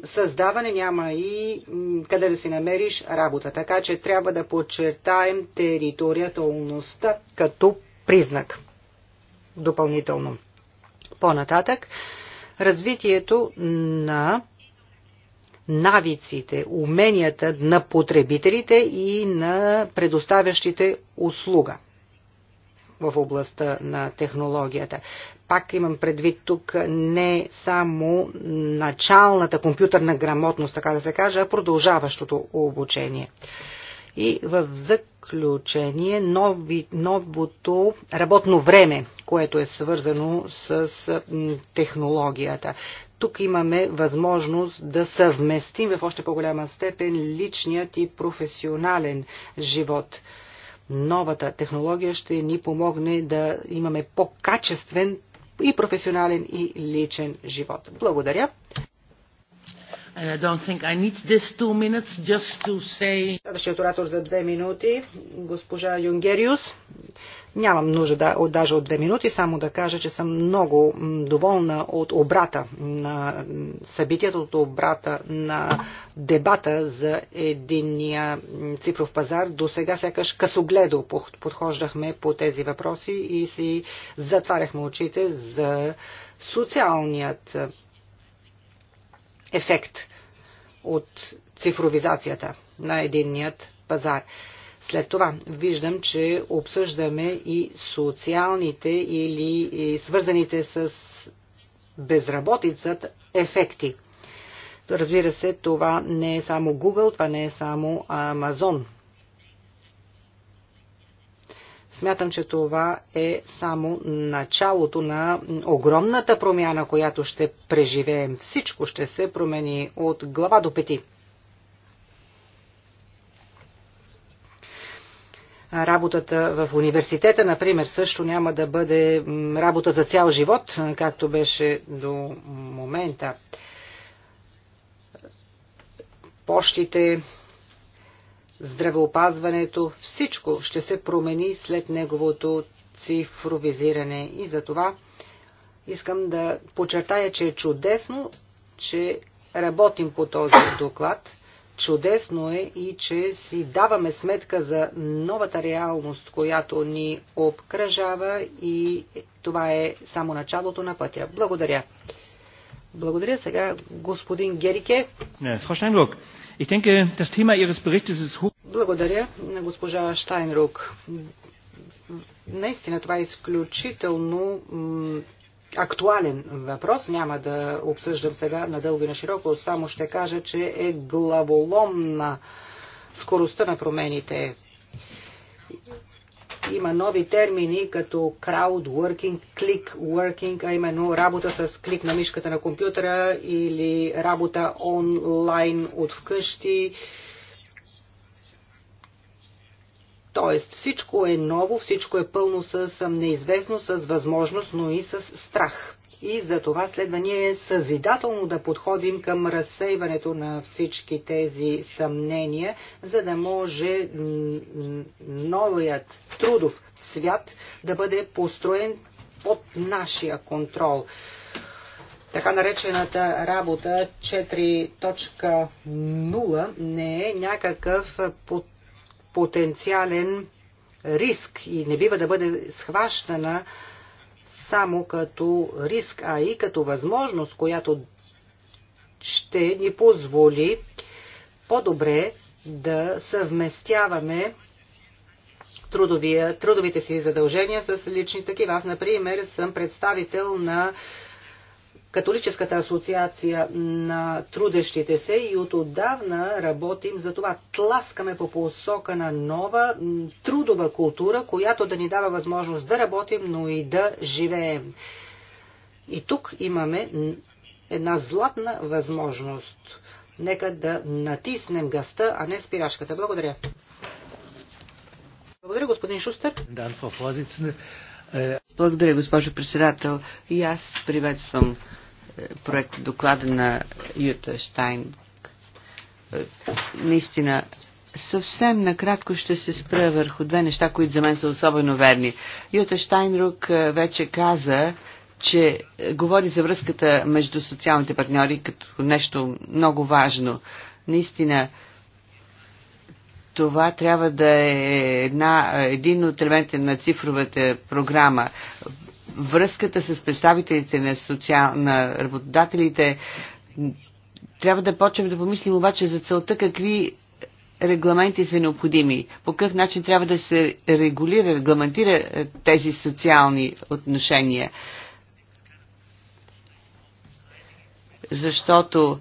създаване няма и къде да си намериш работа. Така че трябва да подчертаем териториалността като признак допълнително. По-нататък, развитието на навиците, уменията на потребителите и на предоставящите услуга в областта на технологията. Пак имам предвид тук не само началната компютърна грамотност, така да се каже, а продължаващото обучение. И в заключение, нови, новото работно време, което е свързано с технологията. Тук имаме възможност да съвместим в още по-голяма степен личният и професионален живот. Новата технология ще ни помогне да имаме по-качествен и професионален и личен живот. Благодаря. And I don't think I need this two minutes just to say... Следващият оратор за две минути, госпожа Юнгериус. Нямам нужда да, от, даже от две минути, само да кажа, че съм много доволна от обрата на събитието, от обрата на дебата за единния цифров пазар. До сега сякаш късогледо подхождахме по тези въпроси и си затваряхме очите за социалният ефект от цифровизацията на единният пазар. След това виждам, че обсъждаме и социалните или свързаните с безработицата ефекти. Разбира се, това не е само Google, това не е само Amazon. Смятам, че това е само началото на огромната промяна, която ще преживеем. Всичко ще се промени от глава до пети. работата в университета, например, също няма да бъде работа за цял живот, както беше до момента. Пощите, здравеопазването, всичко ще се промени след неговото цифровизиране. И за това искам да подчертая, че е чудесно, че работим по този доклад. Чудесно е и че си даваме сметка за новата реалност, която ни обкръжава и това е само началото на пътя. Благодаря. Благодаря сега господин Герике. Е, фрау Steinburg, ich denke, das Thema Ihres Berichtes ist благодаря на госпожа Штайнрук. Наистина това е изключително актуален въпрос. Няма да обсъждам сега надълго и на широко, само ще кажа, че е главоломна скоростта на промените. Има нови термини като click working, а именно работа с клик на мишката на компютъра или работа онлайн от вкъщи Тоест всичко е ново, всичко е пълно с неизвестно, с възможност, но и с страх. И за това следва ние съзидателно да подходим към разсейването на всички тези съмнения, за да може новият трудов свят да бъде построен под нашия контрол. Така наречената работа 4.0 не е някакъв под потенциален риск и не бива да бъде схващана само като риск, а и като възможност, която ще ни позволи по-добре да съвместяваме трудовия, трудовите си задължения с лични такива. Аз, например, съм представител на Католическата асоциация на трудещите се и от отдавна работим за това. Тласкаме по посока на нова трудова култура, която да ни дава възможност да работим, но и да живеем. И тук имаме една златна възможност. Нека да натиснем гъста, а не спирашката. Благодаря. Благодаря, господин Шустер. Благодаря, госпожо председател. И аз приветствам проект доклада на Юта Штайн. Е, наистина, съвсем накратко ще се спра върху две неща, които за мен са особено верни. Юта Штайнрук е, вече каза, че е, говори за връзката между социалните партньори като нещо много важно. Наистина, това трябва да е една, един от елементите на цифровата програма. Връзката с представителите на, социал, на работодателите трябва да почнем да помислим обаче за целта какви регламенти са необходими, по какъв начин трябва да се регулира, регламентира тези социални отношения. Защото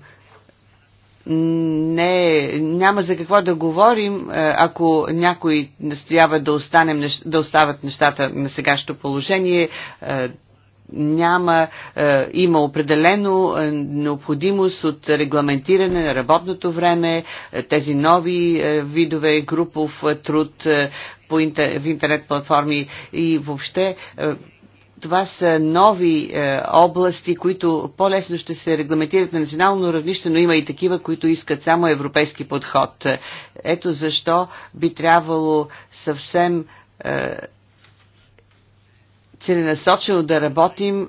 не, няма за какво да говорим, е, ако някой настоява да, останем, да остават нещата на сегашното положение. Е, няма, е, има определено необходимост от регламентиране на работното време, тези нови видове групов труд в интернет платформи и въобще това са нови е, области, които по-лесно ще се регламентират на национално равнище, но има и такива, които искат само европейски подход. Ето защо би трябвало съвсем е, целенасочено да работим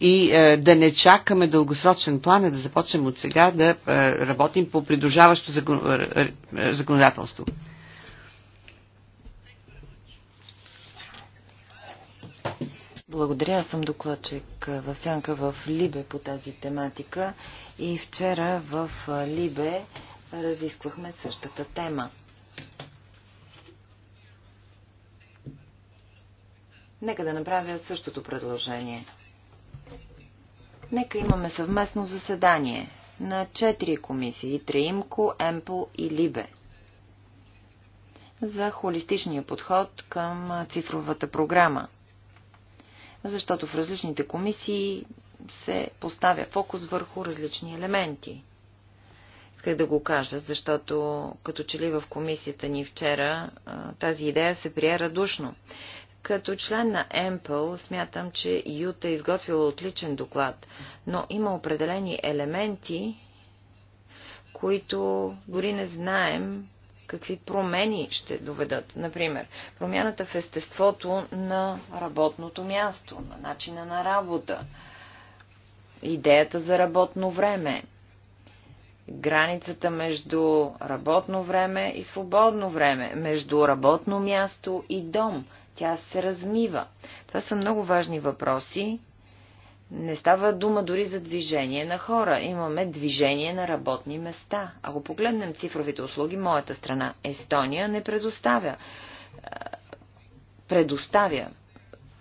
и е, да не чакаме дългосрочен план, а да започнем от сега да е, работим по придружаващо закон, е, е, законодателство. Благодаря. Аз съм докладчик в Сянка в Либе по тази тематика и вчера в Либе разисквахме същата тема. Нека да направя същото предложение. Нека имаме съвместно заседание на четири комисии – Триимко, Емпл и Либе за холистичния подход към цифровата програма защото в различните комисии се поставя фокус върху различни елементи. Исках да го кажа, защото като че ли в комисията ни вчера тази идея се прие радушно. Като член на Емпъл смятам, че Юта е изготвила отличен доклад, но има определени елементи, които дори не знаем какви промени ще доведат. Например, промяната в естеството на работното място, на начина на работа, идеята за работно време, границата между работно време и свободно време, между работно място и дом. Тя се размива. Това са много важни въпроси, не става дума дори за движение на хора. Имаме движение на работни места. Ако погледнем цифровите услуги, моята страна Естония не предоставя. Предоставя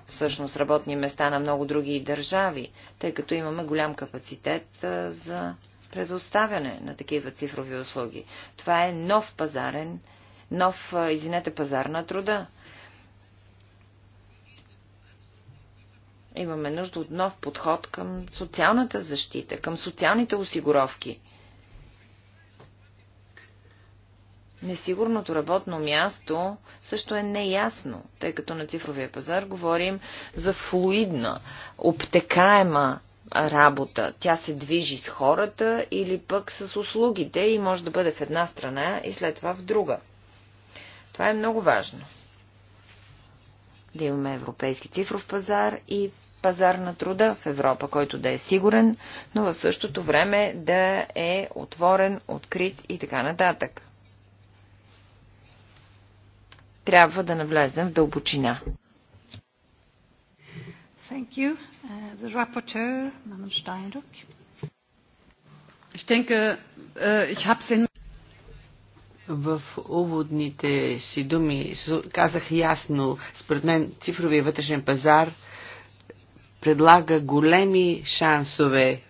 всъщност работни места на много други държави, тъй като имаме голям капацитет за предоставяне на такива цифрови услуги. Това е нов пазарен, нов, извинете, пазар на труда. Имаме нужда от нов подход към социалната защита, към социалните осигуровки. Несигурното работно място също е неясно, тъй като на цифровия пазар говорим за флуидна, обтекаема работа. Тя се движи с хората или пък с услугите и може да бъде в една страна и след това в друга. Това е много важно. Да имаме европейски цифров пазар и пазар на труда в Европа, който да е сигурен, но в същото време да е отворен, открит и така нататък. Трябва да навлезем в дълбочина. Thank you. Uh, the rapporteur, Steinruck. Ich denke, uh, ich habe in в уводните си думи казах ясно, според мен цифровия вътрешен пазар предлага големи шансове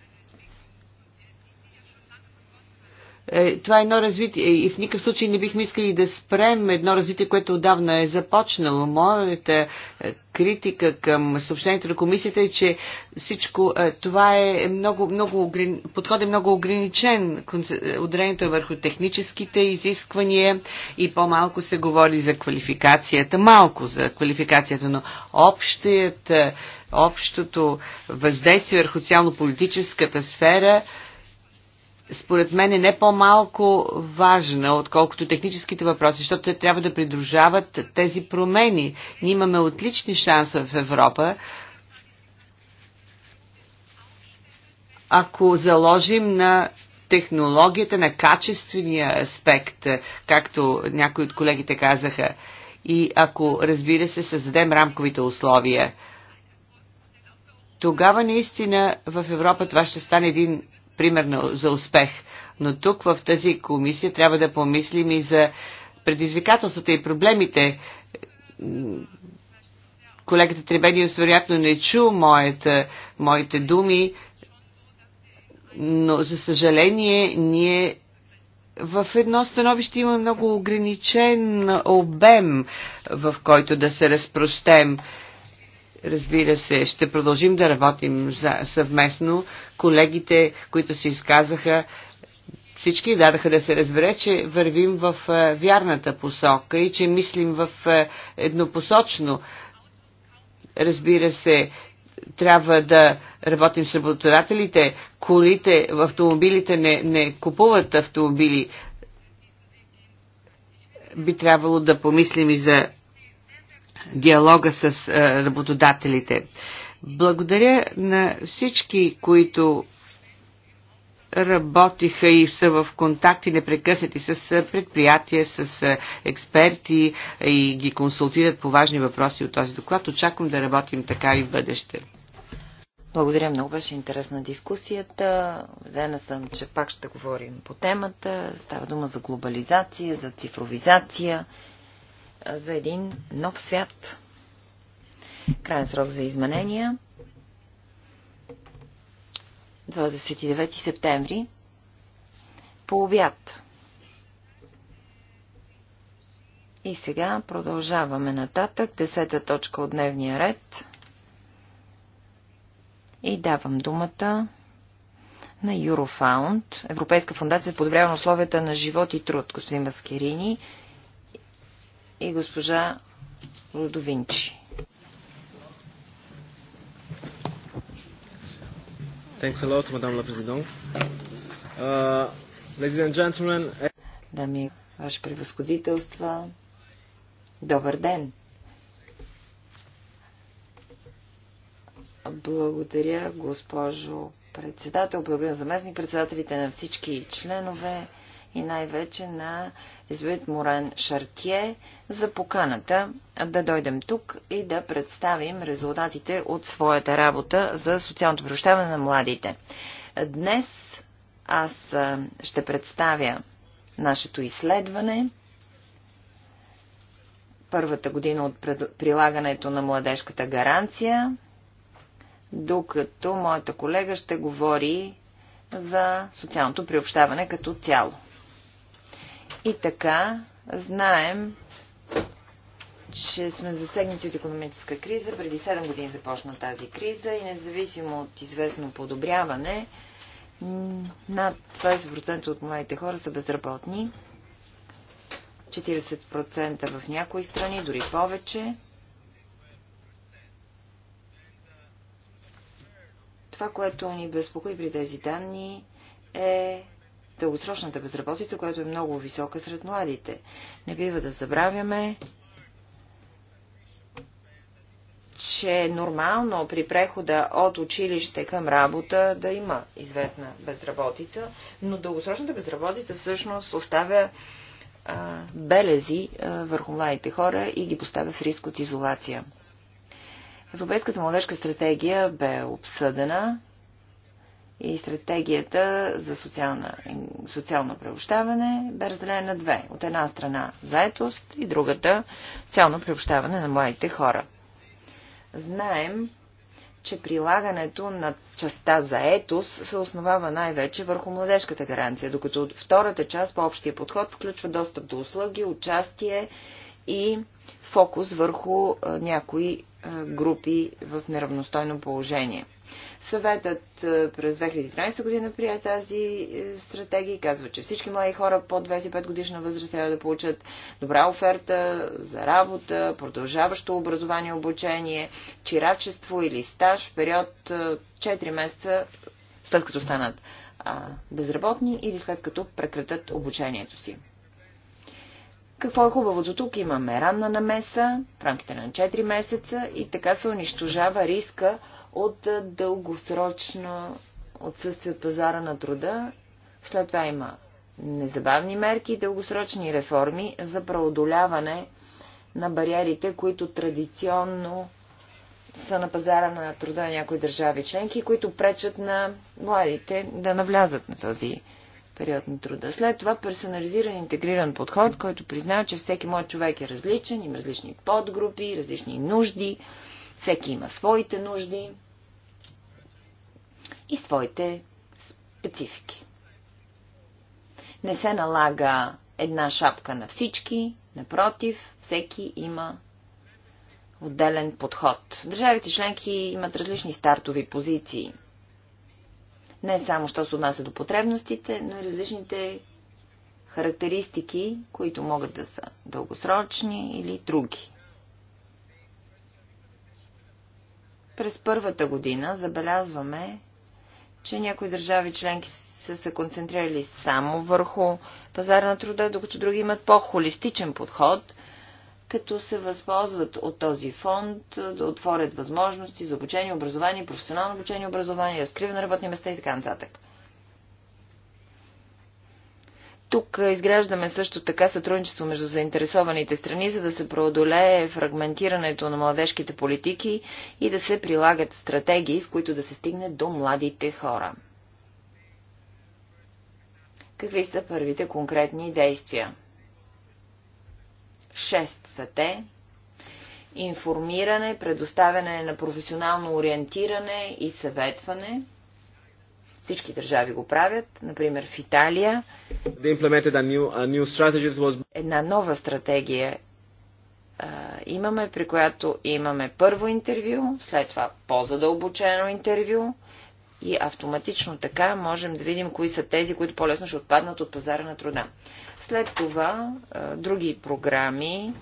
Е, това е едно развитие и в никакъв случай не бихме искали да спрем едно развитие, което отдавна е започнало. Моята е, критика към съобщението на комисията е, че всичко е, това е много, много подход е много ограничен. Ударението е върху техническите изисквания и по-малко се говори за квалификацията. Малко за квалификацията, но общият, общото въздействие върху цялно политическата сфера – според мен е не по-малко важна, отколкото техническите въпроси, защото те трябва да придружават тези промени. Ние имаме отлични шанса в Европа, ако заложим на технологията, на качествения аспект, както някои от колегите казаха, и ако, разбира се, създадем рамковите условия, тогава наистина в Европа това ще стане един примерно за успех. Но тук в тази комисия трябва да помислим и за предизвикателствата и проблемите. Колегата Требениус вероятно не е чу моята, моите думи, но за съжаление ние в едно становище има много ограничен обем, в който да се разпростем разбира се, ще продължим да работим за, съвместно. Колегите, които се изказаха, всички дадаха да се разбере, че вървим в вярната посока и че мислим в еднопосочно. Разбира се, трябва да работим с работодателите, колите, автомобилите не, не купуват автомобили. Би трябвало да помислим и за диалога с е, работодателите. Благодаря на всички, които работиха и са в контакти непрекъснати с е, предприятия, с е, експерти и ги консултират по важни въпроси от този доклад. Очаквам да работим така и в бъдеще. Благодаря много, беше интересна дискусията. Вена съм, че пак ще говорим по темата. Става дума за глобализация, за цифровизация за един нов свят. Крайен срок за изменения. 29 септември. По обяд. И сега продължаваме нататък. Десета точка от дневния ред. И давам думата на Eurofound, Европейска фундация за подобряване условията на живот и труд, господин Маскерини и госпожа Лудовинчи. Thanks a lot, мадам ла президент. Uh, Дами, ваше превъзходителство, добър ден! Благодаря, госпожо председател, благодаря заместник председателите на всички членове и най-вече на Езуит Морен Шартие за поканата да дойдем тук и да представим резултатите от своята работа за социалното приобщаване на младите. Днес аз ще представя нашето изследване първата година от прилагането на младежката гаранция, докато моята колега ще говори за социалното приобщаване като цяло. И така, знаем, че сме засегнати от економическа криза. Преди 7 години започна тази криза и независимо от известно подобряване, над 20% от младите хора са безработни, 40% в някои страни, дори повече. Това, което ни безпокои при тези данни е дългосрочната безработица, която е много висока сред младите. Не бива да забравяме, че е нормално при прехода от училище към работа да има известна безработица, но дългосрочната безработица всъщност оставя а, белези а, върху младите хора и ги поставя в риск от изолация. Европейската младежка стратегия бе обсъдена и стратегията за социална, социално преобщаване бе разделена на две. От една страна заетост и другата социално преобщаване на младите хора. Знаем, че прилагането на частта заетост се основава най-вече върху младежката гаранция, докато втората част по общия подход включва достъп до услуги, участие и фокус върху някои групи в неравностойно положение – Съветът е, през 2013 година прие тази е, стратегия и казва, че всички млади хора под 25 годишна възраст трябва да получат добра оферта за работа, продължаващо образование, обучение, чирачество или стаж в период 4 е, месеца след като станат безработни или след като прекратят обучението си. Какво е хубавото тук? Имаме ранна намеса в рамките на 4 месеца и така се унищожава риска от дългосрочно отсъствие от пазара на труда. След това има незабавни мерки и дългосрочни реформи за преодоляване на бариерите, които традиционно са на пазара на труда на някои държави членки, които пречат на младите да навлязат на този период на труда. След това персонализиран интегриран подход, който признава, че всеки млад човек е различен, има различни подгрупи, различни нужди, всеки има своите нужди и своите специфики. Не се налага една шапка на всички, напротив, всеки има отделен подход. Държавите членки имат различни стартови позиции. Не само, що се отнася до потребностите, но и различните характеристики, които могат да са дългосрочни или други. През първата година забелязваме, че някои държави членки са се концентрирали само върху пазара на труда, докато други имат по-холистичен подход, като се възползват от този фонд да отворят възможности за обучение, образование, професионално обучение, образование, разкриване на работни места и така нататък. Тук изграждаме също така сътрудничество между заинтересованите страни, за да се преодолее фрагментирането на младежките политики и да се прилагат стратегии, с които да се стигне до младите хора. Какви са първите конкретни действия? Шест са те. Информиране, предоставяне на професионално ориентиране и съветване – всички държави го правят, например в Италия. A new, a new was... Една нова стратегия а, имаме, при която имаме първо интервю, след това по-задълбочено интервю и автоматично така можем да видим кои са тези, които по-лесно ще отпаднат от пазара на труда. След това а, други програми,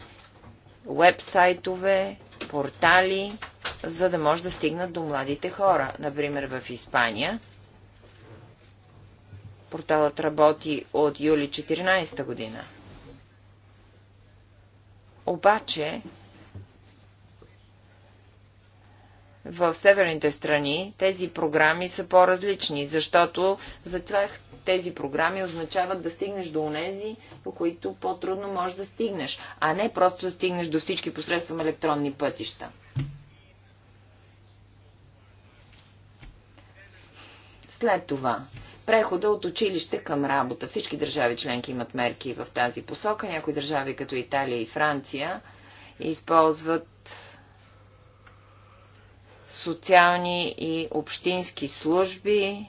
вебсайтове, портали, за да може да стигнат до младите хора. Например, в Испания Порталът работи от юли 2014 година. Обаче, в северните страни тези програми са по-различни, защото за тях тези програми означават да стигнеш до онези, по които по-трудно можеш да стигнеш, а не просто да стигнеш до всички посредством електронни пътища. След това, прехода от училище към работа. Всички държави членки имат мерки в тази посока. Някои държави, като Италия и Франция, използват социални и общински служби,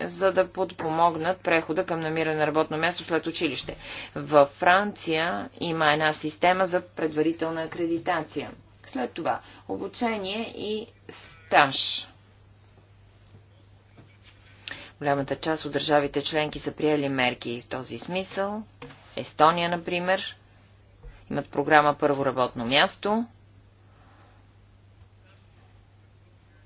за да подпомогнат прехода към намиране на работно място след училище. Във Франция има една система за предварителна акредитация. След това обучение и стаж. Голямата част от държавите членки са приели мерки в този смисъл. Естония, например, имат програма Първо работно място.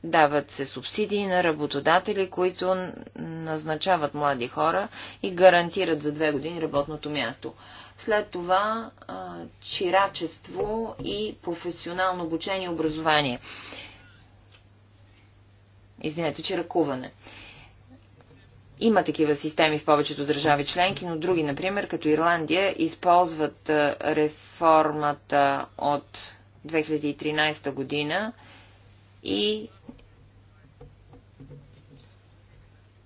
Дават се субсидии на работодатели, които назначават млади хора и гарантират за две години работното място. След това чирачество и професионално обучение и образование. Извинете, чиракуване. ръкуване. Има такива системи в повечето държави членки, но други, например, като Ирландия, използват реформата от 2013 година и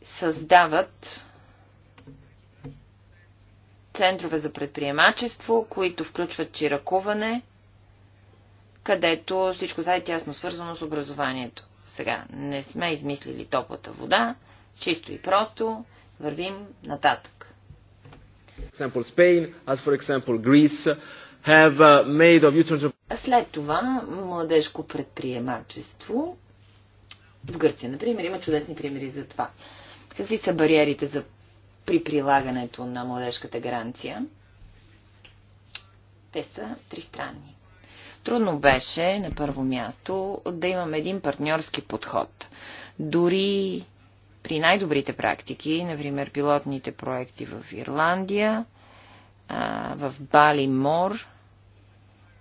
създават центрове за предприемачество, които включват чиракуване, където всичко това е тясно свързано с образованието. Сега не сме измислили топлата вода, Чисто и просто вървим нататък. Spain, as for example, Greece, have uh, made of След това младежко предприемачество в Гърция, например, има чудесни примери за това. Какви са бариерите за при прилагането на младежката гаранция? Те са тристранни. Трудно беше, на първо място, да имаме един партньорски подход. Дори при най-добрите практики, например пилотните проекти в Ирландия, в Бали Мор.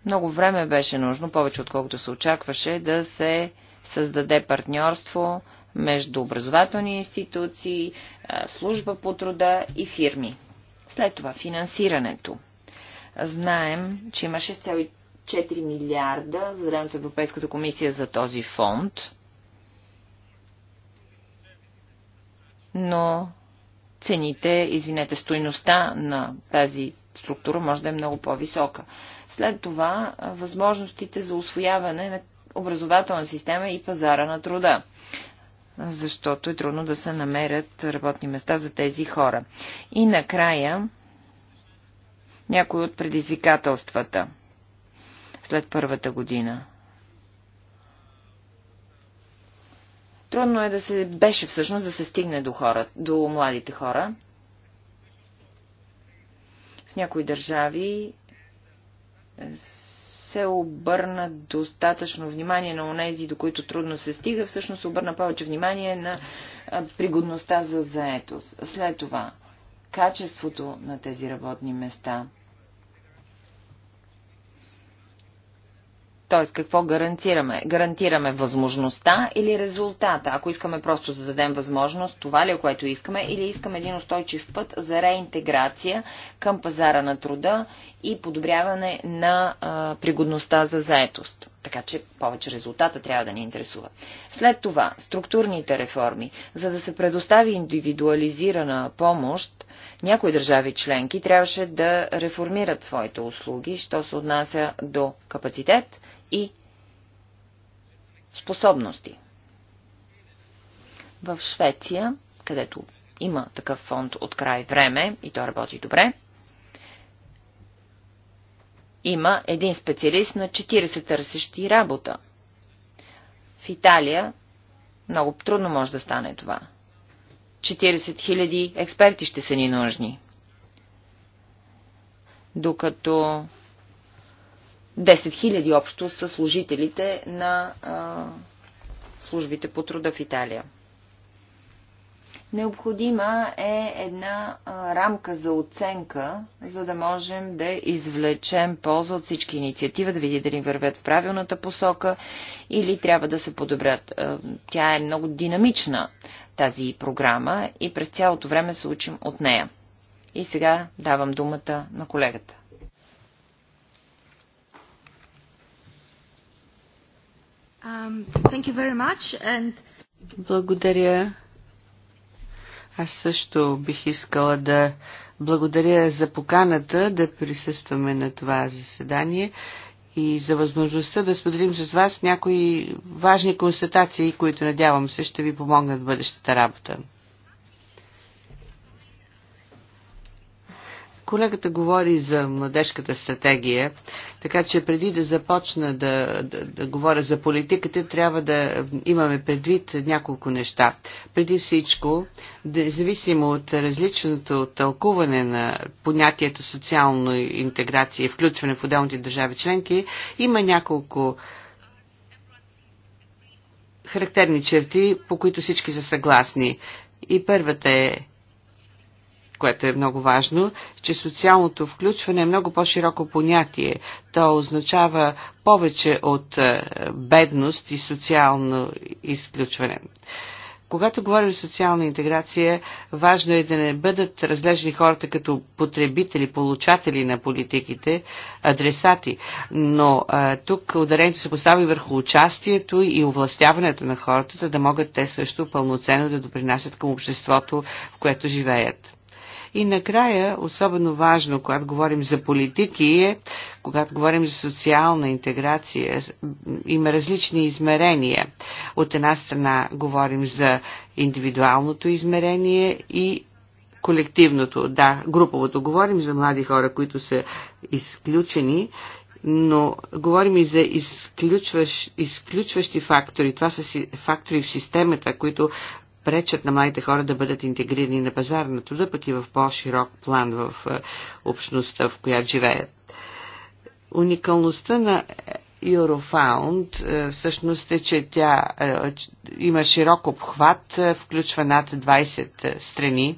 Много време беше нужно, повече отколкото се очакваше, да се създаде партньорство между образователни институции, служба по труда и фирми. След това финансирането. Знаем, че има 6,4 милиарда, заделено от Европейската комисия за този фонд но цените, извинете, стойността на тази структура може да е много по-висока. След това възможностите за освояване на образователна система и пазара на труда защото е трудно да се намерят работни места за тези хора. И накрая някои от предизвикателствата след първата година. Трудно е да се беше всъщност да се стигне до, хора, до младите хора. В някои държави се обърна достатъчно внимание на онези, до които трудно се стига, всъщност се обърна повече внимание на пригодността за заетост. След това, качеството на тези работни места – Т.е. какво гарантираме? Гарантираме възможността или резултата? Ако искаме просто да дадем възможност, това ли е което искаме, или искаме един устойчив път за реинтеграция към пазара на труда и подобряване на а, пригодността за заетост. Така че повече резултата трябва да ни интересува. След това, структурните реформи. За да се предостави индивидуализирана помощ, някои държави членки трябваше да реформират своите услуги, що се отнася до капацитет и способности. В Швеция, където има такъв фонд от край време и то работи добре, има един специалист на 40 търсещи работа. В Италия много трудно може да стане това. 40 000 експерти ще са ни нужни. Докато 10 000 общо са служителите на а, службите по труда в Италия. Необходима е една рамка за оценка, за да можем да извлечем полза от всички инициативи, да види дали вървят в правилната посока или трябва да се подобрят. Тя е много динамична, тази програма, и през цялото време се учим от нея. И сега давам думата на колегата. Um, and... Благодаря аз също бих искала да благодаря за поканата да присъстваме на това заседание и за възможността да споделим с вас някои важни констатации, които надявам се ще ви помогнат в бъдещата работа. Колегата говори за младежката стратегия, така че преди да започна да, да, да говоря за политиката, трябва да имаме предвид няколко неща. Преди всичко, независимо от различното тълкуване на понятието социално интеграция и включване в отделните държави членки, има няколко характерни черти, по които всички са съгласни. И първата е което е много важно, че социалното включване е много по-широко понятие. То означава повече от е, бедност и социално изключване. Когато говорим за социална интеграция, важно е да не бъдат разглеждани хората като потребители, получатели на политиките, адресати. Но а, е, тук ударението се постави върху участието и овластяването на хората, да могат те също пълноценно да допринасят към обществото, в което живеят. И накрая, особено важно, когато говорим за политики, е, когато говорим за социална интеграция, има различни измерения. От една страна говорим за индивидуалното измерение и колективното, да, груповото. Говорим за млади хора, които са изключени но говорим и за изключващ, изключващи фактори. Това са си, фактори в системата, които пречат на младите хора да бъдат интегрирани на пазар на труда, пък и в по-широк план в е, общността, в която живеят. Уникалността на Eurofound е, всъщност е, че тя е, има широк обхват, включва над 20 страни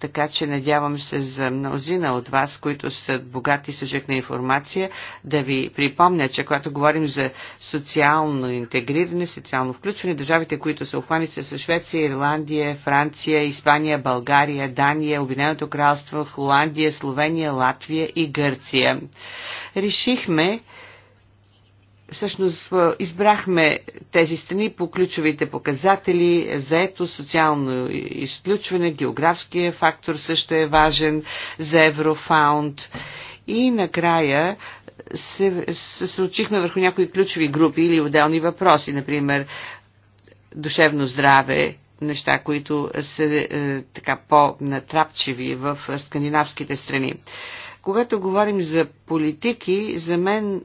така че надявам се за мнозина от вас, които са богати съжек на информация, да ви припомня, че когато говорим за социално интегриране, социално включване, държавите, които са обхванати са Швеция, Ирландия, Франция, Испания, България, Дания, Обединеното кралство, Холандия, Словения, Латвия и Гърция. Решихме всъщност избрахме тези страни по ключовите показатели, заето, социално изключване, географския фактор също е важен за Еврофаунд. И накрая се случихме върху някои ключови групи или отделни въпроси, например душевно здраве, неща, които са е, така по-натрапчиви в скандинавските страни. Когато говорим за политики, за мен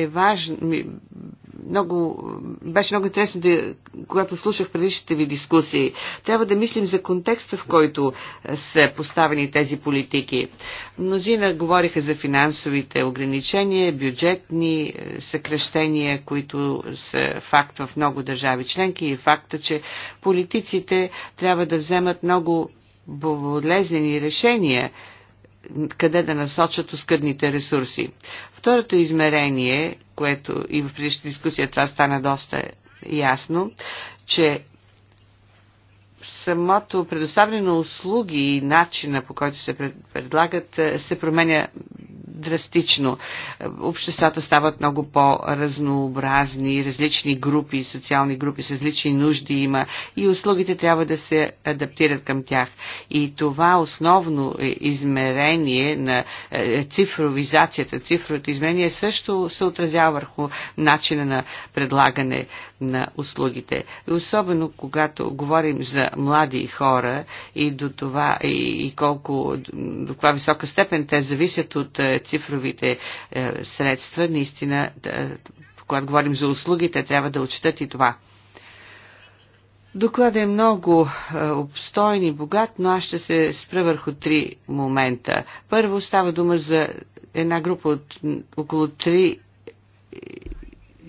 е важно. Много, беше много интересно, да, когато слушах предишните ви дискусии. Трябва да мислим за контекста, в който е, са поставени тези политики. Мнозина говориха за финансовите ограничения, бюджетни е, съкрещения, които са факт в много държави членки и факта, че политиците трябва да вземат много болезнени решения къде да насочат оскърните ресурси. Второто измерение, което и в предишната дискусия това стана доста ясно, че самото предоставлено на услуги и начина по който се предлагат се променя драстично. Обществата стават много по-разнообразни, различни групи, социални групи с различни нужди има и услугите трябва да се адаптират към тях. И това основно е измерение на е, е, цифровизацията, цифровото измерение също се отразява върху начина на предлагане на услугите. Особено когато говорим за млади хора и до това и, и колко, до каква висока степен те зависят от е, цифровите е, средства, наистина, е, когато говорим за услугите, трябва да отчитат и това. Докладът е много е, обстойен и богат, но аз ще се спра върху три момента. Първо става дума за една група от около три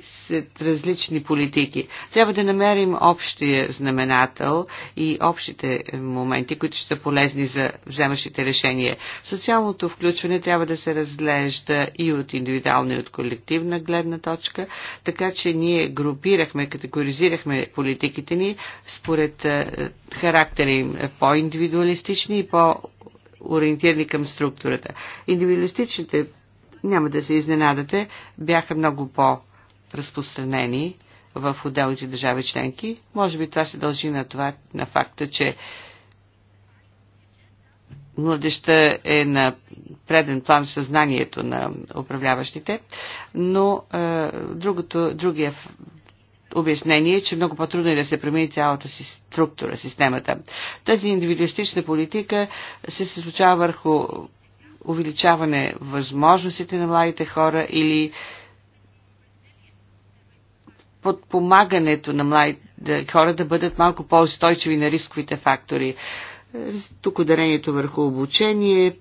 след различни политики. Трябва да намерим общия знаменател и общите моменти, които ще са полезни за вземащите решения. Социалното включване трябва да се разглежда и от индивидуална и от колективна гледна точка, така че ние групирахме, категоризирахме политиките ни според е, характера им по-индивидуалистични и по- ориентирани към структурата. Индивидуалистичните няма да се изненадате, бяха много по- разпространени в отделните държави членки. Може би това се дължи на това, на факта, че младеща е на преден план в съзнанието на управляващите, но е, другото, другия обяснение е, че много по-трудно е да се промени цялата си структура, системата. Тази индивидуалистична политика се случава върху увеличаване възможностите на младите хора или подпомагането на младите хора да бъдат малко по-устойчиви на рисковите фактори. Тук ударението върху обучение,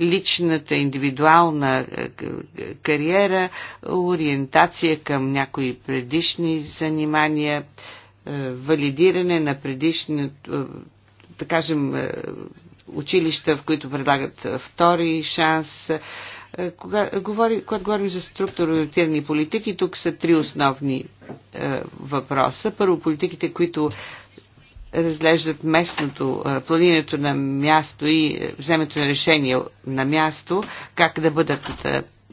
личната индивидуална е, е, е, кариера, ориентация към някои предишни занимания, валидиране на предишни, да кажем, училища, в които предлагат втори шанс, е, кога, говори, когато говорим за структурирани политики, тук са три основни е, въпроса. Първо, политиките, които разглеждат местното, е, планирането на място и е, вземето на решение на място, как да бъдат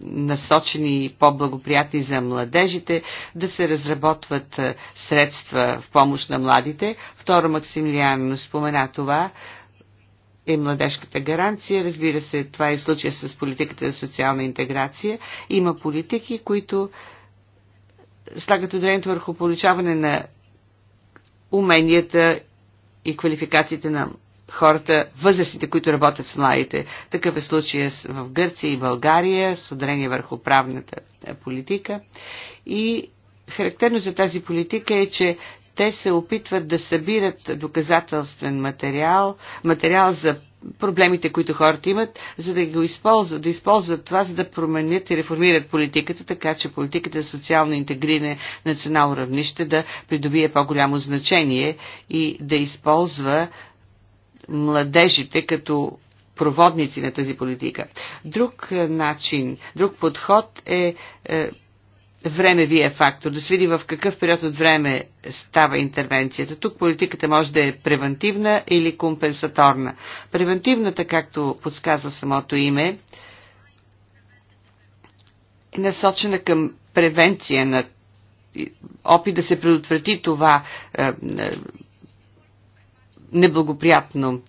насочени и по-благоприятни за младежите, да се разработват средства в помощ на младите. Второ, Максимилиан спомена това е младежката гаранция. Разбира се, това е в случая с политиката за социална интеграция. Има политики, които слагат ударението върху получаване на уменията и квалификациите на хората, възрастите, които работят с младите. Такъв е случая в Гърция и България, с ударение върху правната политика. И характерно за тази политика е, че те се опитват да събират доказателствен материал, материал за проблемите, които хората имат, за да го използват, да използват това, за да променят и реформират политиката, така че политиката за социално интегриране национално равнище да придобие по-голямо значение и да използва младежите като проводници на тази политика. Друг е, начин, друг подход е, е времевия фактор, да се види в какъв период от време става интервенцията. Тук политиката може да е превентивна или компенсаторна. Превентивната, както подсказва самото име, е насочена към превенция на опит да се предотврати това е, е, неблагоприятно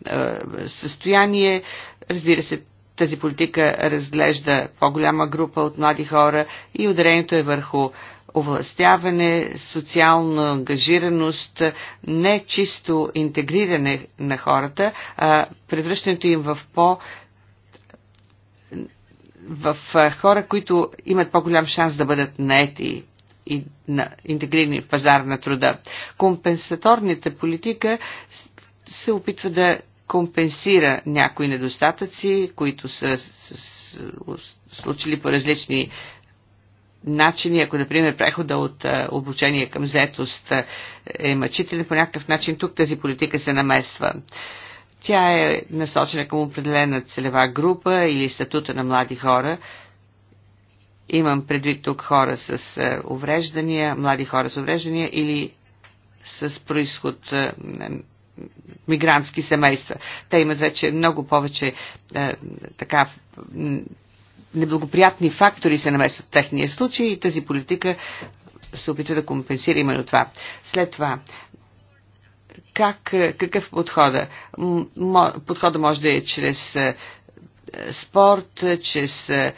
е, състояние. Разбира се, тази политика разглежда по-голяма група от млади хора и ударението е върху овластяване, социална ангажираност, не чисто интегриране на хората, а превръщането им в по- в хора, които имат по-голям шанс да бъдат наети и на интегрирани в пазар на труда. Компенсаторната политика се опитва да компенсира някои недостатъци, които са случили по различни начини, ако, например, прехода от обучение към заетост е мъчителен, по някакъв начин тук тази политика се намества. Тя е насочена към определена целева група или статута на млади хора. Имам предвид тук хора с увреждания, млади хора с увреждания или с происход мигрантски семейства. Те имат вече много повече е, така неблагоприятни фактори се намесват в техния случай и тази политика се опитва да компенсира именно това. След това, как, е, какъв подхода? Подхода може да е чрез е, спорт, чрез е,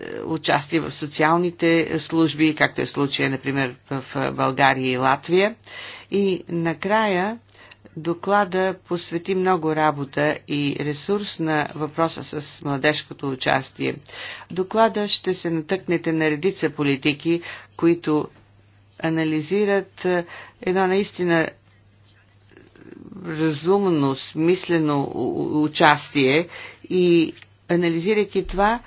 е, участие в социалните служби, както е случая, например, в е, България и Латвия. И накрая доклада посвети много работа и ресурс на въпроса с младежкото участие. Доклада ще се натъкнете на редица политики, които анализират е, едно наистина разумно, смислено участие и анализирайки това,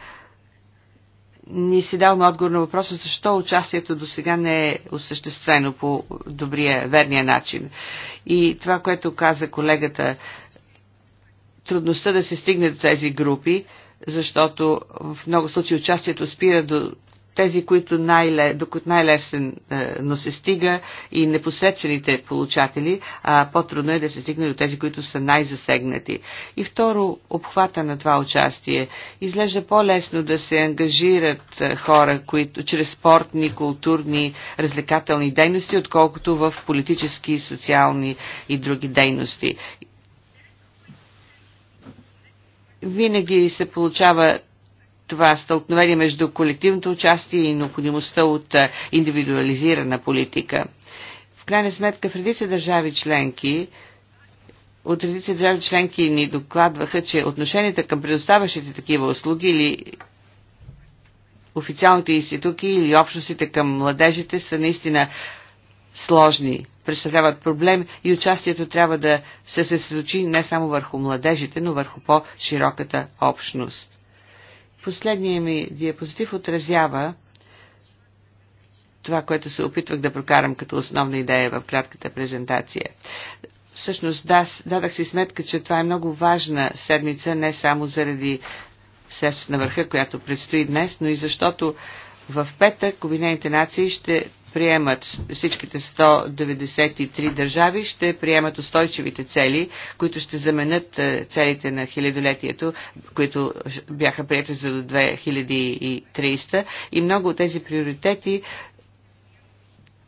ни си даваме отговор на въпроса защо участието до сега не е осъществено по добрия, верния начин. И това, което каза колегата, трудността да се стигне до тези групи, защото в много случаи участието спира до тези, които най до които най-лесен е, но се стига и непосредствените получатели, а по-трудно е да се стигне до тези, които са най-засегнати. И второ, обхвата на това участие. Изглежда по-лесно да се ангажират е, хора, които чрез спортни, културни, развлекателни дейности, отколкото в политически, социални и други дейности винаги се получава това стълкновение между колективното участие и необходимостта от индивидуализирана политика. В крайна сметка в редица държави членки от редица държави членки ни докладваха, че отношенията към предоставящите такива услуги или официалните институти или общностите към младежите са наистина сложни, представляват проблем и участието трябва да се съсредочи не само върху младежите, но върху по-широката общност. Последния ми диапозитив отразява това, което се опитвах да прокарам като основна идея в кратката презентация. Всъщност, да, дадах си сметка, че това е много важна седмица, не само заради среща на върха, която предстои днес, но и защото в петък Обединените нации ще приемат всичките 193 държави, ще приемат устойчивите цели, които ще заменят е, целите на хилядолетието, които бяха приятели за до 2300. И много от тези приоритети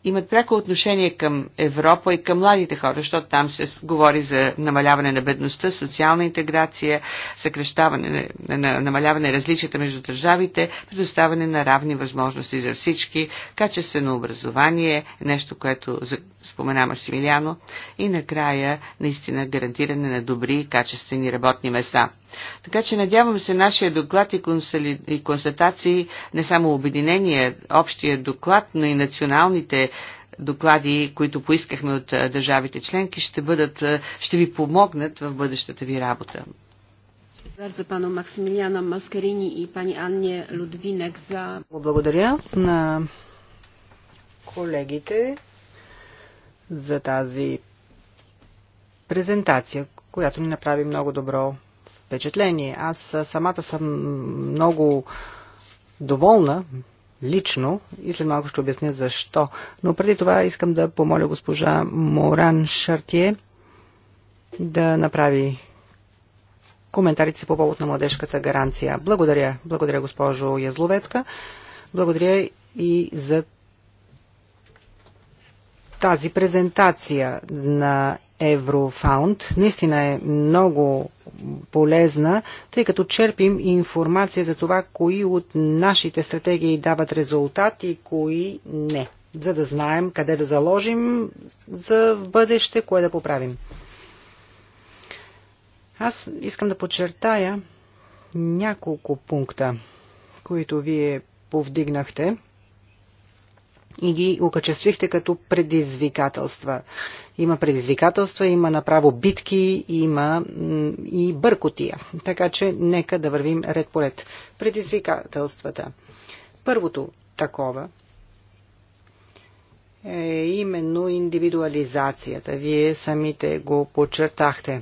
имат пряко отношение към Европа и към младите хора, защото там се говори за намаляване на бедността, социална интеграция, съкрещаване, на, намаляване на различията между държавите, предоставяне на равни възможности за всички, качествено образование, нещо, което споменава Симиляно, и накрая наистина гарантиране на добри и качествени работни места. Така че надявам се нашия доклад и, консали... и констатации, не само обединение, общия доклад, но и националните доклади, които поискахме от държавите членки, ще, бъдат, ще ви помогнат в бъдещата ви работа. Bardzo panu Maksymiliano Mascherini i pani Annie Ludwinek za... Благодаря на колегите за тази презентация, която ни направи много добро впечатление. Аз самата съм много доволна лично и след малко ще обясня защо. Но преди това искам да помоля госпожа Моран Шартие да направи коментарите си по повод на младежката гаранция. Благодаря. Благодаря, госпожо Язловецка. Благодаря и за тази презентация на Еврофаунд наистина е много полезна, тъй като черпим информация за това, кои от нашите стратегии дават резултат и кои не, за да знаем къде да заложим за в бъдеще, кое да поправим. Аз искам да подчертая няколко пункта, които вие повдигнахте – и ги окачествихте като предизвикателства. Има предизвикателства, има направо битки, има и бъркотия. Така че нека да вървим ред по ред. Предизвикателствата. Първото такова е именно индивидуализацията. Вие самите го подчертахте.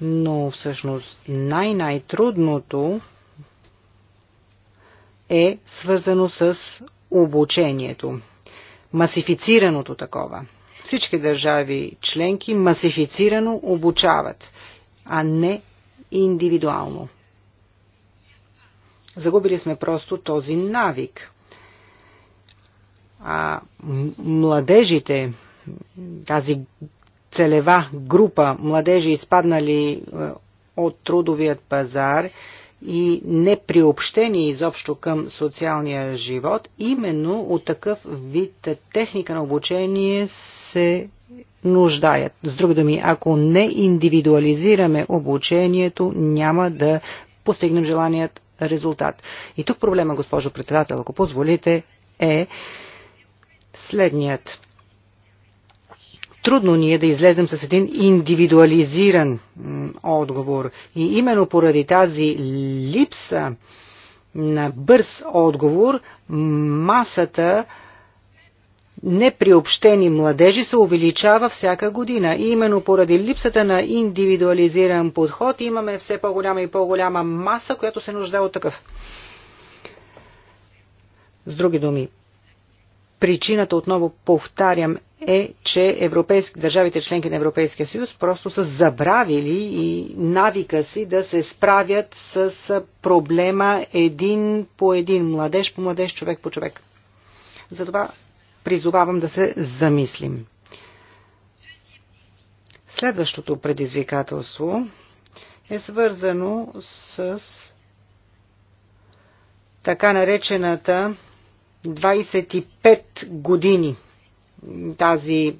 Но всъщност най-най-трудното е свързано с обучението. Масифицираното такова. Всички държави членки масифицирано обучават, а не индивидуално. Загубили сме просто този навик. А младежите, тази целева група младежи, изпаднали е, от трудовият пазар, и неприобщени изобщо към социалния живот, именно от такъв вид техника на обучение се нуждаят. С други думи, ако не индивидуализираме обучението, няма да постигнем желаният резултат. И тук проблема, госпожо председател, ако позволите, е следният трудно ние да излезем с един индивидуализиран отговор. И именно поради тази липса на бърз отговор, масата неприобщени младежи се увеличава всяка година. И именно поради липсата на индивидуализиран подход имаме все по-голяма и по-голяма маса, която се нуждае от такъв. С други думи, Причината, отново повтарям, е, че европейски, държавите членки на Европейския съюз просто са забравили и навика си да се справят с проблема един по един, младеж по младеж, човек по човек. Затова призовавам да се замислим. Следващото предизвикателство е свързано с така наречената 25 години тази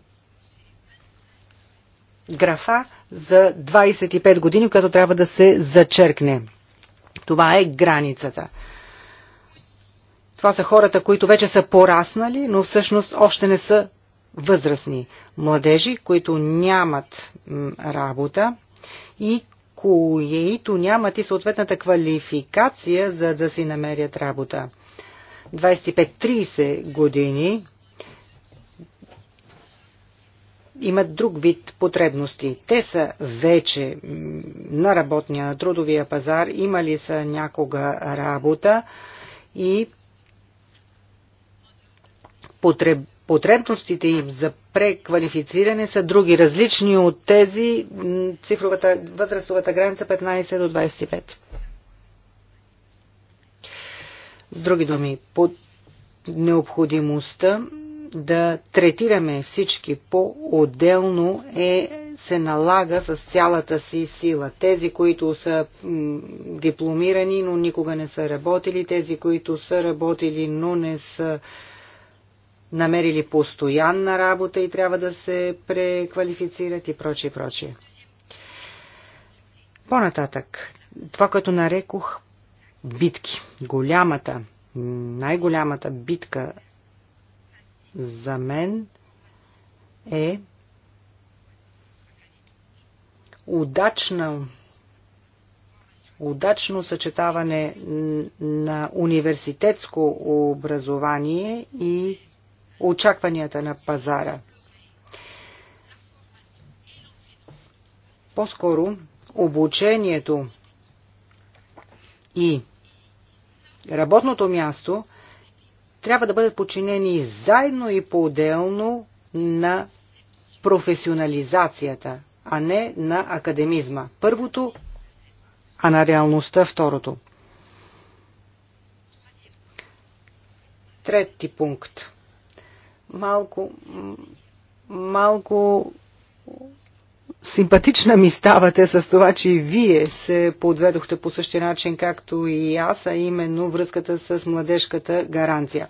графа за 25 години, която трябва да се зачеркне. Това е границата. Това са хората, които вече са пораснали, но всъщност още не са възрастни. Младежи, които нямат работа и които нямат и съответната квалификация, за да си намерят работа. 25-30 години имат друг вид потребности. Те са вече на работния, на трудовия пазар, имали са някога работа и потреб... потребностите им за преквалифициране са други, различни от тези цифровата възрастовата граница 15 до 25. С други думи, под необходимостта да третираме всички по-отделно е, се налага с цялата си сила. Тези, които са дипломирани, но никога не са работили, тези, които са работили, но не са намерили постоянна работа и трябва да се преквалифицират и прочие, прочие. По-нататък, това, което нарекох битки. Голямата, най-голямата битка за мен е удачна, удачно съчетаване на университетско образование и очакванията на пазара. По-скоро обучението и работното място трябва да бъдат подчинени заедно и по-отделно на професионализацията, а не на академизма. Първото, а на реалността второто. Трети пункт. Малко, малко Симпатична ми ставате с това, че и вие се подведохте по същия начин, както и аз, а именно връзката с младежката гаранция.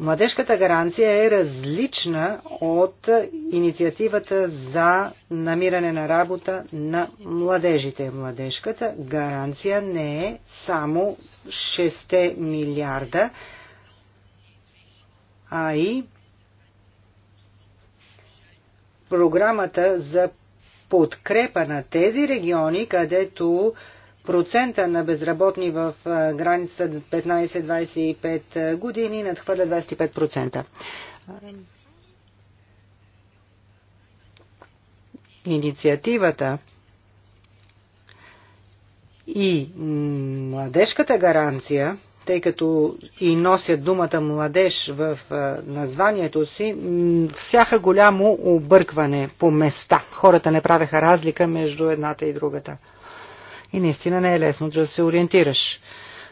Младежката гаранция е различна от инициативата за намиране на работа на младежите. Младежката гаранция не е само 6 милиарда, а и програмата за подкрепа на тези региони, където процента на безработни в границата 15-25 години надхвърля 25%. Инициативата и младежката гаранция – тъй като и носят думата младеж в названието си, всяха голямо объркване по места. Хората не правеха разлика между едната и другата. И наистина не е лесно да се ориентираш.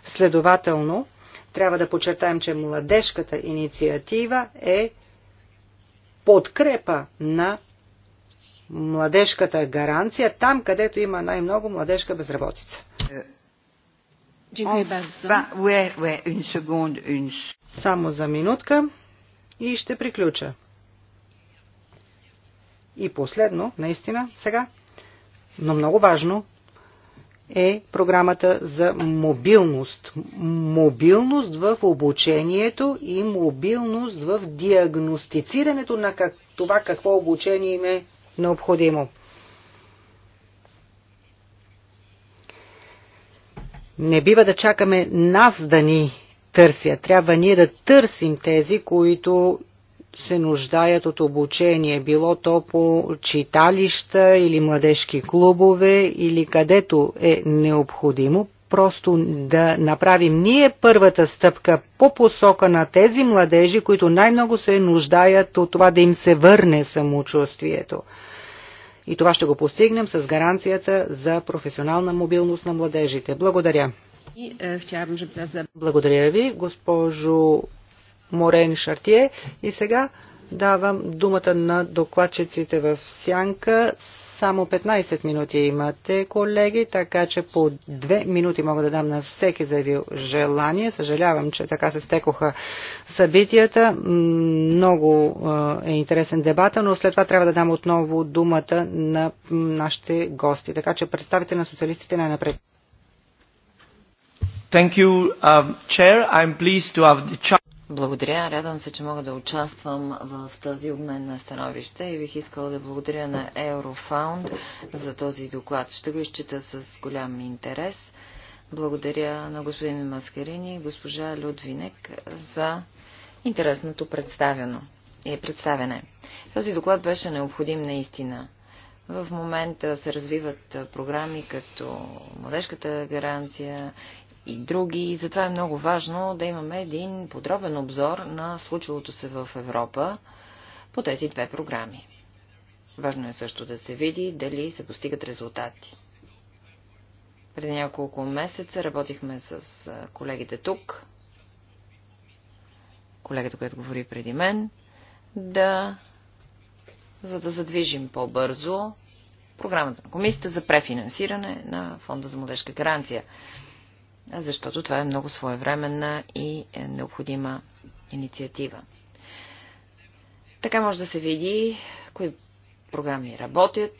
Следователно, трябва да подчертаем, че младежката инициатива е подкрепа на младежката гаранция, там където има най-много младежка безработица. Е, само за минутка и ще приключа. И последно, наистина, сега, но много важно, е програмата за мобилност. Мобилност в обучението и мобилност в диагностицирането на как, това какво обучение им е необходимо. Не бива да чакаме нас да ни търсят. Трябва ние да търсим тези, които се нуждаят от обучение, било то по читалища или младежки клубове или където е необходимо, просто да направим ние първата стъпка по посока на тези младежи, които най-много се нуждаят от това да им се върне самочувствието. И това ще го постигнем с гаранцията за професионална мобилност на младежите. Благодаря. Е, Благодаря ви, госпожо Морен Шартие. И сега Давам думата на докладчиците в сянка. Само 15 минути имате, колеги, така че по 2 минути мога да дам на всеки заявил желание. Съжалявам, че така се стекоха събитията. Много е интересен дебата, но след това трябва да дам отново думата на нашите гости. Така че представите на социалистите най-напред. Thank you, uh, Chair. I'm pleased to have the благодаря. Радвам се, че мога да участвам в този обмен на становища и бих искала да благодаря на Eurofound за този доклад. Ще го изчита с голям интерес. Благодаря на господин Маскарини и госпожа Людвинек за интересното представено и представене. Този доклад беше необходим наистина. В момента се развиват програми като младежката гаранция и други. И затова е много важно да имаме един подробен обзор на случилото се в Европа по тези две програми. Важно е също да се види дали се постигат резултати. Преди няколко месеца работихме с колегите тук, колегата, която говори преди мен, да, за да задвижим по-бързо програмата на комисията за префинансиране на Фонда за младежка гаранция защото това е много своевременна и е необходима инициатива. Така може да се види кои програми работят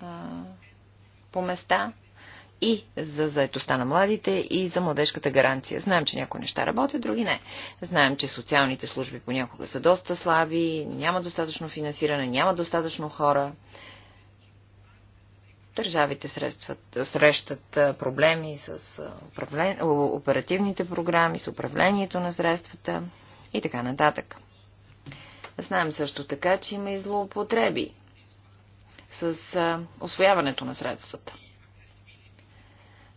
а, по места и за заетостта на младите и за младежката гаранция. Знаем, че някои неща работят, други не. Знаем, че социалните служби понякога са доста слаби, няма достатъчно финансиране, няма достатъчно хора. Държавите срещат, срещат проблеми с управлен... оперативните програми, с управлението на средствата и така нататък. Знаем също така, че има и злоупотреби с освояването на средствата.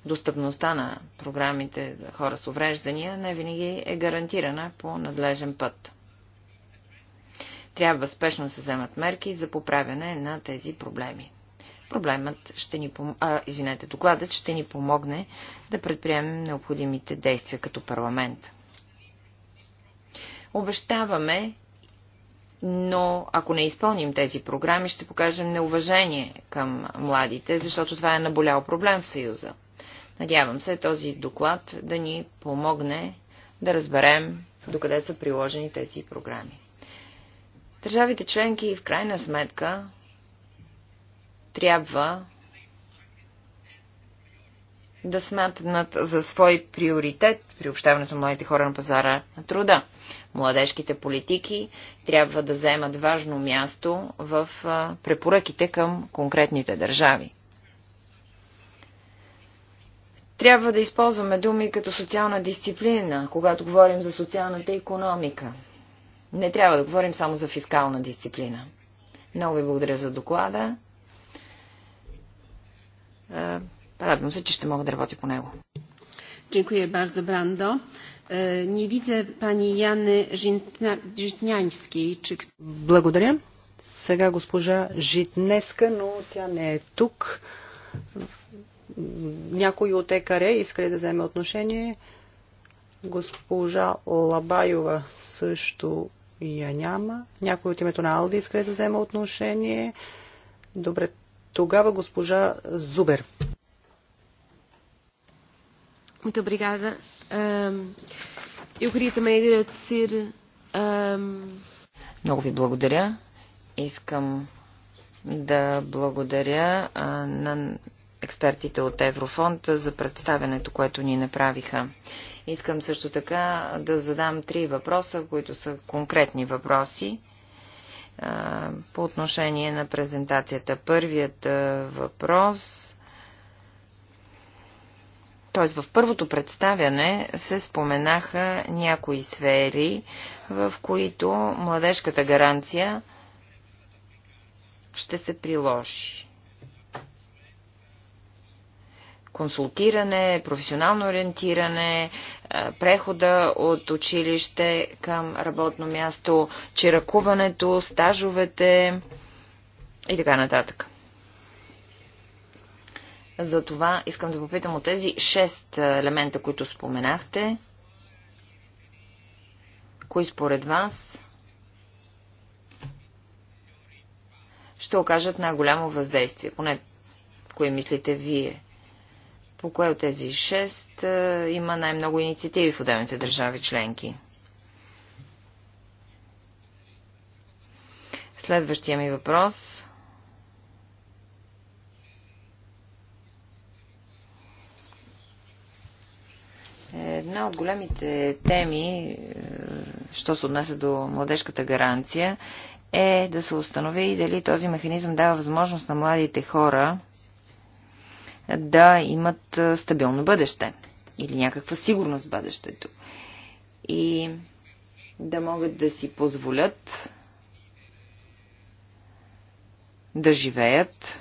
Достъпността на програмите за хора с увреждания не винаги е гарантирана по надлежен път. Трябва спешно да се вземат мерки за поправяне на тези проблеми проблемът ще ни пом... а, извинете, докладът ще ни помогне да предприемем необходимите действия като парламент. Обещаваме, но ако не изпълним тези програми, ще покажем неуважение към младите, защото това е наболял проблем в Съюза. Надявам се този доклад да ни помогне да разберем докъде са приложени тези програми. Държавите членки в крайна сметка трябва да смятнат за свой приоритет при общаването на младите хора на пазара на труда. Младежките политики трябва да заемат важно място в препоръките към конкретните държави. Трябва да използваме думи като социална дисциплина, когато говорим за социалната економика. Не трябва да говорим само за фискална дисциплина. Много ви благодаря за доклада. Е, радвам се, че ще мога да работя по него. Dziękuję bardzo, Brando. Nie widzę pani Jany Żitniańskiej. Czy... Благодаря. Сега госпожа Житнеска, но тя не е тук. Някой от ЕКАРЕ иска ли да вземе отношение? Госпожа Лабаева също я няма. Някой от името на Алди иска ли да вземе отношение? Добре, тогава госпожа Зубер. Muito obrigada. Um, eu queria também agradecer. Um... Много ви благодаря. Искам да благодаря а, на експертите от Еврофонд за представенето, което ни направиха. Искам също така да задам три въпроса, които са конкретни въпроси по отношение на презентацията. Първият въпрос. Т.е. в първото представяне се споменаха някои сфери, в които младежката гаранция ще се приложи консултиране, професионално ориентиране, е, прехода от училище към работно място, чиракуването, стажовете и така нататък. За това искам да попитам от тези шест елемента, които споменахте, кои според вас ще окажат най-голямо въздействие, поне кои мислите вие. По кое от тези а, е, има най-много инициативи в отделните държави членки? Следващия ми въпрос. Е, една от големите теми, е, що се отнася до младежката гаранция, е да се установи дали този механизъм дава възможност на младите хора да имат стабилно бъдеще или някаква сигурност в бъдещето. И да могат да си позволят да живеят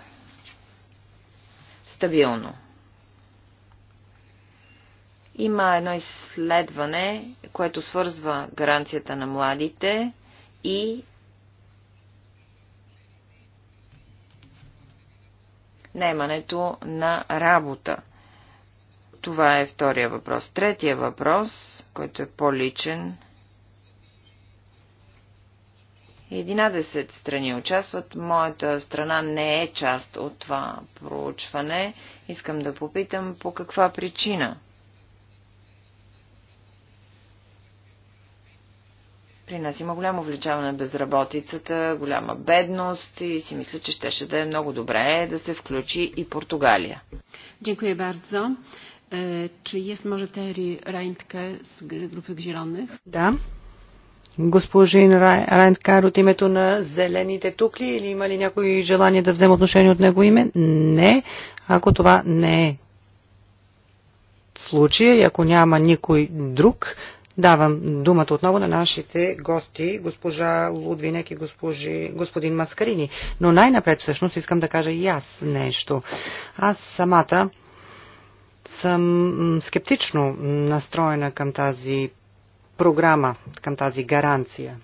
стабилно. Има едно изследване, което свързва гаранцията на младите и наемането на работа. Това е втория въпрос. Третия въпрос, който е по-личен. 11 страни участват. Моята страна не е част от това проучване. Искам да попитам по каква причина. При нас има голямо увлечаване на безработицата, голяма бедност и си мисля, че щеше да е много добре да се включи и Португалия. Дякую бардзо. Чи е може Тери Райнтка с групи Zielonych? Да. Госпожин Райнткар от името на Зелените тук ли или има ли някой желание да вземе отношение от него име? Не. Ако това не е случая и ако няма никой друг, Давам думата отново на нашите гости, госпожа Лудвинек и госпожи, господин Маскарини. Но най-напред всъщност искам да кажа и аз нещо. Аз самата съм скептично настроена към тази програма, към тази гаранция.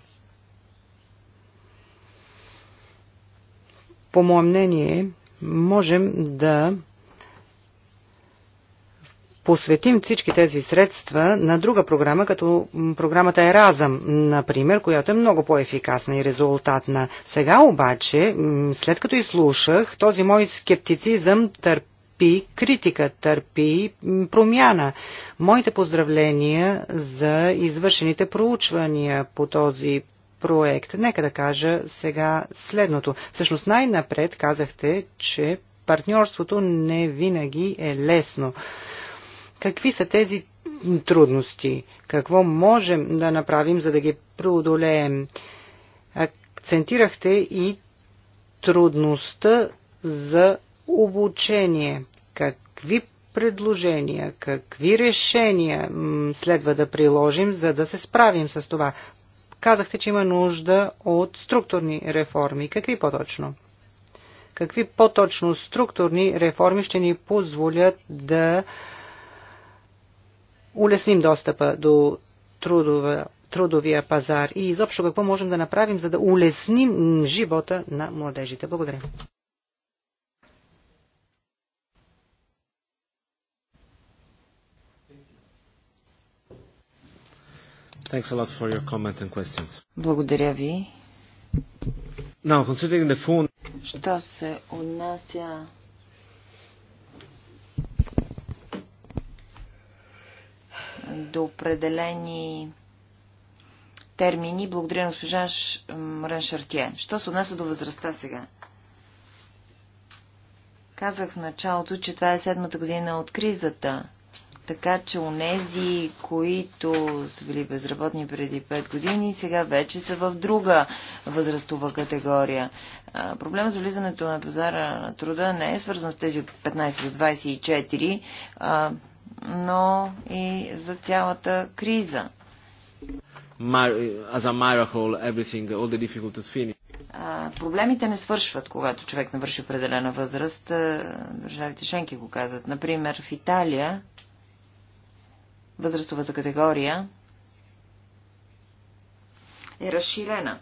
По мое мнение, можем да посветим всички тези средства на друга програма, като програмата Еразъм, например, която е много по-ефикасна и резултатна. Сега обаче, след като изслушах, този мой скептицизъм търпи критика, търпи промяна. Моите поздравления за извършените проучвания по този проект. Нека да кажа сега следното. Всъщност най-напред казахте, че партньорството не винаги е лесно. Какви са тези трудности? Какво можем да направим, за да ги преодолеем? Акцентирахте и трудността за обучение. Какви предложения, какви решения следва да приложим, за да се справим с това? Казахте, че има нужда от структурни реформи. Какви по-точно? Какви по-точно структурни реформи ще ни позволят да улесним достъпа до трудова, трудовия пазар и изобщо какво можем да направим, за да улесним живота на младежите. Благодаря. Thanks a lot for your comment and questions. Благодаря ви. Now, considering the phone... Що се отнася до определени термини. Благодаря на госпожа Мрен Шартие. Що се отнася до възрастта сега? Казах в началото, че това е седмата година от кризата. Така че онези, които са били безработни преди 5 години, сега вече са в друга възрастова категория. Проблемът за влизането на пазара на труда не е свързан с тези от 15 до 24 но и за цялата криза. проблемите не свършват, когато човек навърши определена възраст. Държавите Шенки го казват. Например, в Италия възрастовата категория е разширена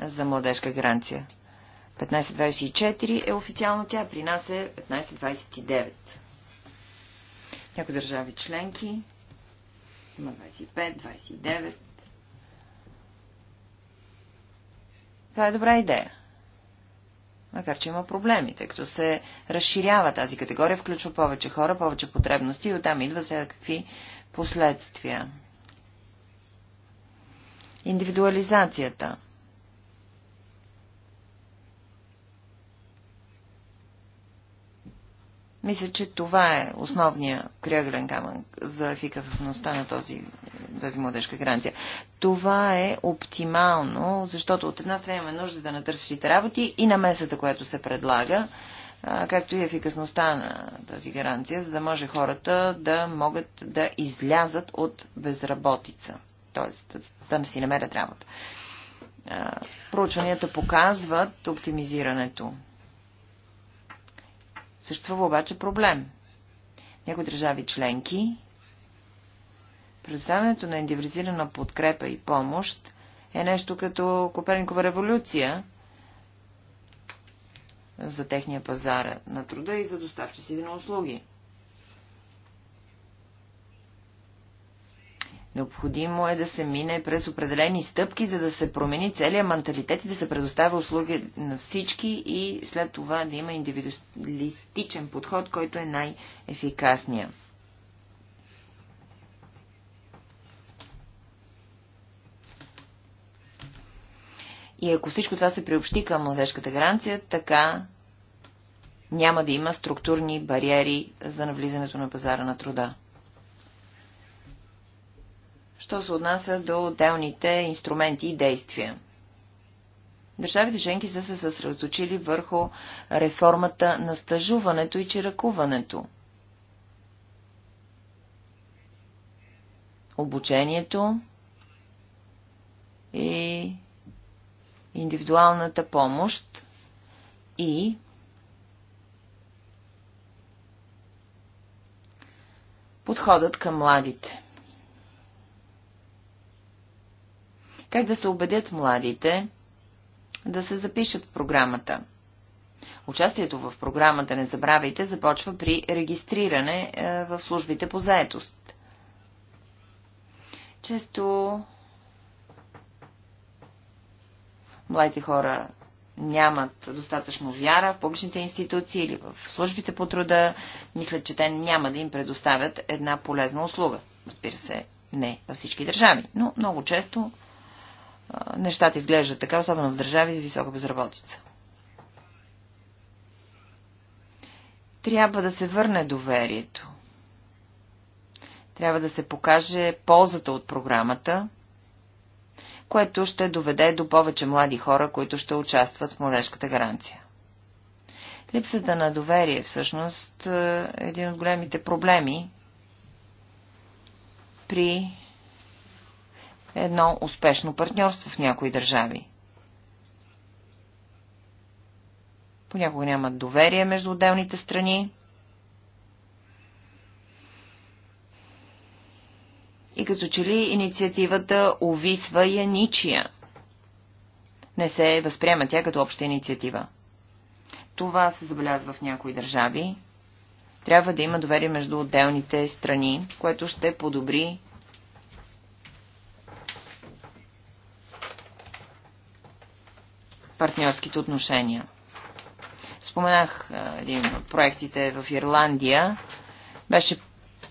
за младежка гаранция. 1524 е официално тя, при нас е 15-29. Някои държави членки има 25, 29. Това е добра идея. Макар, че има проблеми, тъй като се разширява тази категория, включва повече хора, повече потребности и оттам идва всякакви последствия. Индивидуализацията. Мисля, че това е основния кръглен камък за ефикавността на този, тази младежка гаранция. Това е оптимално, защото от една страна имаме нуждата на търсещите работи и на месата, която се предлага, както и ефикасността на тази гаранция, за да може хората да могат да излязат от безработица, т.е. да не си намерят работа. Проучванията показват оптимизирането Съществува обаче проблем. Някои държави членки предоставянето на индивизирана подкрепа и помощ е нещо като Коперникова революция за техния пазар на труда и за доставчиците на услуги. Необходимо е да се мине през определени стъпки, за да се промени целият менталитет и да се предоставя услуги на всички и след това да има индивидуалистичен подход, който е най-ефикасния. И ако всичко това се приобщи към младежката гаранция, така няма да има структурни бариери за навлизането на пазара на труда що се отнася до отделните инструменти и действия. Държавите женки са се съсредоточили върху реформата на стажуването и чиракуването. Обучението и индивидуалната помощ и подходът към младите. Как да се убедят младите да се запишат в програмата? Участието в програмата, не забравяйте, започва при регистриране е, в службите по заетост. Често младите хора нямат достатъчно вяра в публичните институции или в службите по труда, мислят, че те няма да им предоставят една полезна услуга. Разбира се, не във всички държави, но много често нещата изглеждат така, особено в държави с висока безработица. Трябва да се върне доверието. Трябва да се покаже ползата от програмата, което ще доведе до повече млади хора, които ще участват в младежката гаранция. Липсата на доверие всъщност е един от големите проблеми при едно успешно партньорство в някои държави. Понякога няма доверие между отделните страни. И като че ли инициативата увисва ничия. Не се възприема тя като обща инициатива. Това се забелязва в някои държави. Трябва да има доверие между отделните страни, което ще подобри партньорските отношения. Споменах е, един от проектите в Ирландия. Беше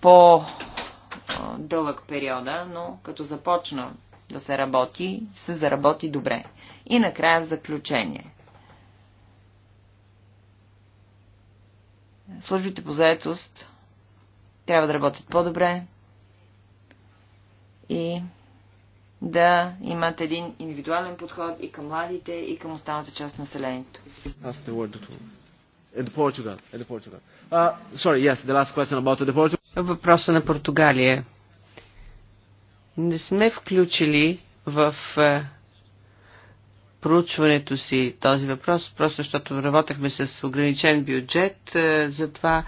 по-дълъг е, периода, но като започна да се работи, се заработи добре. И накрая в заключение. Службите по заетост трябва да работят по-добре и да имат един индивидуален подход и към младите, и към останалата част на населението. Е, е, Въпроса на Португалия. Не сме включили в е, проучването си този въпрос, просто защото работехме с ограничен бюджет, затова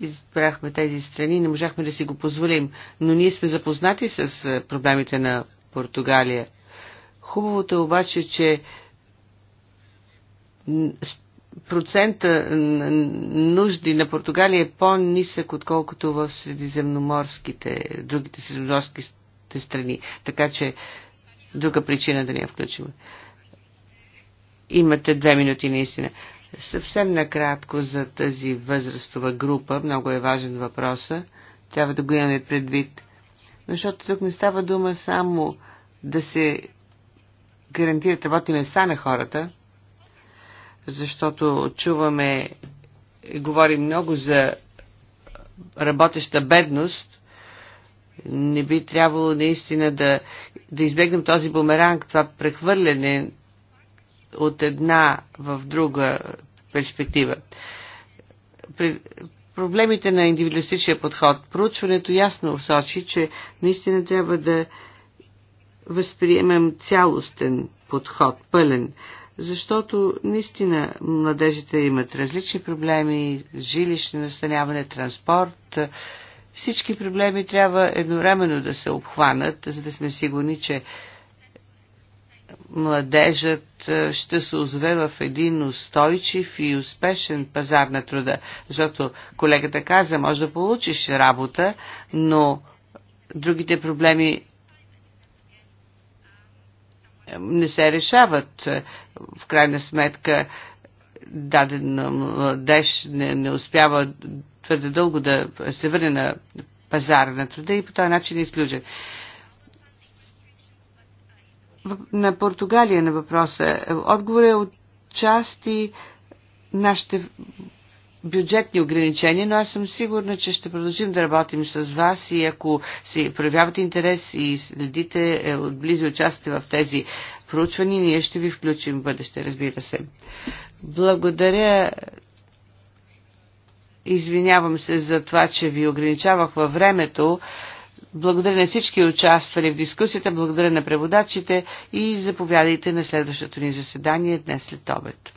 избрахме тези страни, не можахме да си го позволим. Но ние сме запознати с проблемите на Португалия. Хубавото е обаче, че процента нужди на Португалия е по-нисък, отколкото в средиземноморските, другите средиземноморските страни. Така че друга причина да не я включим. Имате две минути наистина. Съвсем накратко за тази възрастова група. Много е важен въпроса. Трябва да го имаме предвид. Защото тук не става дума само да се гарантират работни места на хората, защото чуваме и говорим много за работеща бедност. Не би трябвало наистина да, да избегнем този бумеранг, това прехвърляне от една в друга перспектива проблемите на индивидуалистичния подход. Проучването ясно сочи, че наистина трябва да възприемем цялостен подход, пълен, защото наистина младежите имат различни проблеми, жилищни настаняване, транспорт. Всички проблеми трябва едновременно да се обхванат, за да сме сигурни, че младежът е, ще се озве в един устойчив и успешен пазар на труда. Защото колегата каза, може да получиш работа, но другите проблеми не се решават. В крайна сметка даден младеж не, не успява твърде дълго да се върне на пазара на труда и по този начин е изключен на Португалия на въпроса. Отговорът е от части нашите бюджетни ограничения, но аз съм сигурна, че ще продължим да работим с вас и ако се проявявате интерес и следите е, отблизо участите в тези проучвания, ние ще ви включим в бъдеще, разбира се. Благодаря. Извинявам се за това, че ви ограничавах във времето. Благодаря на всички участвали в дискусията, благодаря на преводачите и заповядайте на следващото ни заседание днес след обед.